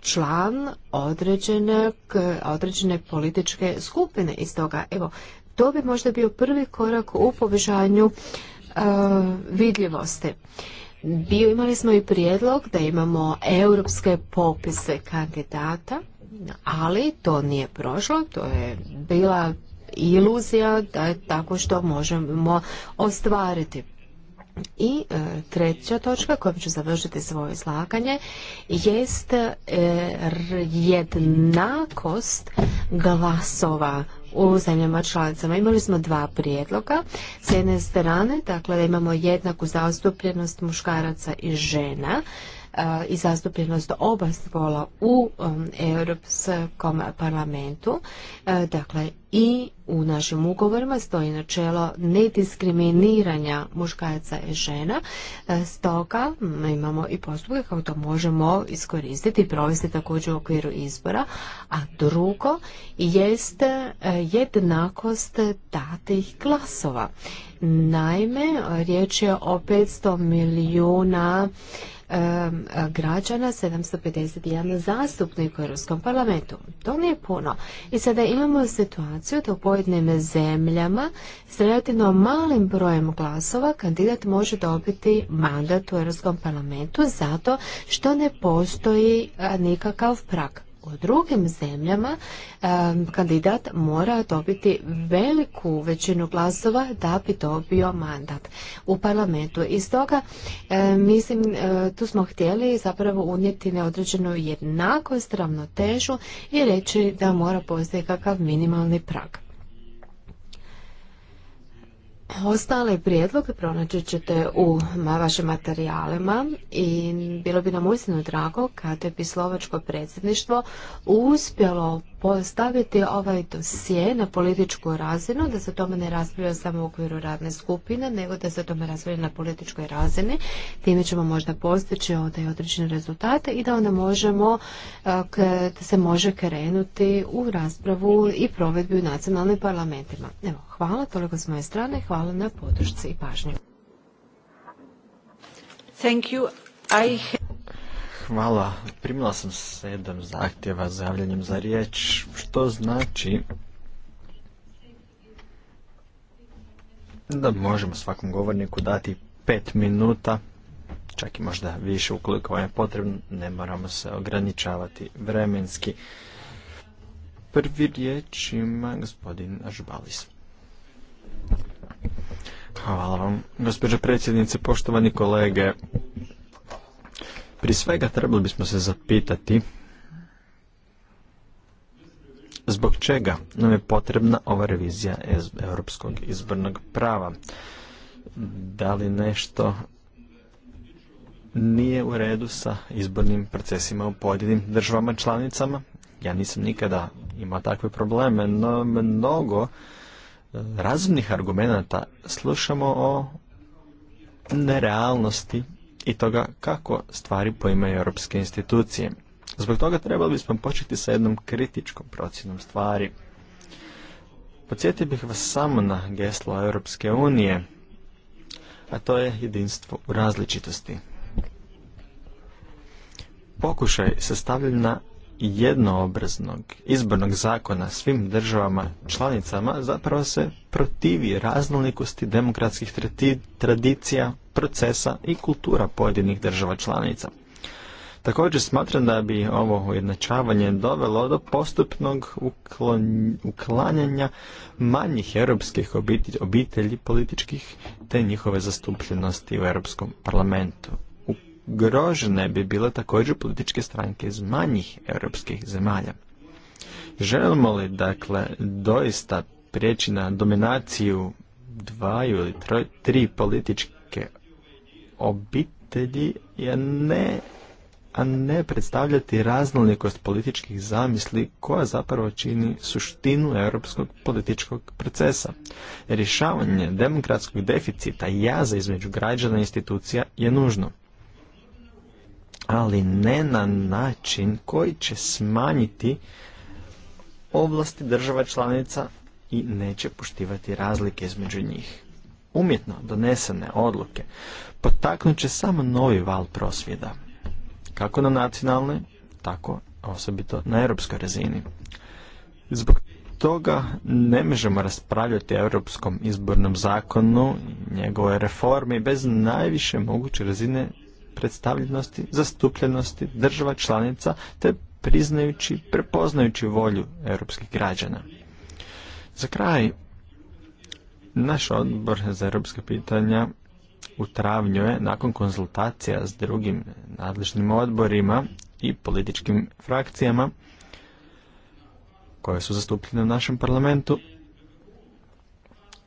član određene, određene političke skupine. iz toga. evo, to bi možda bio prvi korak u povećanju e, vidljivosti. Bio imali smo i prijedlog da imamo europske popise kandidata, ali to nije prošlo, to je bila iluzija da je tako što možemo ostvariti. I e, treća točka kojom ću završiti svoje izlaganje jest e, jednakost glasova u zemljama članicama. Imali smo dva prijedloga. S jedne strane, dakle, da imamo jednaku zastupljenost muškaraca i žena e, i zastupljenost oba spola u Europskom parlamentu. Dakle, i u našim ugovorima stoji načelo nediskriminiranja muškaraca i žena, e, stoga imamo i postupke kako to možemo iskoristiti i provesti također u okviru izbora, a drugo jest e, jednakost datih glasova. Naime, riječ je o 500 milijuna e, građana, 751 zastupnik u Europskom parlamentu. To nije puno. I sada imamo situaciju da u pojedinim zemljama s relativno malim brojem glasova kandidat može dobiti mandat u Europskom parlamentu zato što ne postoji nikakav prag. U drugim zemljama kandidat mora dobiti veliku većinu glasova da bi dobio mandat u parlamentu. Iz stoga e, mislim e, tu smo htjeli zapravo unijeti neodređenu jednakost, ravnotežu i reći da mora postoji kakav minimalni prag. Ostale prijedloge pronaći ćete u vašim materijalima i bilo bi nam uistinu drago kada bi slovačko predsjedništvo uspjelo postaviti ovaj dosije na političku razinu, da se tome ne raspravlja samo u okviru radne skupine, nego da se tome raspravlja na političkoj razini. Time ćemo možda postići onda određene rezultate i da onda možemo, da se može krenuti u raspravu i provedbi u nacionalnim parlamentima. Evo, hvala, toliko s moje strane, hvala na podršci i pažnju. Thank you. I... Hvala. Primila sam sedam zahtjeva za javljanjem za riječ, što znači da možemo svakom govorniku dati pet minuta, čak i možda više ukoliko vam je potrebno, ne moramo se ograničavati vremenski. Prvi riječ ima gospodin Žbalis Hvala vam. Gospođo predsjednice, poštovani kolege, prije svega trebali bismo se zapitati zbog čega nam je potrebna ova revizija europskog izbornog prava. Da li nešto nije u redu sa izbornim procesima u pojedinim državama članicama? Ja nisam nikada imao takve probleme, no mnogo e, razumnih argumenata slušamo o nerealnosti i toga kako stvari poimaju europske institucije. Zbog toga trebali bismo početi sa jednom kritičkom procjenom stvari. Podsjetio bih vas samo na geslo Europske unije, a to je jedinstvo u različitosti. Pokušaj sastavljen na jednoobraznog izbornog zakona svim državama članicama zapravo se protivi raznolikosti demokratskih tradicija, procesa i kultura pojedinih država članica. Također smatram da bi ovo ujednačavanje dovelo do postupnog uklanjanja manjih europskih obitelji, obitelji političkih te njihove zastupljenosti u Europskom parlamentu ugrožene bi bile također političke stranke iz manjih europskih zemalja. Želimo li dakle doista prijeći na dominaciju dvaju ili tri političke obitelji, a ne, a ne predstavljati raznolikost političkih zamisli koja zapravo čini suštinu europskog političkog procesa. Rješavanje demokratskog deficita i jaza između građana i institucija je nužno ali ne na način koji će smanjiti ovlasti država članica i neće poštivati razlike između njih. Umjetno donesene odluke potaknut će samo novi val prosvjeda, kako na nacionalnoj, tako osobito na europskoj razini. Zbog toga ne možemo raspravljati o europskom izbornom zakonu, njegove reformi bez najviše moguće razine predstavljenosti, zastupljenosti država članica te priznajući, prepoznajući volju europskih građana. Za kraj, naš odbor za europske pitanja u travnju je, nakon konzultacija s drugim nadležnim odborima i političkim frakcijama koje su zastupljene u našem parlamentu,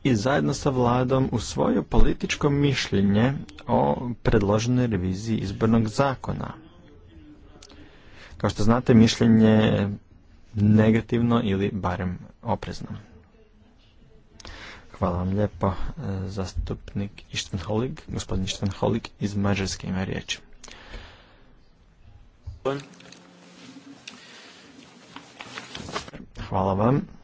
i zajedno sa vladom usvojio političko mišljenje o predloženoj reviziji izbornog zakona. Kao što znate, mišljenje je negativno ili barem oprezno. Hvala vam lijepo, e, zastupnik gospodin iz Mađarske ima riječ. Hvala vam.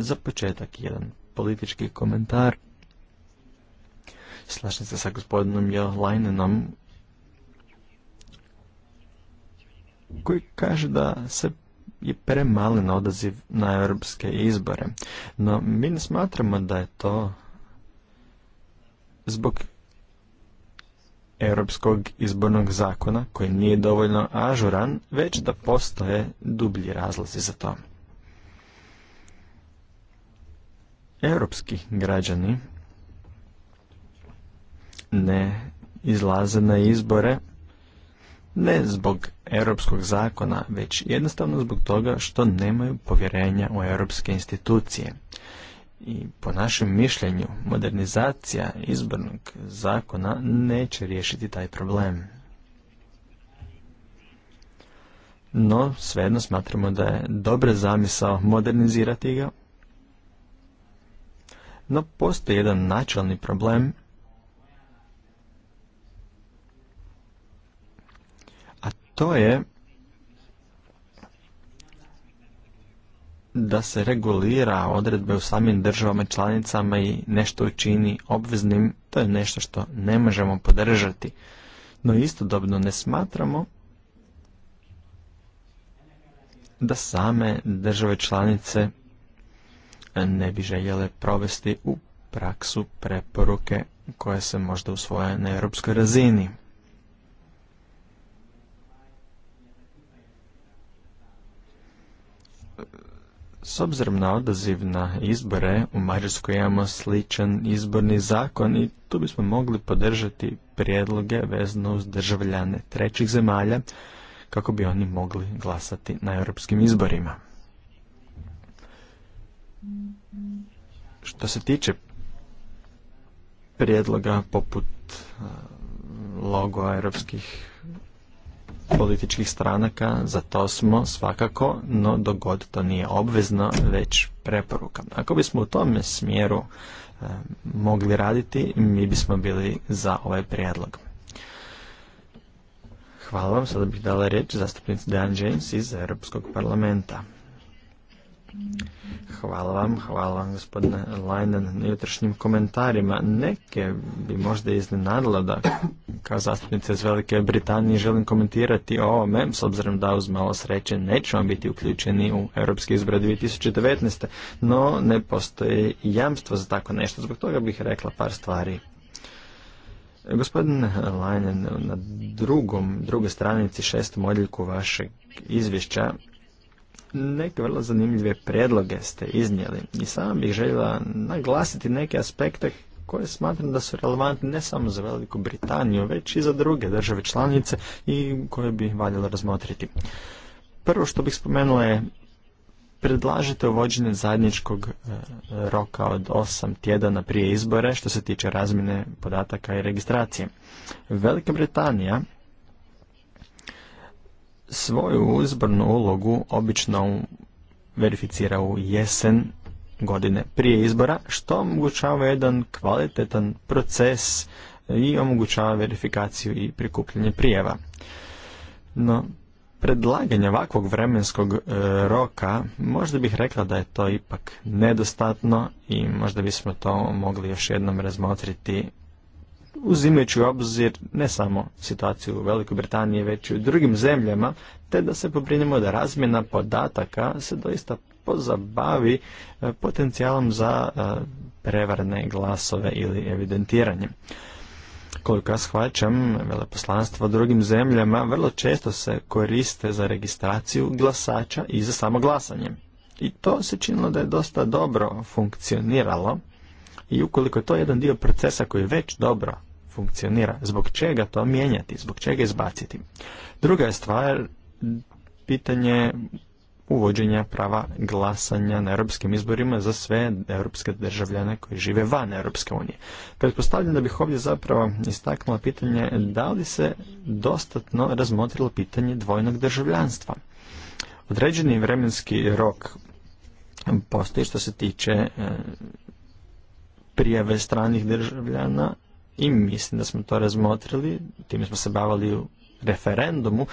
Za početak jedan politički komentar. Slažem se sa gospodinom Jelajnenom koji kaže da se je na odaziv na europske izbore. No, mi ne smatramo da je to zbog europskog izbornog zakona koji nije dovoljno ažuran, već da postoje dublji razlozi za to. europski građani ne izlaze na izbore ne zbog europskog zakona, već jednostavno zbog toga što nemaju povjerenja u europske institucije. I po našem mišljenju, modernizacija izbornog zakona neće riješiti taj problem. No, svejedno smatramo da je dobra zamisao modernizirati ga no postoji jedan načelni problem, a to je da se regulira odredbe u samim državama članicama i nešto učini obveznim, to je nešto što ne možemo podržati. No istodobno ne smatramo da same države članice ne bi željele provesti u praksu preporuke koje se možda usvoje na europskoj razini. S obzirom na odaziv na izbore, u Mađarskoj imamo sličan izborni zakon i tu bismo mogli podržati prijedloge vezano uz državljane trećih zemalja kako bi oni mogli glasati na europskim izborima. Što se tiče prijedloga poput logo europskih političkih stranaka, za to smo svakako, no dogod to nije obvezno, već preporuka. Ako bismo u tome smjeru mogli raditi, mi bismo bili za ovaj prijedlog. Hvala vam, sada bih dala riječ zastupnici Dan James iz Europskog parlamenta. Hvala vam, hvala vam gospodine Lajnen na jutrašnjim komentarima. Neke bi možda iznenadilo da kao zastupnica iz Velike Britanije želim komentirati o ovome, s obzirom da uz malo sreće nećemo biti uključeni u Europski izbor 2019. No ne postoji jamstvo za tako nešto, zbog toga bih rekla par stvari. Gospodin Lajnen, na drugom, drugoj stranici šestom odljeku vašeg izvješća neke vrlo zanimljive predloge ste iznijeli i sam bih željela naglasiti neke aspekte koje smatram da su relevantne ne samo za Veliku Britaniju, već i za druge države članice i koje bi valjalo razmotriti. Prvo što bih spomenula je predlažete uvođenje zajedničkog e, roka od 8 tjedana prije izbore što se tiče razmjene podataka i registracije. Velika Britanija svoju izbornu ulogu obično verificira u jesen godine prije izbora, što omogućava jedan kvalitetan proces i omogućava verifikaciju i prikupljanje prijeva. No, predlaganje ovakvog vremenskog e, roka možda bih rekla da je to ipak nedostatno i možda bismo to mogli još jednom razmotriti uzimajući u obzir ne samo situaciju u Velikoj Britaniji, već i u drugim zemljama, te da se pobrinimo da razmjena podataka se doista pozabavi e, potencijalom za e, prevarne glasove ili evidentiranje. Koliko ja shvaćam, veleposlanstva u drugim zemljama vrlo često se koriste za registraciju glasača i za samo glasanje. I to se činilo da je dosta dobro funkcioniralo i ukoliko je to jedan dio procesa koji već dobro funkcionira. Zbog čega to mijenjati? Zbog čega izbaciti? Druga je stvar, pitanje uvođenja prava glasanja na europskim izborima za sve europske državljane koji žive van Europske unije. Pretpostavljam da bih ovdje zapravo istaknula pitanje da li se dostatno razmotrilo pitanje dvojnog državljanstva. Određeni vremenski rok postoji što se tiče e, prijave stranih državljana i mislim da smo to razmotrili, time smo se bavili u referendumu,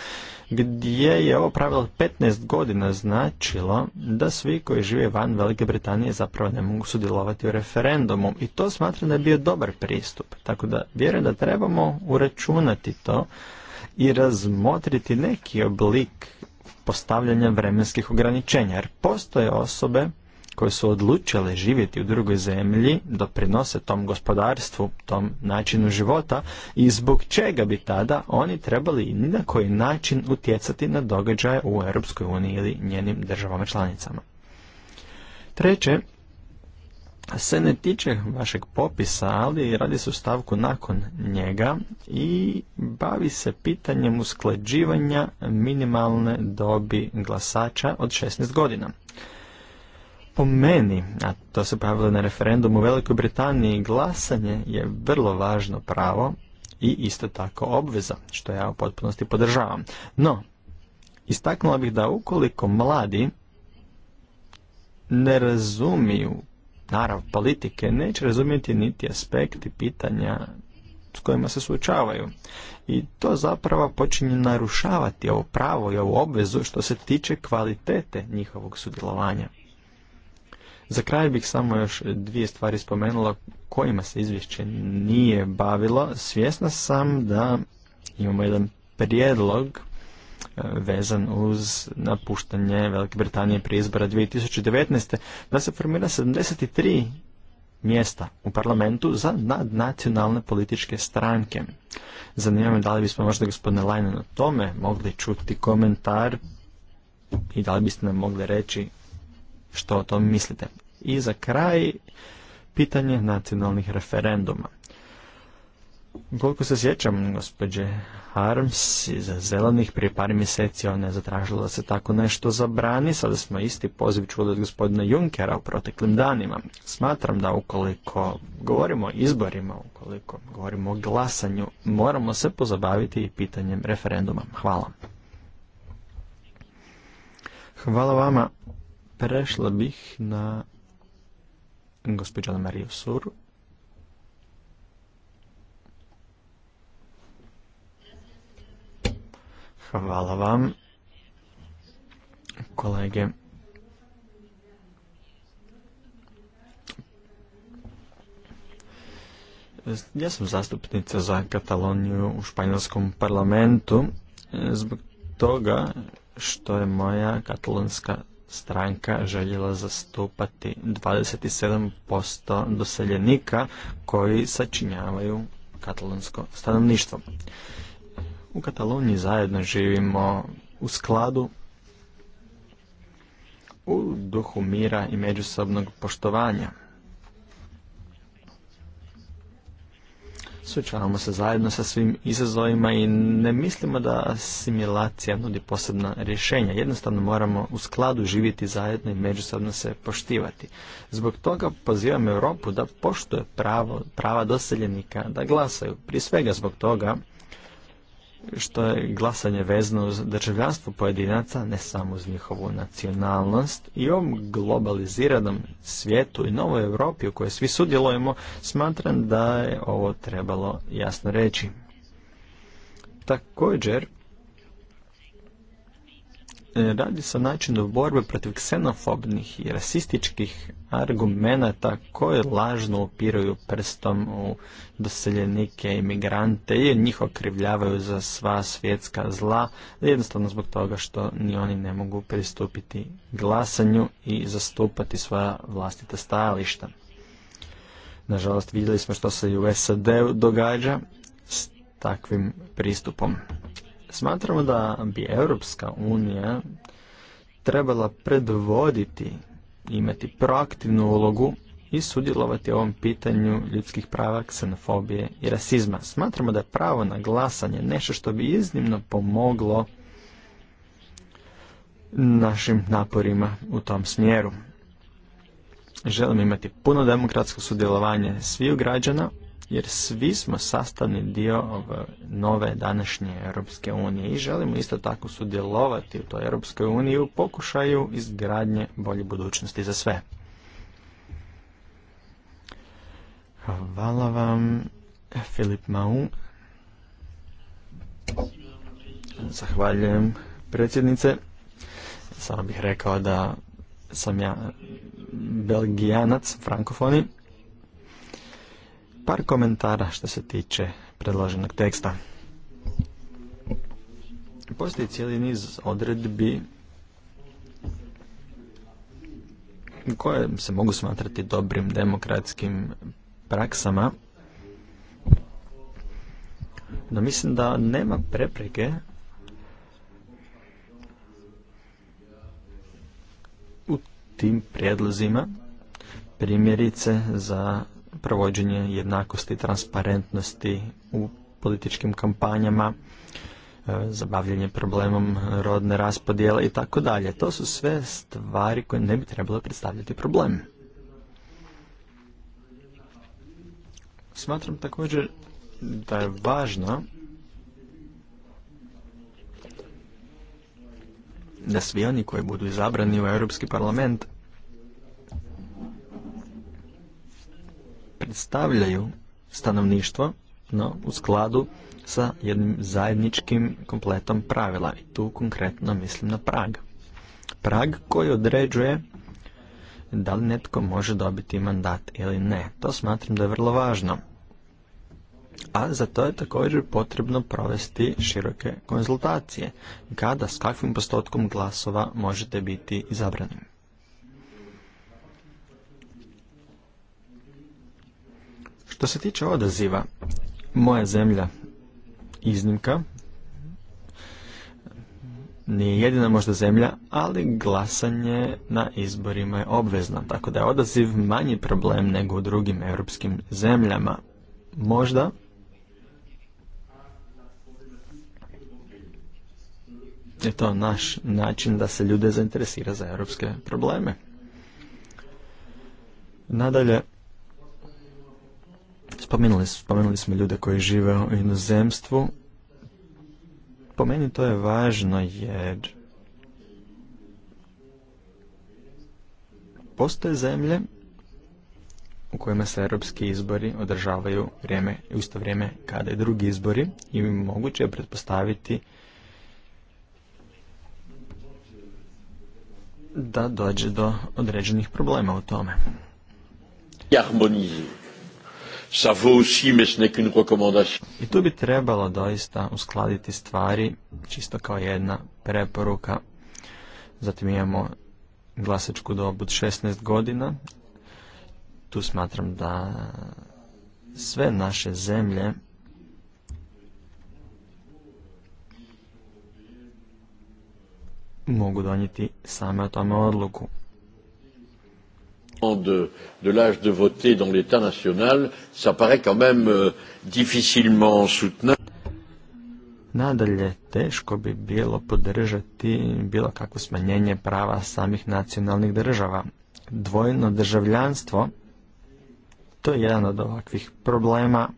gdje je ovo pravilo 15 godina značilo da svi koji žive van Velike Britanije zapravo ne mogu sudjelovati u referendumu. I to smatram da je bio dobar pristup. Tako da vjerujem da trebamo uračunati to i razmotriti neki oblik postavljanja vremenskih ograničenja. Jer postoje osobe koje su odlučile živjeti u drugoj zemlji doprinose tom gospodarstvu, tom načinu života i zbog čega bi tada oni trebali ni na koji način utjecati na događaje u Europskoj uniji ili njenim državama članicama. Treće, se ne tiče vašeg popisa, ali radi se stavku nakon njega i bavi se pitanjem usklađivanja minimalne dobi glasača od 16 godina. Po meni, a to se pravilo na referendumu u Velikoj Britaniji, glasanje je vrlo važno pravo i isto tako obveza, što ja u potpunosti podržavam. No, istaknula bih da ukoliko mladi ne razumiju narav politike, neće razumjeti niti aspekti pitanja s kojima se suočavaju. I to zapravo počinje narušavati ovo pravo i ovu obvezu što se tiče kvalitete njihovog sudjelovanja. Za kraj bih samo još dvije stvari spomenula kojima se izvješće nije bavilo. Svjesna sam da imamo jedan prijedlog e, vezan uz napuštanje Velike Britanije prije izbora 2019. da se formira 73 mjesta u parlamentu za nadnacionalne političke stranke. Zanima me da li bismo možda gospodine Lajne na tome mogli čuti komentar i da li biste nam mogli reći što o tom mislite. I za kraj, pitanje nacionalnih referenduma. Koliko se sjećam, gospođe Harms iz zelenih, prije par mjeseci ona je zatražila da se tako nešto zabrani. Sada smo isti poziv čuli od gospodina Junkera u proteklim danima. Smatram da ukoliko govorimo o izborima, ukoliko govorimo o glasanju, moramo se pozabaviti i pitanjem referenduma. Hvala. Hvala vama prešla bih na gospođa Mariju Suru. Hvala vam, kolege. Ja sam zastupnica za Kataloniju u španjolskom parlamentu e, zbog toga što je moja katalonska stranka željela zastupati 27% doseljenika koji sačinjavaju katalonsko stanovništvo. U Kataloniji zajedno živimo u skladu u duhu mira i međusobnog poštovanja. Sučavamo se zajedno sa svim izazovima i ne mislimo da asimilacija nudi posebna rješenja. Jednostavno moramo u skladu živjeti zajedno i međusobno se poštivati. Zbog toga pozivam Europu da poštuje pravo, prava doseljenika da glasaju. Prije svega zbog toga što je glasanje vezano uz državljanstvo pojedinaca, ne samo uz njihovu nacionalnost. I ovom globaliziranom svijetu i novoj Europi u kojoj svi sudjelujemo, smatram da je ovo trebalo jasno reći. Također, E, radi se o načinu borbe protiv ksenofobnih i rasističkih argumenata koje lažno upiraju prstom u doseljenike i imigrante i njih okrivljavaju za sva svjetska zla, jednostavno zbog toga što ni oni ne mogu pristupiti glasanju i zastupati svoja vlastita stajališta. Nažalost, vidjeli smo što se i u sad događa s takvim pristupom. Smatramo da bi Europska unija trebala predvoditi, imati proaktivnu ulogu i sudjelovati u ovom pitanju ljudskih prava, ksenofobije i rasizma. Smatramo da je pravo na glasanje nešto što bi iznimno pomoglo našim naporima u tom smjeru. Želimo imati puno demokratsko sudjelovanje svih građana jer svi smo sastavni dio ove nove današnje Europske unije i želimo isto tako sudjelovati u toj Europskoj uniji u pokušaju izgradnje bolje budućnosti za sve. Hvala vam, Filip Mau. Zahvaljujem, predsjednice. Samo bih rekao da sam ja belgijanac, frankofoni, par komentara što se tiče predloženog teksta. Postoji cijeli niz odredbi koje se mogu smatrati dobrim demokratskim praksama, no mislim da nema prepreke u tim prijedlozima primjerice za provođenje jednakosti i transparentnosti u političkim kampanjama, e, zabavljanje problemom rodne raspodjele i tako dalje. To su sve stvari koje ne bi trebalo predstavljati problem. Smatram također da je važno da svi oni koji budu izabrani u Europski parlament predstavljaju stanovništvo, no u skladu sa jednim zajedničkim kompletom pravila. I tu konkretno mislim na Prag. Prag koji određuje da li netko može dobiti mandat ili ne. To smatram da je vrlo važno. A za to je također potrebno provesti široke konzultacije. Kada s kakvim postotkom glasova možete biti izabrani. Što se tiče odaziva, moja zemlja iznimka nije jedina možda zemlja, ali glasanje na izborima je obvezno, tako da je odaziv manji problem nego u drugim europskim zemljama. Možda je to naš način da se ljude zainteresira za europske probleme. Nadalje, Spomenuli, spomenuli smo ljude koji žive u inozemstvu. Po meni to je važno jer postoje zemlje u kojima se europski izbori održavaju vrijeme, u isto vrijeme kada i drugi izbori i moguće je pretpostaviti da dođe do određenih problema u tome. I tu bi trebalo doista uskladiti stvari, čisto kao jedna preporuka. Zatim imamo glasačku dobu od 16 godina. Tu smatram da sve naše zemlje mogu donijeti same o tome odluku de, de l'âge de voter dans l'État national, ça paraît quand même euh, difficilement soutenable. Nadalje, teško bi bilo podržati bilo kakvo smanjenje prava samih nacionalnih država. Dvojno državljanstvo, to je jedan od ovakvih problema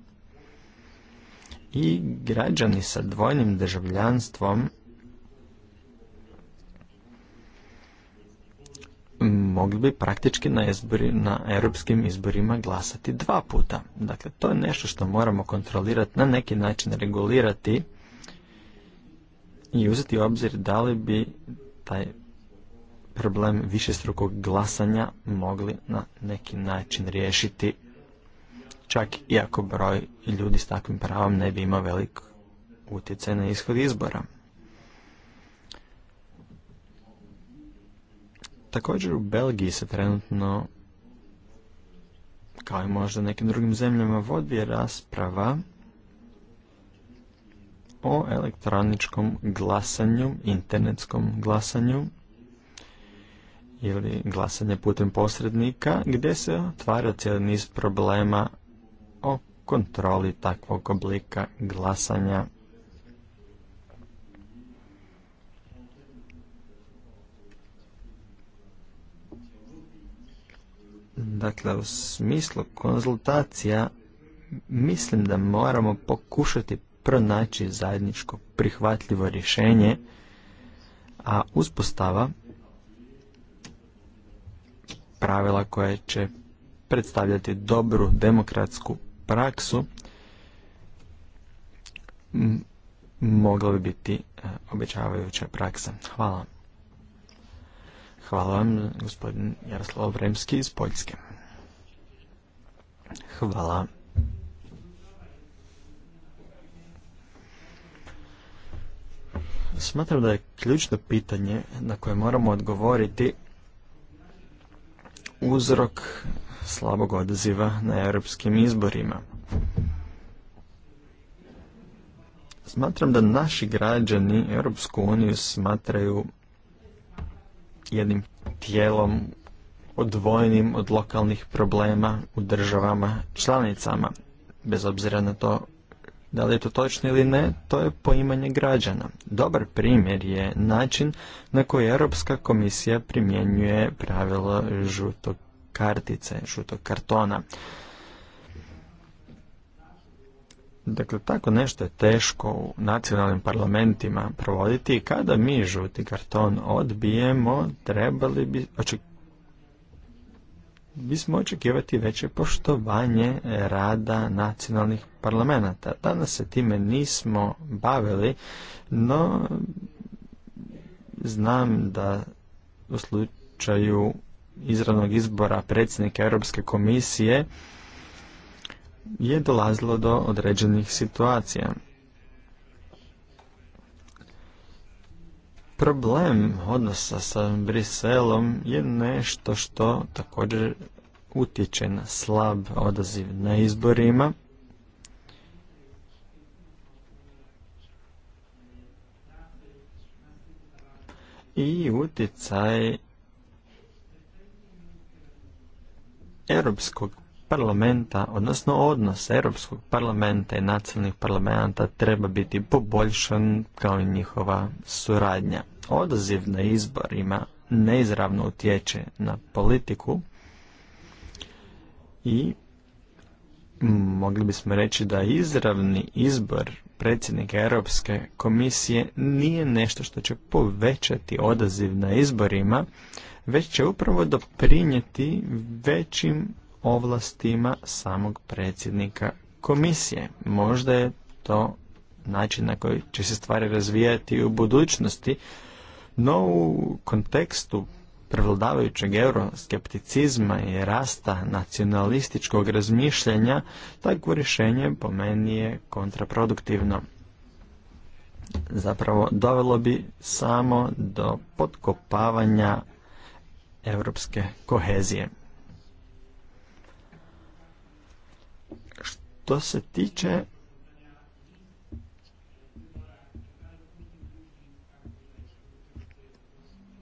i građani sa dvojnim državljanstvom mogli bi praktički na, izbori, na europskim izborima glasati dva puta. Dakle, to je nešto što moramo kontrolirati, na neki način regulirati i uzeti u obzir da li bi taj problem višestrukog glasanja mogli na neki način riješiti, čak i ako broj ljudi s takvim pravom ne bi imao velik utjecaj na ishod izbora. Također u Belgiji se trenutno, kao i možda nekim drugim zemljama, vodi rasprava o elektroničkom glasanju, internetskom glasanju ili glasanje putem posrednika, gdje se otvara cijeli niz problema o kontroli takvog oblika glasanja Dakle, u smislu konzultacija mislim da moramo pokušati pronaći zajedničko prihvatljivo rješenje, a uspostava pravila koje će predstavljati dobru demokratsku praksu mogla bi biti e, obećavajuća praksa. Hvala. Hvala vam, gospodin Jaroslav Vremski iz Poljske. Hvala. Smatram da je ključno pitanje na koje moramo odgovoriti uzrok slabog odaziva na europskim izborima. Smatram da naši građani Europsku uniju smatraju jednim tijelom odvojenim od lokalnih problema u državama članicama. Bez obzira na to da li je to točno ili ne, to je poimanje građana. Dobar primjer je način na koji Europska komisija primjenjuje pravilo žutog kartice, žutog kartona. Dakle, tako nešto je teško u nacionalnim parlamentima provoditi i kada mi žuti karton odbijemo, trebali bi, oček, bismo očekivati veće poštovanje rada nacionalnih parlamenta. Danas se time nismo bavili, no znam da u slučaju izravnog izbora predsjednika Europske komisije je dolazilo do određenih situacija. Problem odnosa sa Briselom je nešto što također utječe na slab odaziv na izborima. I utjecaj europskog parlamenta, odnosno odnos Europskog parlamenta i nacionalnih parlamenta treba biti poboljšan kao i njihova suradnja. Odaziv na izborima neizravno utječe na politiku i mogli bismo reći da izravni izbor predsjednika Europske komisije nije nešto što će povećati odaziv na izborima, već će upravo doprinijeti većim ovlastima samog predsjednika komisije. Možda je to način na koji će se stvari razvijati u budućnosti, no u kontekstu prevladavajućeg euroskepticizma i rasta nacionalističkog razmišljanja, takvo rješenje po meni je kontraproduktivno. Zapravo dovelo bi samo do potkopavanja europske kohezije. što se tiče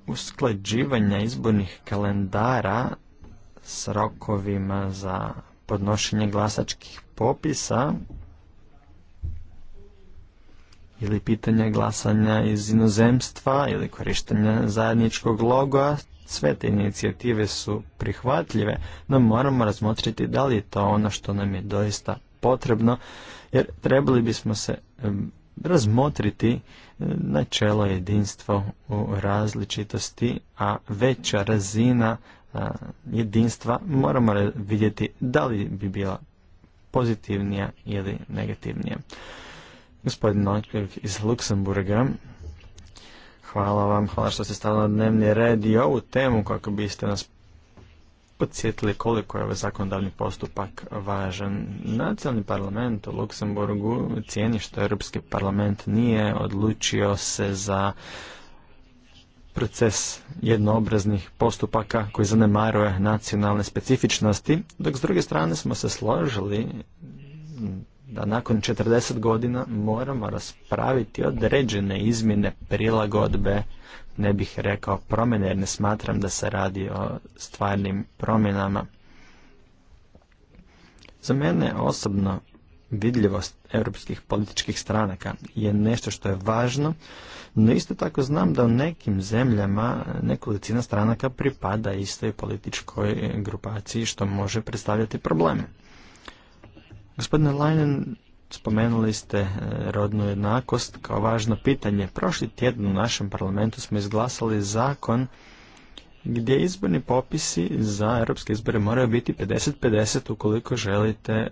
usklađivanja izbornih kalendara s rokovima za podnošenje glasačkih popisa ili pitanja glasanja iz inozemstva ili korištenja zajedničkog logoa. sve te inicijative su prihvatljive, no moramo razmotriti da li je to ono što nam je doista potrebno jer trebali bismo se razmotriti načelo jedinstva u različitosti, a veća razina jedinstva moramo vidjeti da li bi bila pozitivnija ili negativnija. Gospodin Noćev iz Luksemburga, hvala vam, hvala što ste stavili na dnevni red i ovu temu kako biste nas podsjetili koliko je ovaj zakonodavni postupak važan. Nacionalni parlament u Luksemburgu cijeni što Europski parlament nije odlučio se za proces jednoobraznih postupaka koji zanemaruje nacionalne specifičnosti, dok s druge strane smo se složili da nakon 40 godina moramo raspraviti određene izmjene prilagodbe, ne bih rekao promjene jer ne smatram da se radi o stvarnim promjenama. Za mene osobno vidljivost europskih političkih stranaka je nešto što je važno, no isto tako znam da u nekim zemljama nekolicina stranaka pripada istoj političkoj grupaciji što može predstavljati probleme. Gospodine Leinen, spomenuli ste e, rodnu jednakost kao važno pitanje. Prošli tjedan u našem parlamentu smo izglasali zakon gdje izborni popisi za europske izbore moraju biti 50-50 ukoliko želite e,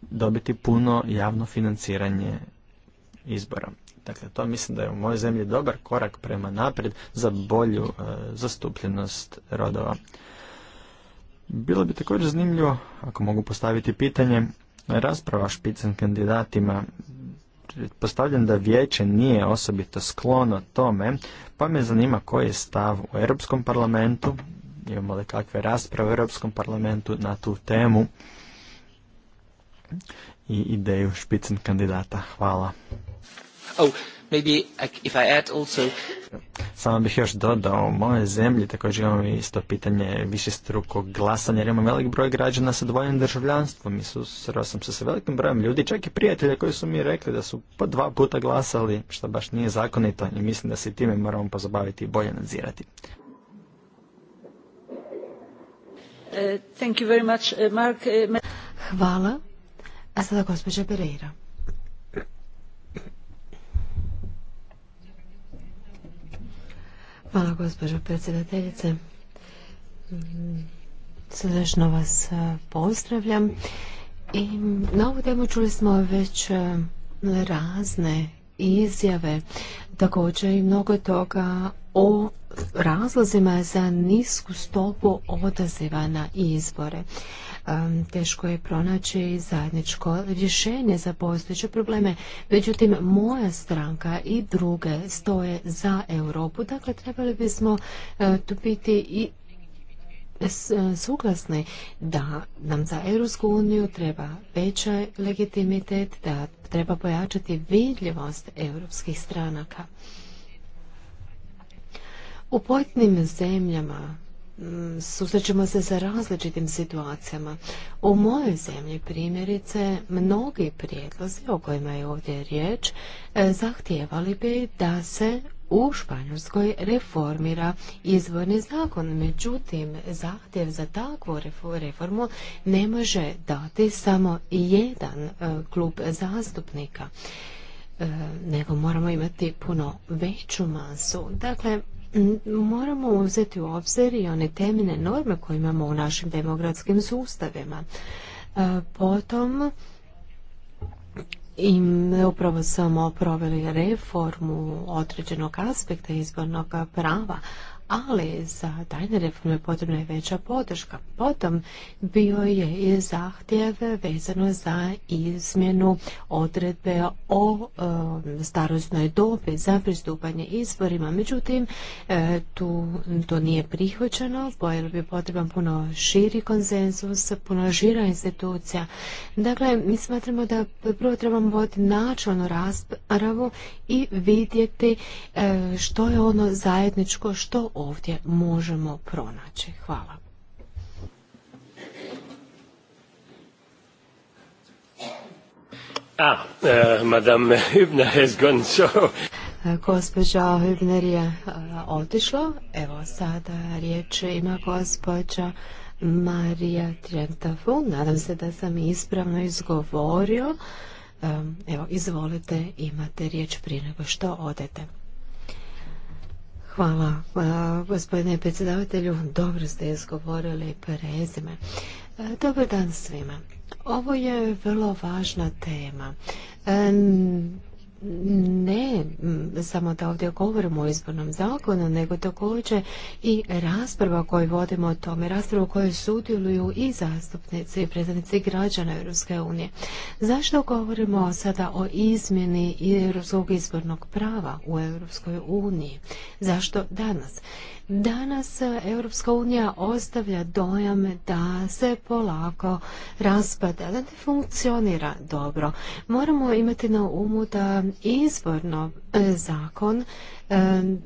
dobiti puno javno financiranje izbora. Dakle, to mislim da je u mojoj zemlji dobar korak prema naprijed za bolju e, zastupljenost rodova. Bilo bi također zanimljivo, ako mogu postaviti pitanje, rasprava špicen kandidatima. Postavljam da vijeće nije osobito sklono tome, pa me zanima koji je stav u Europskom parlamentu, imamo li kakve rasprave u Europskom parlamentu na tu temu i ideju špicen kandidata. Hvala. Maybe if I add also... Samo bih još dodao, u moje zemlji također imamo isto pitanje više strukog glasanja, jer imamo velik broj građana sa dvojnim državljanstvom i su sam se sa velikim brojem ljudi, čak i prijatelja koji su mi rekli da su po dva puta glasali, što baš nije zakonito i mislim da se time moramo pozabaviti i bolje nadzirati. Uh, thank you very much, uh, Mark. Uh, Hvala. A sada gospođa Pereira. Hvala gospođo predsjedateljice. Srdečno vas pozdravljam. I na ovu temu čuli smo već razne izjave, također i mnogo toga o razlozima za nisku stopu odaziva na izbore teško je pronaći zajedničko rješenje za postojeće probleme. Međutim, moja stranka i druge stoje za Europu, dakle trebali bismo e, tu biti i e, suglasni da nam za Europsku uniju treba veća legitimitet, da treba pojačati vidljivost europskih stranaka. U pojedinim zemljama Mm, susrećemo se sa različitim situacijama. U mojoj zemlji primjerice mnogi prijedlozi o kojima je ovdje riječ e, zahtijevali bi da se u Španjolskoj reformira izvorni zakon. Međutim, zahtjev za takvu reformu ne može dati samo jedan e, klub zastupnika e, nego moramo imati puno veću masu. Dakle, moramo uzeti u obzir i one temine norme koje imamo u našim demokratskim sustavima. E, potom i upravo smo proveli reformu određenog aspekta izbornog prava, ali za tajne reforme potrebna je veća podrška. Potom bio je i zahtjev vezano za izmjenu odredbe o e, dobi za pristupanje izborima. Međutim, e, tu to nije prihvaćeno, pojelo bi potreban puno širi konsenzus, puno šira institucija. Dakle, mi smatramo da prvo trebamo voditi načelnu raspravu i vidjeti e, što je ono zajedničko, što ovdje možemo pronaći. Hvala. A, e, Hübner e, Gospođa je e, otišla. Evo sada riječ ima gospođa Marija Trentafu. Nadam se da sam ispravno izgovorio. Evo, izvolite, imate riječ prije nego što odete. Hvala, gospodine predsjedavatelju. Dobro ste izgovorili prezime. E, dobar dan svima. Ovo je vrlo važna tema. E, ne samo da ovdje govorimo o izbornom zakonu, nego također i rasprava koju vodimo o tome, rasprava u kojoj sudjeluju i zastupnici i predstavnici građana Europske unije. Zašto govorimo sada o izmjeni europskog izbornog prava u Europskoj uniji? Zašto danas? Danas Europska unija ostavlja dojam da se polako raspada, da ne funkcionira dobro. Moramo imati na umu da izborno e, zakon e,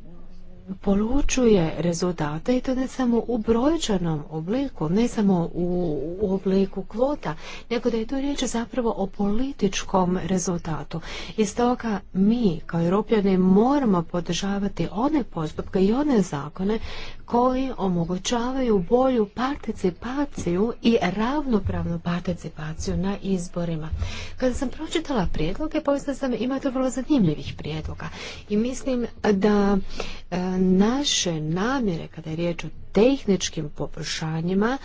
polučuje rezultate i to ne samo u brojčanom obliku, ne samo u, u obliku kvota, nego da je tu riječ zapravo o političkom rezultatu. I stoga mi kao europljani moramo podržavati one postupke i one zakone koji omogućavaju bolju participaciju i ravnopravnu participaciju na izborima. Kada sam pročitala prijedloge, povisla sam imate vrlo zanimljivih prijedloga i mislim da e, naše namjere kada je riječ o tehničkim poboljšanjima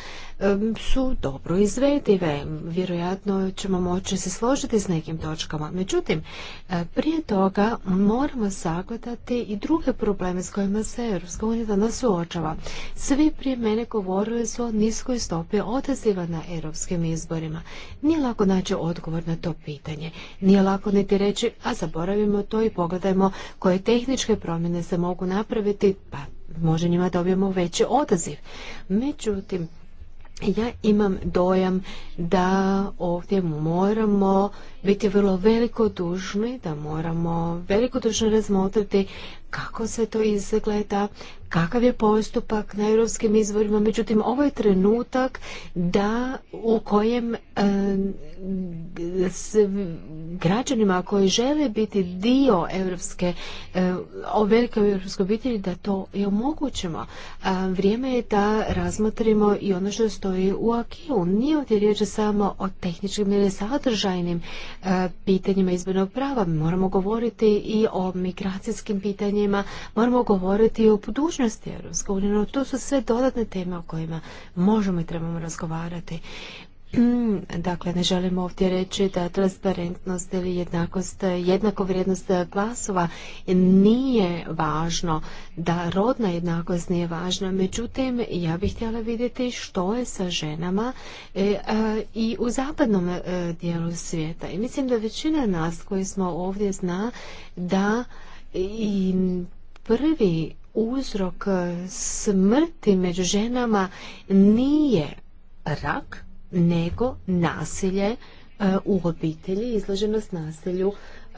su dobro izvedive. Vjerojatno ćemo moći se složiti s nekim točkama. Međutim, e, prije toga moramo sagledati i druge probleme s kojima se Europska unija danas suočava. Svi prije mene govorili su o niskoj stopi odaziva na europskim izborima. Nije lako naći odgovor na to pitanje. Nije lako niti reći, a zaboravimo to i pogledajmo koje tehničke promjene se mogu napraviti, pa Može njima dobijemo veći odaziv. Međutim, ja imam dojam da ovdje moramo biti vrlo veliko dužni, da moramo veliko dužno razmotriti kako se to izgleda, kakav je postupak na europskim izvorima. Međutim, ovo je trenutak da u kojem eh, s građanima koji žele biti dio europske, eh, o obitelji, da to je omogućimo. vrijeme je da razmotrimo i ono što stoji u akiju. Nije ovdje riječ samo o tehničkim ili sadržajnim E, pitanjima izbornog prava, moramo govoriti i o migracijskim pitanjima, moramo govoriti i o budućnosti Europske unije. to su sve dodatne teme o kojima možemo i trebamo razgovarati. Mm, dakle, ne želimo ovdje reći da transparentnost ili jednakost, jednako vrijednost glasova nije važno, da rodna jednakost nije važna. Međutim, ja bih htjela vidjeti što je sa ženama e, e, i u zapadnom e, dijelu svijeta. I mislim da većina nas koji smo ovdje zna da i prvi uzrok smrti među ženama nije rak, nego nasilje e, u obitelji, izloženost nasilju e,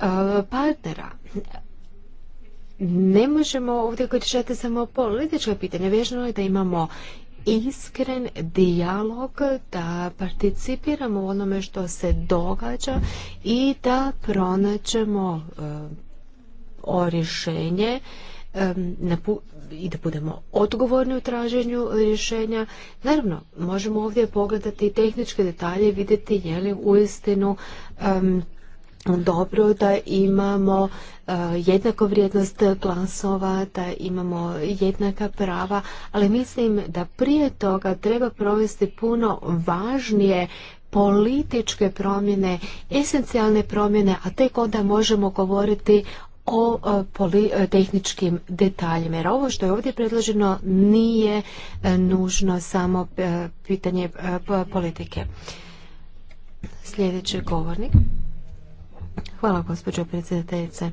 partnera. Ne možemo ovdje rješati samo politička pitanje. Vježno je da imamo iskren dijalog, da participiramo u onome što se događa i da pronađemo e, o rješenje i da budemo odgovorni u traženju rješenja. Naravno, možemo ovdje pogledati tehničke detalje i vidjeti je li uistinu dobro da imamo e, jednako vrijednost glasova, da imamo jednaka prava, ali mislim da prije toga treba provesti puno važnije političke promjene, esencijalne promjene, a tek onda možemo govoriti o e, politehničkim tehničkim detaljima. Jer ovo što je ovdje predloženo nije e, nužno samo e, pitanje politike. Sljedeći govornik. Hvala gospođo predsjedateljice.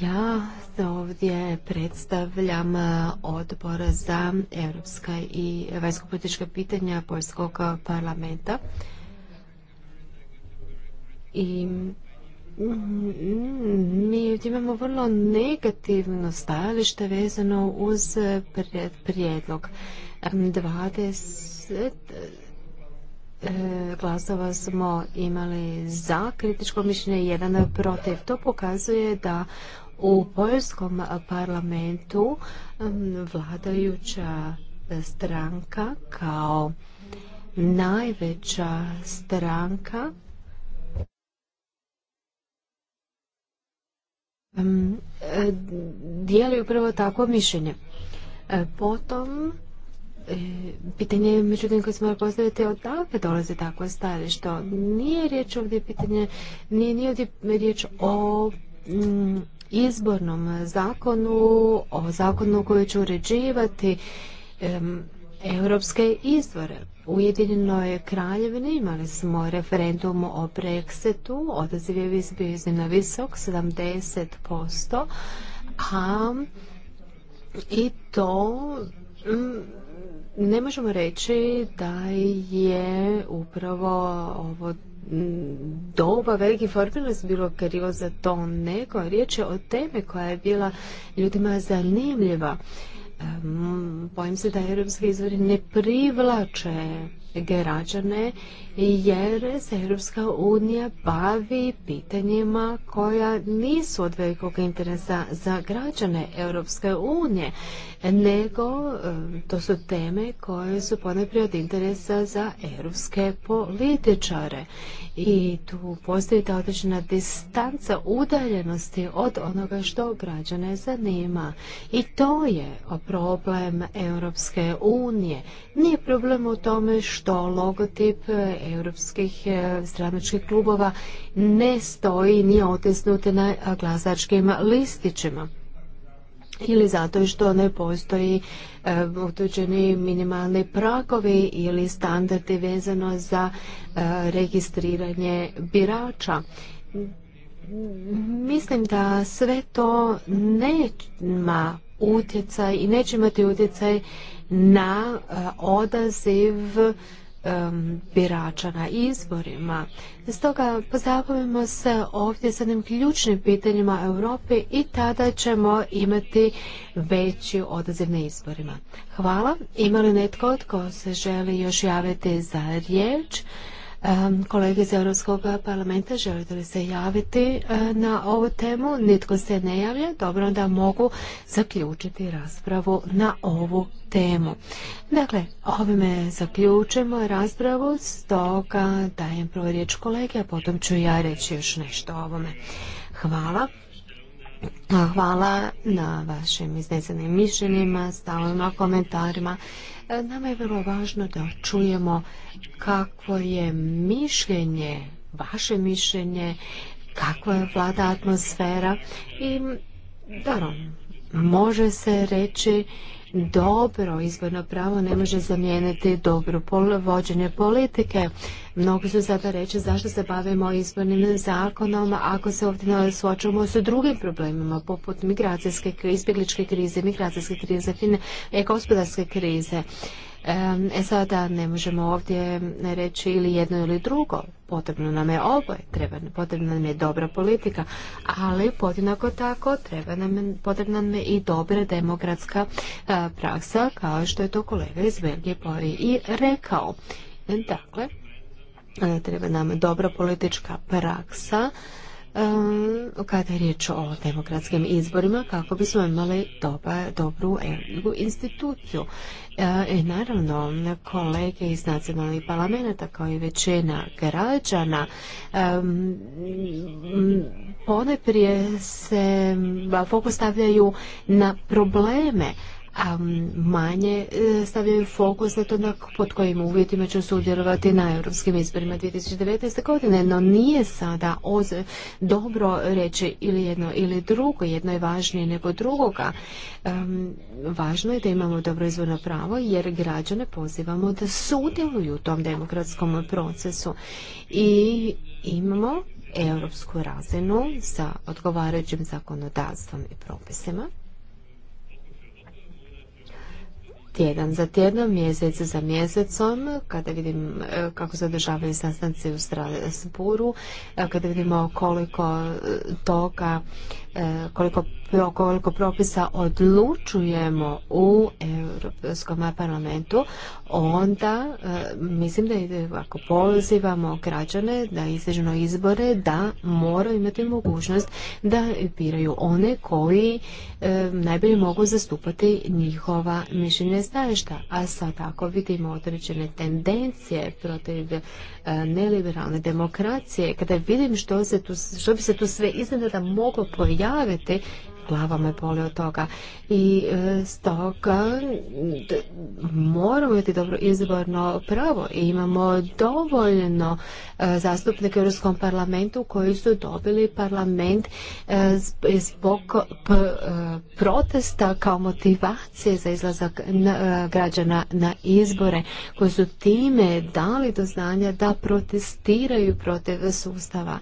Ja ovdje predstavljam odbor za europska i vajsko-politička pitanja Poljskog parlamenta. I mi imamo vrlo negativno stajalište vezano uz prijedlog. 20 e, glasova smo imali za kritičko mišljenje, jedan protiv. To pokazuje da u Poljskom parlamentu vladajuća stranka kao najveća stranka E, dijeluju prvo takvo mišljenje. E, potom, e, pitanje je međutim koje smo postaviti odakle dolaze takvo stajalište. Nije riječ ovdje pitanje, nije, ovdje riječ o mm, izbornom zakonu, o zakonu koji će uređivati europske izvore. U Ujedinjenoj kraljevini imali smo referendum o Brexitu, odaziv je bio iznimno visok, 70%, a i to mm, ne možemo reći da je upravo ovo mm, doba veliki formalnost bilo krivo za to nego riječ je o teme koja je bila ljudima zanimljiva Bojim se da europski izvori ne privlače građane jer se Europska unija bavi pitanjima koja nisu od velikog interesa za građane Europske unije, nego e, to su teme koje su ponajprije od interesa za europske političare. I tu postoji ta određena distanca udaljenosti od onoga što građane zanima. I to je problem Europske unije. Nije problem u tome što logotip europskih e, stranačkih klubova ne stoji, ni otisnute na glasačkim listićima ili zato što ne postoji e, utvrđeni minimalni pragovi ili standardi vezano za e, registriranje birača. Mislim da sve to nema utjecaj i neće imati utjecaj na odaziv birača na izborima. Stoga pozabavimo se ovdje s jednim ključnim pitanjima Europe i tada ćemo imati veći odaziv na izborima. Hvala. Ima li netko tko se želi još javiti za riječ? Kolege iz Europskog parlamenta, želite li se javiti e, na ovu temu? Nitko se ne javlja. Dobro, da mogu zaključiti raspravu na ovu temu. Dakle, ovime zaključujemo raspravu, stoga dajem prvo riječ kolege, a potom ću ja reći još nešto o ovome. Hvala. Hvala na vašim iznesenim mišljenima, stalno komentarima. E, nama je vrlo važno da čujemo kako je mišljenje, vaše mišljenje, kakva je vlada atmosfera i da može se reći dobro izborno pravo ne može zamijeniti dobro vođenje politike. Mnogo su sada reći zašto se bavimo izbornim zakonom ako se ovdje suočavamo sa drugim problemima poput migracijske, izbjegličke krize, migracijske krize, fine, gospodarske krize. E sada ne možemo ovdje reći ili jedno ili drugo. Potrebno nam je oboje, treba, potrebna nam je dobra politika, ali podjednako tako treba nam, potrebna nam je i dobra demokratska e, praksa, kao što je to kolega iz Belgije i rekao. Dakle, e, treba nam dobra politička praksa, kada je riječ o demokratskim izborima kako bismo imali dobru e, dobru instituciju. E, I naravno, kolege iz nacionalnih parlamenta kao i većina građana poneprije se fokus stavljaju na probleme a manje e, stavljaju fokus na to pod kojim uvjetima će sudjelovati na europskim izborima 2019. godine, no nije sada dobro reći ili jedno ili drugo, jedno je važnije nego drugoga. važno je da imamo dobro izvorno pravo jer građane pozivamo da sudjeluju u tom demokratskom procesu i imamo europsku razinu sa odgovarajućim zakonodavstvom i propisima. tjedan za tjednom, mjesec za mjesecom, kada vidim e, kako se održavaju sastanci u Strasburu, e, kada vidimo koliko e, toka koliko, koliko propisa odlučujemo u Europskom parlamentu, onda mislim da ako pozivamo građane da izađu na izbore, da moraju imati mogućnost da biraju one koji najbolje mogu zastupati njihova mišljenja šta. a sad ako vidimo određene tendencije protiv e, neliberalne demokracije, kada vidim što, se tu, što bi se tu sve iznenada moglo pojaviti, glava me boli od toga. I e, stoga moramo imati dobro izborno pravo. I imamo dovoljno e, zastupnika u Europskom parlamentu koji su dobili parlament e, zbog protesta kao motivacije za izlazak građana na izbore koji su time dali do znanja da protestiraju protiv sustava.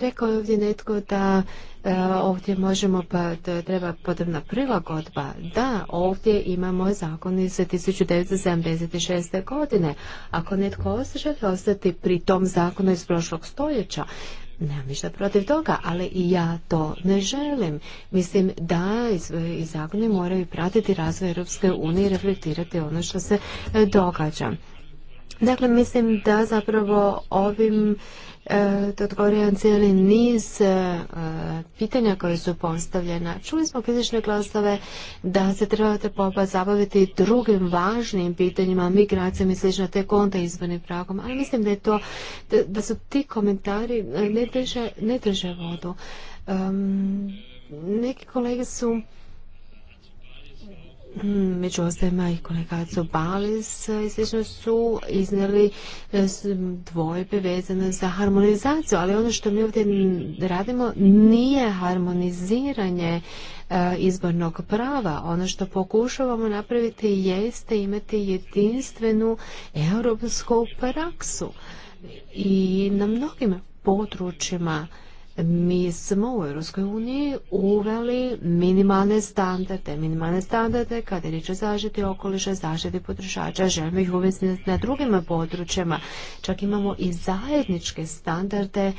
Rekao je ovdje netko da E, ovdje možemo, pa treba potrebna prilagodba. Da, ovdje imamo zakon iz 1976. godine. Ako netko želi ostati pri tom zakonu iz prošlog stoljeća, nemam ništa protiv toga, ali i ja to ne želim. Mislim da i zakoni moraju pratiti razvoj Europske unije i reflektirati ono što se e, događa. Dakle, mislim da zapravo ovim E, otvorio cijeli niz e, pitanja koje su postavljena. Čuli smo kritične glasove da se trebate zabaviti drugim važnim pitanjima, migracijama i slično, te konta izbornim pragom, ali mislim da je to, da, su ti komentari e, ne drže, vodu. neki kolege su Mm, među ostajima i kolega Zobalis e, slično su iznali e, dvojbe vezane za harmonizaciju, ali ono što mi ovdje radimo nije harmoniziranje e, izbornog prava. Ono što pokušavamo napraviti jeste imati jedinstvenu europsku praksu i na mnogim područjima mi smo u EU uveli minimalne standarde, minimalne standarde kada je riječ o zaštiti okoliša, zaštiti potrošača, želimo ih uvesti na drugim područjima. Čak imamo i zajedničke standarde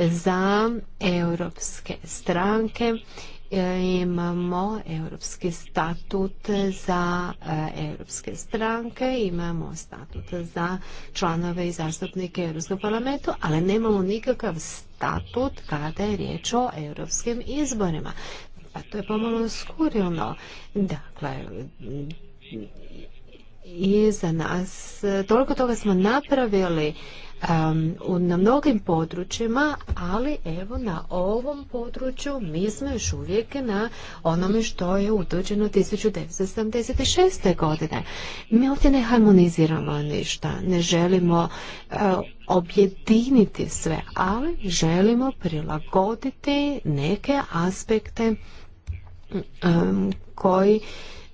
za europske stranke E, imamo europski statut za e, europske stranke, imamo statut za članove i zastupnike Europskog parlamentu, ali nemamo nikakav statut kada je riječ o europskim izborima. Pa to je pomalo skurilno. Dakle, i za nas, toliko toga smo napravili um, na mnogim područjima, ali evo na ovom području mi smo još uvijek na onome što je utvrđeno 1976. godine. Mi ovdje ne harmoniziramo ništa, ne želimo uh, objediniti sve, ali želimo prilagoditi neke aspekte um, koji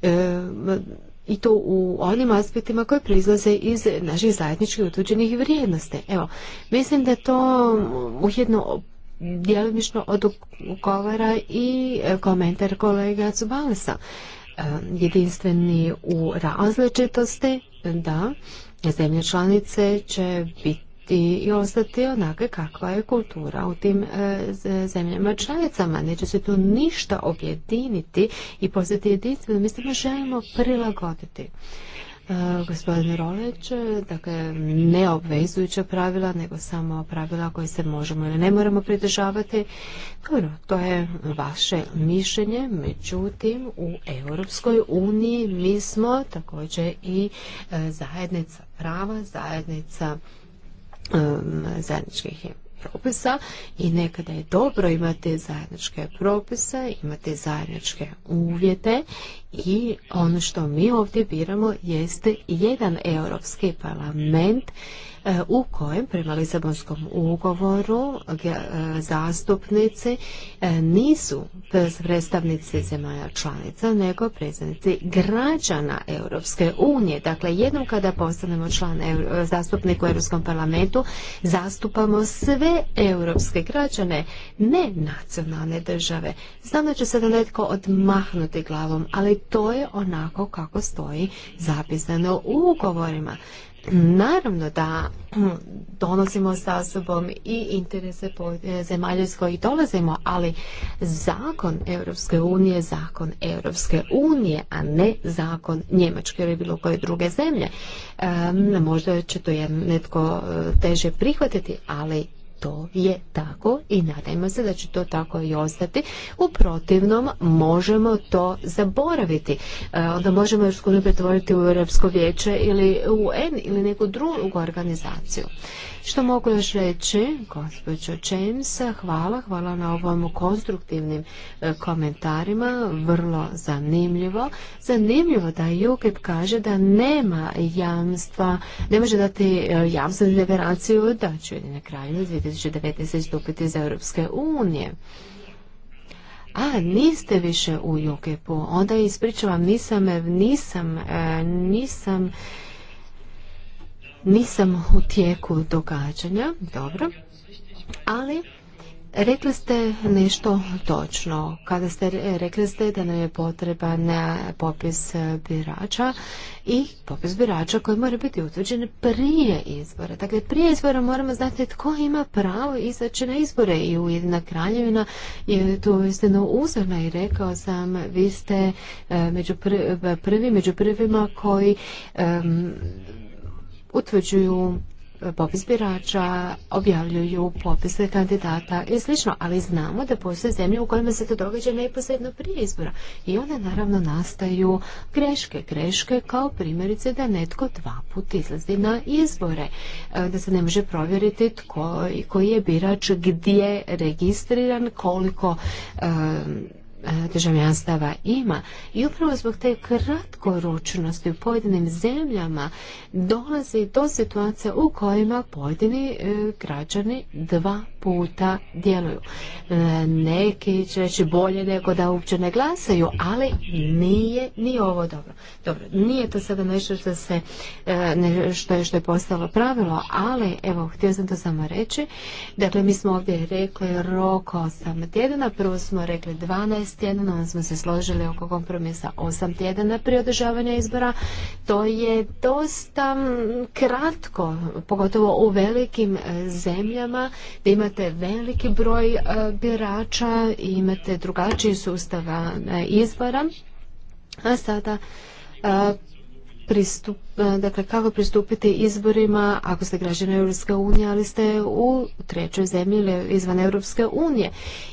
e, i to u onim aspektima koji proizlaze iz naših zajedničkih utvrđenih vrijednosti. Evo, mislim da to ujedno djelomično odgovara i e, komentar kolega Cubalesa. E, jedinstveni u različitosti, da, zemlje članice će biti i ostati onakve kakva je kultura u tim e, zemljama članicama. Neće se tu ništa objediniti i postati jedinstveno. Mislim želimo prilagoditi. Gospodine gospodin Roleć, dakle ne obvezujuća pravila, nego samo pravila koje se možemo ili ne moramo pridržavati. Dobro, to je vaše mišljenje, međutim u Europskoj uniji mi smo također i e, zajednica prava, zajednica Um, zajedničkih propisa i nekada je dobro imati zajedničke propise, imati zajedničke uvjete i ono što mi ovdje biramo jeste jedan europski parlament E, u kojem prema Lisabonskom ugovoru e, zastupnici e, nisu predstavnici zemalja članica, nego predstavnici građana Europske unije. Dakle, jednom kada postanemo član zastupnik u Europskom parlamentu, zastupamo sve europske građane, ne nacionalne države. Znam da će da netko odmahnuti glavom, ali to je onako kako stoji zapisano u ugovorima. Naravno da <clears throat> donosimo sa sobom i interese e, zemalja s kojih dolazimo, ali zakon Europske unije je zakon Europske unije, a ne zakon Njemačke ili bilo koje druge zemlje. možda će to je netko e, teže prihvatiti, ali to je tako i nadajmo se da će to tako i ostati. U protivnom možemo to zaboraviti. E, onda možemo još pretvoriti u Europsko vijeće ili UN ili neku drugu organizaciju. Što mogu još reći, gospođo James, hvala, hvala na ovom konstruktivnim e, komentarima, vrlo zanimljivo. Zanimljivo da UKIP kaže da nema jamstva, ne može dati e, jamstvo za liberaciju da će jedine kraljevina 2019. stupiti iz Europske unije. A, niste više u UKIP-u. Onda ispričavam, nisam, nisam, e, nisam nisam u tijeku događanja, dobro, ali Rekli ste nešto točno. Kada ste rekli ste da nam je potreban e, popis e, birača i popis birača koji mora biti utvrđen prije izbora. Dakle, prije izbora moramo znati tko ima pravo izaći na izbore i Ujedina Kraljevina je tu istino uzorna i rekao sam vi ste e, među prvi, među prvima koji utvrđuju e, popis birača, objavljuju popise kandidata i slično, ali znamo da postoje zemlje u kojima se to događa neposredno prije izbora. I onda naravno nastaju greške, greške kao primjerice da netko dva put izlazi na izbore, e, da se ne može provjeriti tko, koji je birač, gdje registriran, koliko e, E, državljanstava ima. I upravo zbog te kratkoročnosti u pojedinim zemljama dolazi do situacija u kojima pojedini e, građani dva puta djeluju. E, neki će reći bolje nego da uopće ne glasaju, ali nije ni ovo dobro. Dobro, nije to sada nešto što se što je, što je postalo pravilo, ali evo, htio sam to samo reći. Dakle, mi smo ovdje rekli rok 8 tjedana, prvo smo rekli 12 15 tjedana, smo se složili oko kompromisa osam tjedana prije održavanja izbora. To je dosta kratko, pogotovo u velikim e, zemljama gdje imate veliki broj e, birača i imate drugačiji sustav izbora. A sada e, pristup, e, dakle kako pristupiti izborima ako ste građani Europske unije, ali ste u trećoj zemlji ili izvan Europske unije.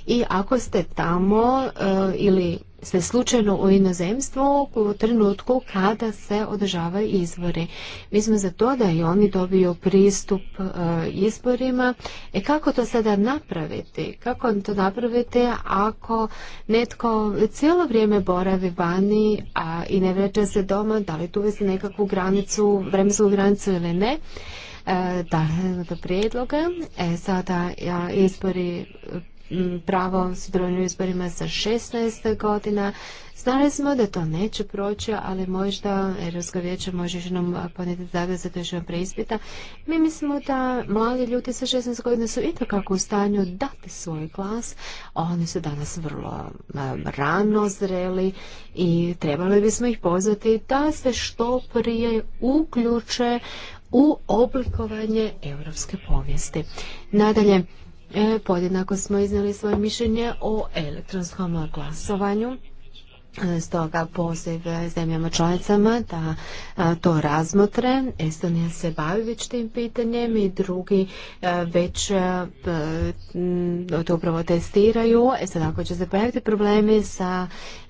I ako ste tamo e, ili se slučajno u inozemstvu u trenutku kada se održavaju izbori. Mi smo za to da i oni dobiju pristup e, izborima. E kako to sada napraviti? Kako to napraviti ako netko cijelo vrijeme boravi vani a i ne vraća se doma, da li tu uvesti nekakvu granicu, vremensku granicu ili ne? Da, e, da, do prijedloga. E, sada ja, izbori pravo s u izborima sa 16 godina. Znali smo da to neće proći, ali možda Europsko vijeće može još jednom ponijeti zagled za to preispita. Mi mislimo da mladi ljudi sa 16 godina su itekako u stanju dati svoj glas, oni su danas vrlo rano zreli i trebali bismo ih pozvati da se što prije uključe u oblikovanje europske povijesti. Nadalje, E, podjednako smo iznijeli svoje mišljenje o elektronskom glasovanju. Stoga poziv zemljama članicama da to razmotre. Estonija se bavi već tim pitanjem i drugi već to upravo testiraju. E sad ako će se pojaviti problemi sa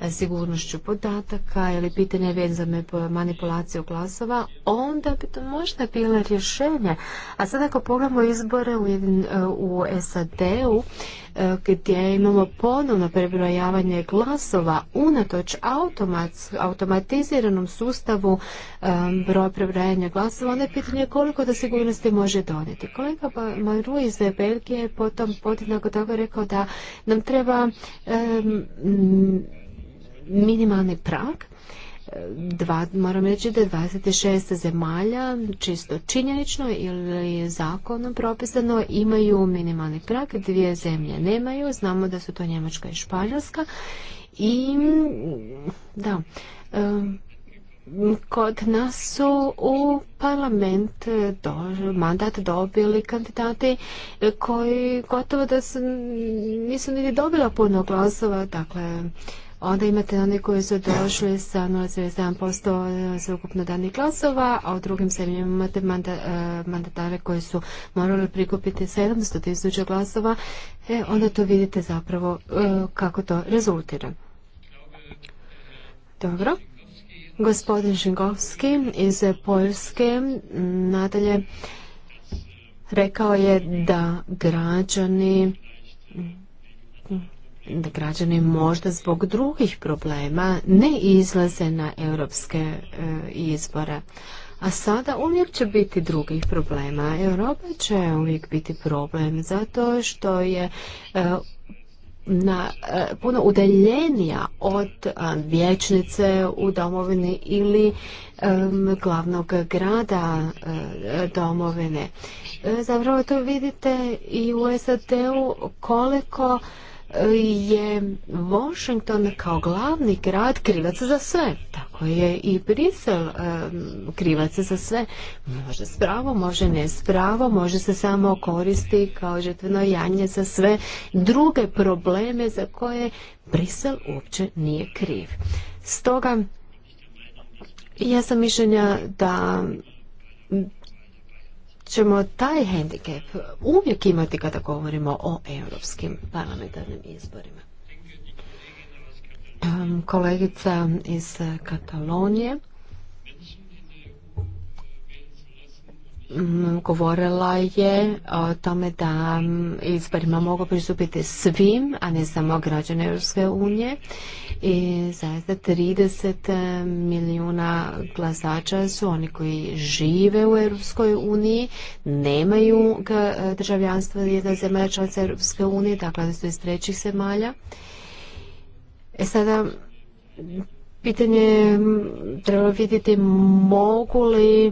sigurnošću podataka ili pitanje vezane za manipulaciju glasova, onda bi to možda bilo rješenje. A sad ako pogledamo izbore u SAD-u gdje imamo ponovno prebrojavanje glasova unato unatoč automatiziranom sustavu um, broja prebrajanja glasova, onda je pitanje koliko da sigurnosti može donijeti. Kolega Maru iz Belgije je potom podjednako tako rekao da nam treba um, minimalni prag moram reći da je 26 zemalja, čisto činjenično ili zakonom propisano, imaju minimalni prag, dvije zemlje nemaju, znamo da su to Njemačka i Španjolska i da, kod nas su u parlament e, mandat dobili kandidati e, koji gotovo da su, nisu niti dobila puno glasova, dakle Onda imate one koji su došli sa 0,7% e, ukupno danih glasova, a u drugim zemljama imate mandatare koji su morali prikupiti 700 tisuća glasova, e, onda to vidite zapravo kako to rezultira. Dobro. Gospodin Žingovski iz Poljske nadalje rekao je da građani da građani možda zbog drugih problema ne izlaze na europske e, izbore. A sada uvijek će biti drugih problema. Europa će uvijek biti problem zato što je e, na, e, puno udaljenija od e, vječnice u domovini ili glavnog grada e, domovine. Zapravo to vidite i u SAD-u koliko je Washington kao glavni grad krivac za sve. Tako je i Brisel krivac za sve. Može spravo, može ne spravo, može se samo koristi kao žetveno janje za sve druge probleme za koje Brisel uopće nije kriv. Stoga ja sam mišljenja da ćemo taj hendikep uvijek imati kada govorimo o europskim parlamentarnim izborima. Kolegica iz Katalonije Mm, govorila je o tome da mm, izborima mogu pristupiti svim, a ne samo građane Europske unije. I zaista 30 e, milijuna glasača su oni koji žive u Europskoj uniji, nemaju e, državljanstvo jedna zemlja članica Europske unije, dakle su iz trećih zemalja. E sada, pitanje je trebalo vidjeti mogu li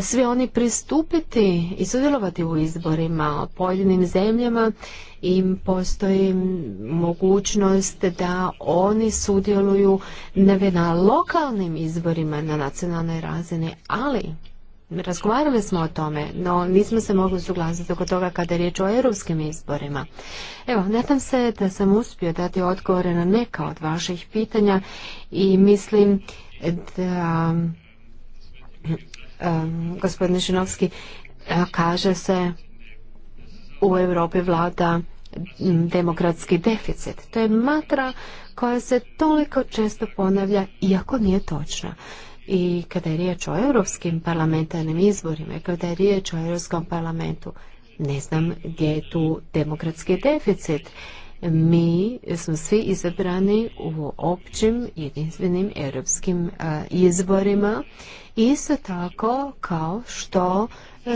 svi oni pristupiti i sudjelovati u izborima u pojedinim zemljama i postoji mogućnost da oni sudjeluju ne na lokalnim izborima na nacionalnoj razini, ali Razgovarali smo o tome, no nismo se mogli suglasiti oko toga kada je riječ o europskim izborima. Evo, nadam se da sam uspio dati odgovore na neka od vaših pitanja i mislim da Gospodin Žinovski, e, kaže se u Europi vlada demokratski deficit. To je matra koja se toliko često ponavlja, iako nije točna. I kada je riječ o europskim parlamentarnim izborima, kada je riječ o europskom parlamentu, ne znam gdje je tu demokratski deficit. Mi smo svi izabrani u općim jedinstvenim europskim e, izborima Isto tako kao što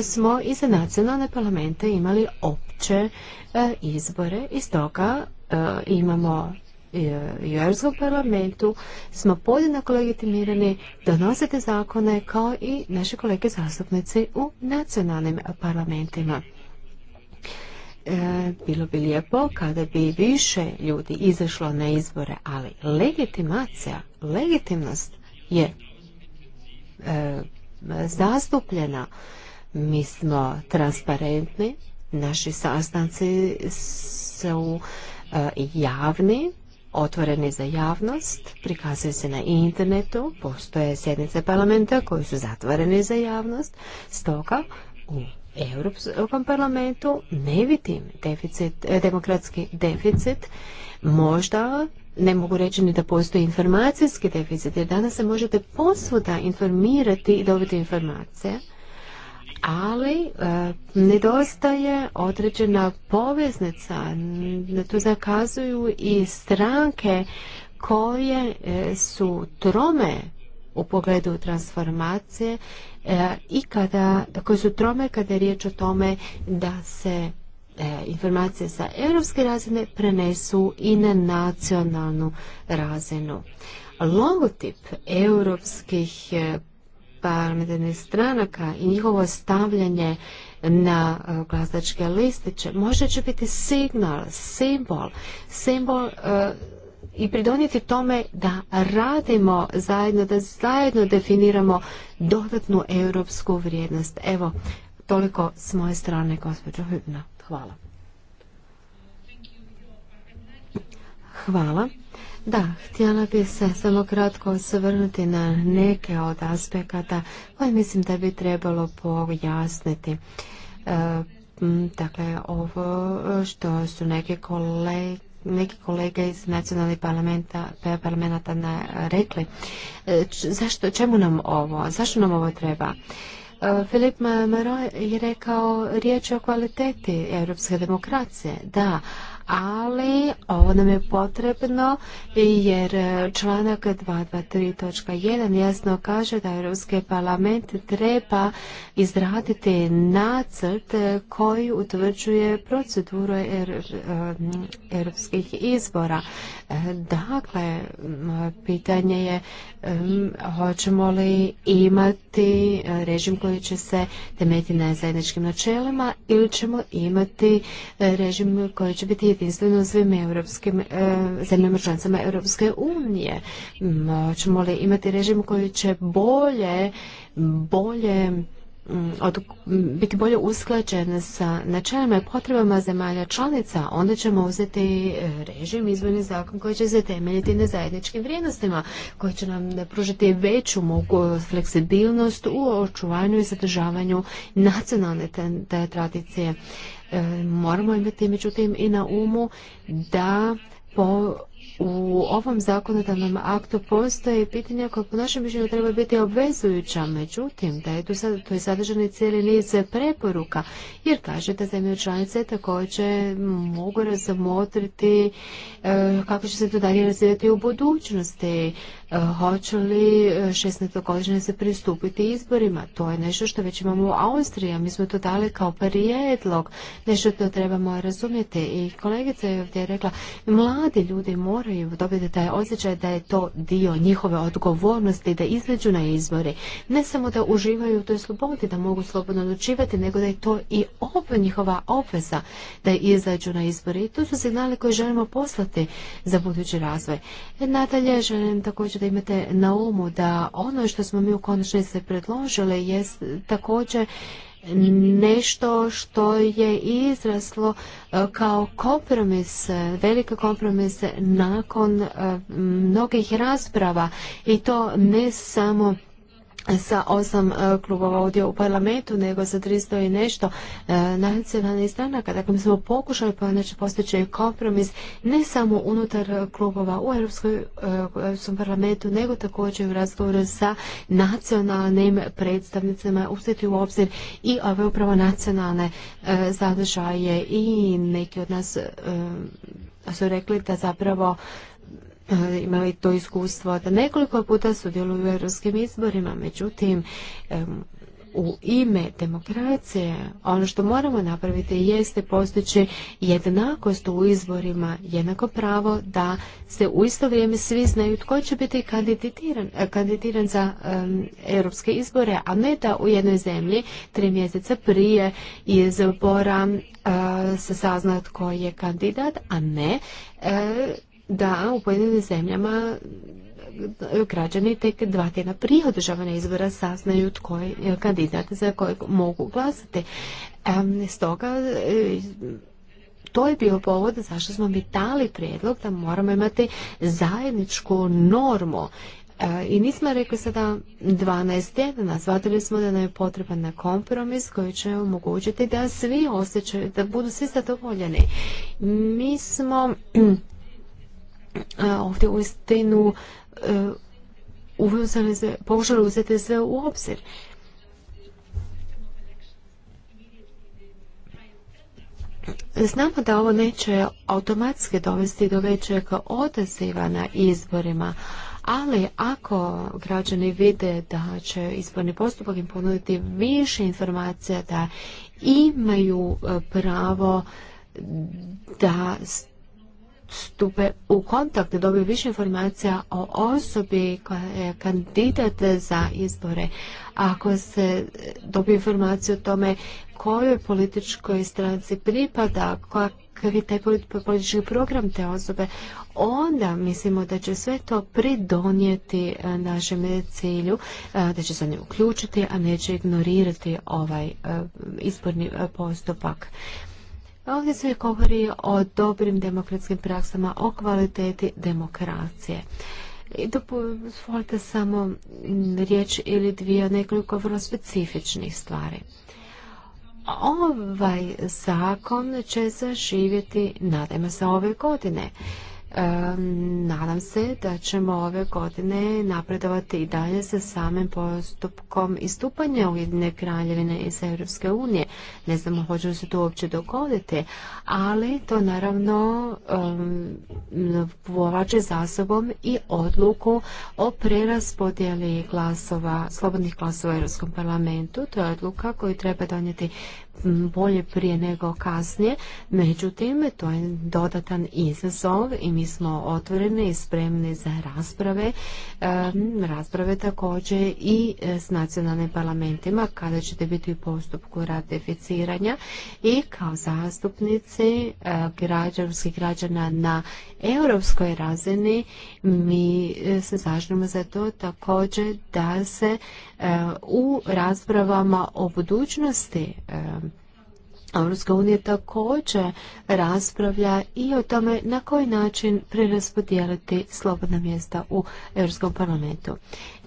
smo i za nacionalne parlamente imali opće e, izbore i stoga e, imamo e, i u Europskom parlamentu smo podjednako legitimirani donositi zakone kao i naše kolege zastupnici u nacionalnim parlamentima. bilo bi lijepo kada bi više ljudi izašlo na izbore, ali legitimacija, legitimnost je E, zastupljena. Mi smo transparentni, naši sastanci su e, javni, otvoreni za javnost, prikazuju se na internetu, postoje sjednice parlamenta koji su zatvoreni za javnost, stoga u Europskom parlamentu ne vidim deficit, e, demokratski deficit. Možda ne mogu reći ni da postoji informacijski deficit, jer danas se možete posvuda informirati i dobiti informacije, ali e, nedostaje određena poveznica. To zakazuju i stranke koje e, su trome u pogledu transformacije e, i kada, koji su trome kada je riječ o tome da se e, informacije sa europske razine prenesu i na nacionalnu razinu. Logotip europskih e, parlamentarnih stranaka i njihovo stavljanje na glasačke listiće možda će biti signal, simbol, simbol i pridonijeti tome da radimo zajedno, da zajedno definiramo dodatnu europsku vrijednost. Evo, toliko s moje strane, gospođo Hübna. Hvala. Hvala. Da, htjela bi se samo kratko osvrnuti na neke od aspekata koje mislim da bi trebalo pojasniti. E, dakle, ovo što su neke kolege neki kolege iz nacionalnih parlamenta, parlamenta na, rekli. E, zašto, čemu nam ovo? Zašto nam ovo treba? Filip e, Maro je rekao riječ o kvaliteti europske demokracije. Da, ali ovo nam je potrebno jer članak 223.1 jasno kaže da Europski parlament treba izraditi nacrt koji utvrđuje proceduru er, europskih izbora. Dakle, pitanje je hoćemo li imati režim koji će se temeti na zajedničkim načelima ili ćemo imati režim koji će biti jedinstveno svim europskim e, zemljama članicama Europske unije. Mm, hoćemo li imati režim koji će bolje, bolje mm, mm, biti bolje usklađen sa načelima i potrebama zemalja članica, onda ćemo uzeti e, režim, izvojni zakon koji će se temeljiti na zajedničkim vrijednostima, koji će nam pružiti veću mogu fleksibilnost u očuvanju i zadržavanju nacionalne te tradicije. E, moramo imati međutim i na umu da po u ovom zakonodavnom aktu postoje pitanja koja po našem mišljenju treba biti obvezujuća, međutim da je tu, sad, je sadržan cijeli niz preporuka, jer kaže da zemlje članice će mogu razmotriti e, kako će se to dalje razvijati u budućnosti. E, hoće li 16. E, godine se pristupiti izborima. To je nešto što već imamo u Austriji, a mi smo to dali kao prijedlog. Nešto to trebamo razumjeti. I kolegica je ovdje rekla, mladi ljudi moraju dobiti taj osjećaj da je to dio njihove odgovornosti, da izađu na izbori. Ne samo da uživaju u toj slobodi, da mogu slobodno odlučivati, nego da je to i ob njihova obveza da izađu na izbore. I to su signali koje želimo poslati za budući razvoj. E, nadalje, želim također da imate na umu da ono što smo mi u konačnici predložili jest također nešto što je izraslo e, kao kompromis, e, veliki kompromis nakon e, mnogih rasprava i to ne samo sa osam e, klubova ovdje u parlamentu, nego sa 300 i nešto e, nacionalnih stranaka. Dakle, mi smo pokušali znači, postići kompromis ne samo unutar klubova e, u Europskom parlamentu, nego također u razgovoru sa nacionalnim predstavnicama uzeti u obzir i ove upravo nacionalne sadržaje i neki od nas su rekli da zapravo imali to iskustvo da nekoliko puta sudjeluju u europskim izborima, međutim u ime demokracije ono što moramo napraviti jeste postići jednakost u izborima, jednako pravo da se u isto vrijeme svi znaju tko će biti kandidiran, e, kandidiran za um, europske izbore, a ne da u jednoj zemlji tri mjeseca prije izbora uh, se sazna tko je kandidat, a ne e, da u pojedinim zemljama e, građani tek dva tjedna prije održavanja izbora saznaju tko je e, kandidat za kojeg mogu glasati. Stoga e, to je bio povod zašto smo mi dali prijedlog da moramo imati zajedničku normu i nismo rekli sada 12 tjedana, zvatili smo da nam je potreban na kompromis koji će omogućiti da svi osjećaju, da budu svi zadovoljeni. Mi smo ovdje u istinu e, pokušali uzeti sve u obzir. Znamo da ovo neće automatski dovesti do većeg odaziva na izborima, ali ako građani vide da će izborni postupak im ponuditi više informacija, da imaju e, pravo da stupe u kontakt, dobiju više informacija o osobi koja je kandidat za izbore. Ako se dobije informaciju o tome kojoj političkoj stranci pripada, kakav je taj politički program te osobe, onda mislimo da će sve to pridonijeti e, našem cilju, e, da će se ne uključiti, a neće ignorirati ovaj e, izborni postupak. Ovdje se govori o dobrim demokratskim praksama, o kvaliteti demokracije. I dozvolite samo riječ ili dvije nekoliko vrlo specifičnih stvari. Ovaj zakon će zaživjeti, nadajmo se, ove godine. E, nadam se da ćemo ove godine napredovati i dalje sa samim postupkom istupanja Ujedine kraljevine iz Europske unije. Ne znamo hoće li se to uopće dogoditi, ali to naravno um, e, povlače za sobom i odluku o preraspodjeli glasova, slobodnih glasova u Europskom parlamentu. To je odluka koju treba donijeti bolje prije nego kasnije. Međutim, to je dodatan izazov i mi smo otvoreni i spremni za rasprave, rasprave također i e, s nacionalnim parlamentima kada ćete biti u postupku ratificiranja i kao zastupnici e, građanskih građana na europskoj razini mi e, se zažnemo za to također da se u raspravama o budućnosti Europska unija također raspravlja i o tome na koji način preraspodijeliti slobodna mjesta u Europskom parlamentu.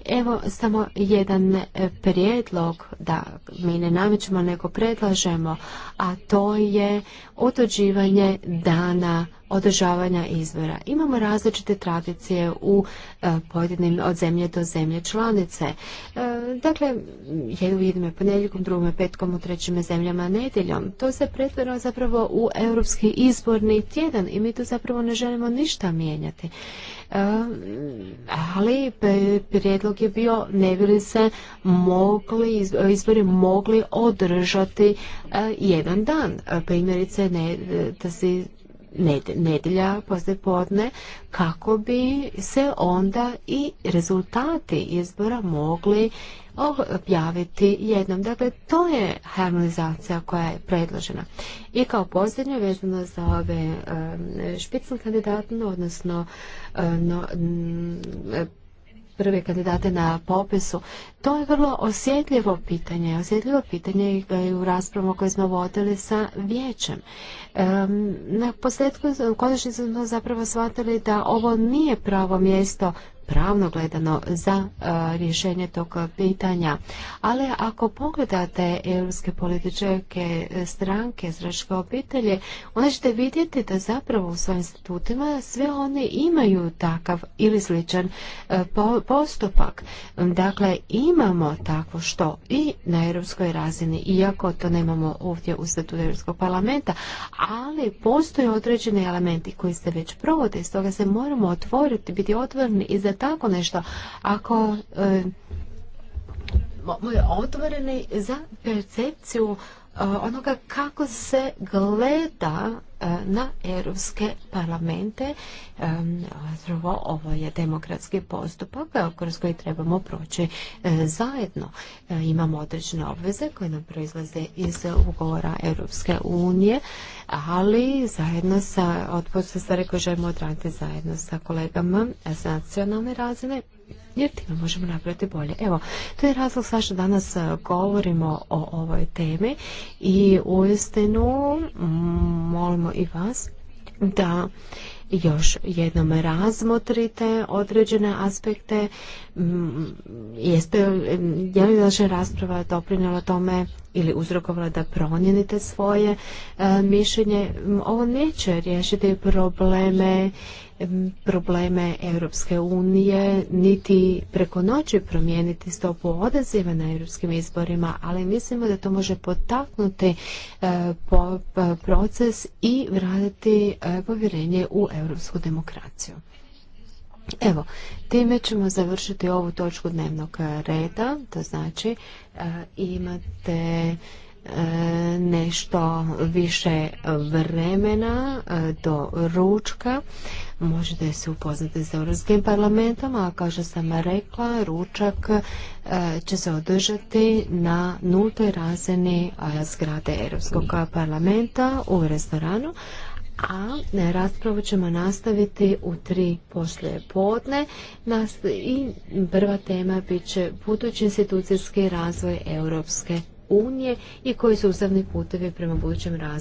Evo samo jedan prijedlog da mi ne namećemo nego predlažemo, a to je otođivanje dana održavanja izbora. Imamo različite tradicije u e, pojedinim od zemlje do zemlje članice. E, dakle, jednom je ponedjeljkom, drugom je petkom, u trećim je zemljama nedjeljom. To se pretvara zapravo u europski izborni tjedan i mi tu zapravo ne želimo ništa mijenjati. E, ali prijedlog je bio ne bi li se mogli, izbori mogli održati jedan dan. Primjerice ne, da se nedelja posle podne kako bi se onda i rezultati izbora mogli objaviti jednom. Dakle, to je harmonizacija koja je predložena. I kao posljednje vezano za ove um, špicen kandidate, odnosno uh, prve kandidate na popisu. To je vrlo osjetljivo pitanje, osjetljivo pitanje i u raspravu koju smo vodili sa vijećem. na posljedku smo zapravo shvatili da ovo nije pravo mjesto pravno gledano za e, rješenje tog pitanja. Ali ako pogledate europske političke stranke, zračke obitelje, onda ćete vidjeti da zapravo u svojim institutima sve one imaju takav ili sličan e, postupak. Dakle, i imamo takvo što i na europskoj razini, iako to nemamo ovdje u statutu Europskog parlamenta, ali postoje određeni elementi koji se već provode, stoga se moramo otvoriti, biti otvoreni i za tako nešto. Ako e, otvoreni za percepciju e, onoga kako se gleda Eh, na europske parlamente. Zapravo ovo je demokratski postupak eh, kroz koji trebamo proći eh, zajedno. Imamo određene obveze koje nam proizlaze iz ugovora Europske unije, ali zajedno sa stare rekao želimo odraditi zajedno sa kolegama sa nacionalne razine jer ti možemo napraviti bolje. Evo, to je razlog zašto danas govorimo o ovoj temi i uistinu mm, molimo i vas da još jednom razmotrite određene aspekte Mm, jeste, je li vaša rasprava doprinjela tome ili uzrokovala da promijenite svoje e, mišljenje? Mm, ovo neće riješiti probleme mm, probleme Europske unije, niti preko noći promijeniti stopu odaziva na europskim izborima, ali mislimo da to može potaknuti e, e, proces i vratiti povjerenje u europsku demokraciju. Evo, time ćemo završiti ovu točku dnevnog reda, to znači e, imate e, nešto više vremena e, do ručka. Možete se upoznati s Europskim parlamentom, a kao što sam rekla, ručak će se održati na nultoj razini zgrade Europskog parlamenta u restoranu a ne, raspravu ćemo nastaviti u tri poslije podne Nas, i prva tema bit će budući institucijski razvoj Europske unije i koji su ustavni putevi prema budućem razvoju.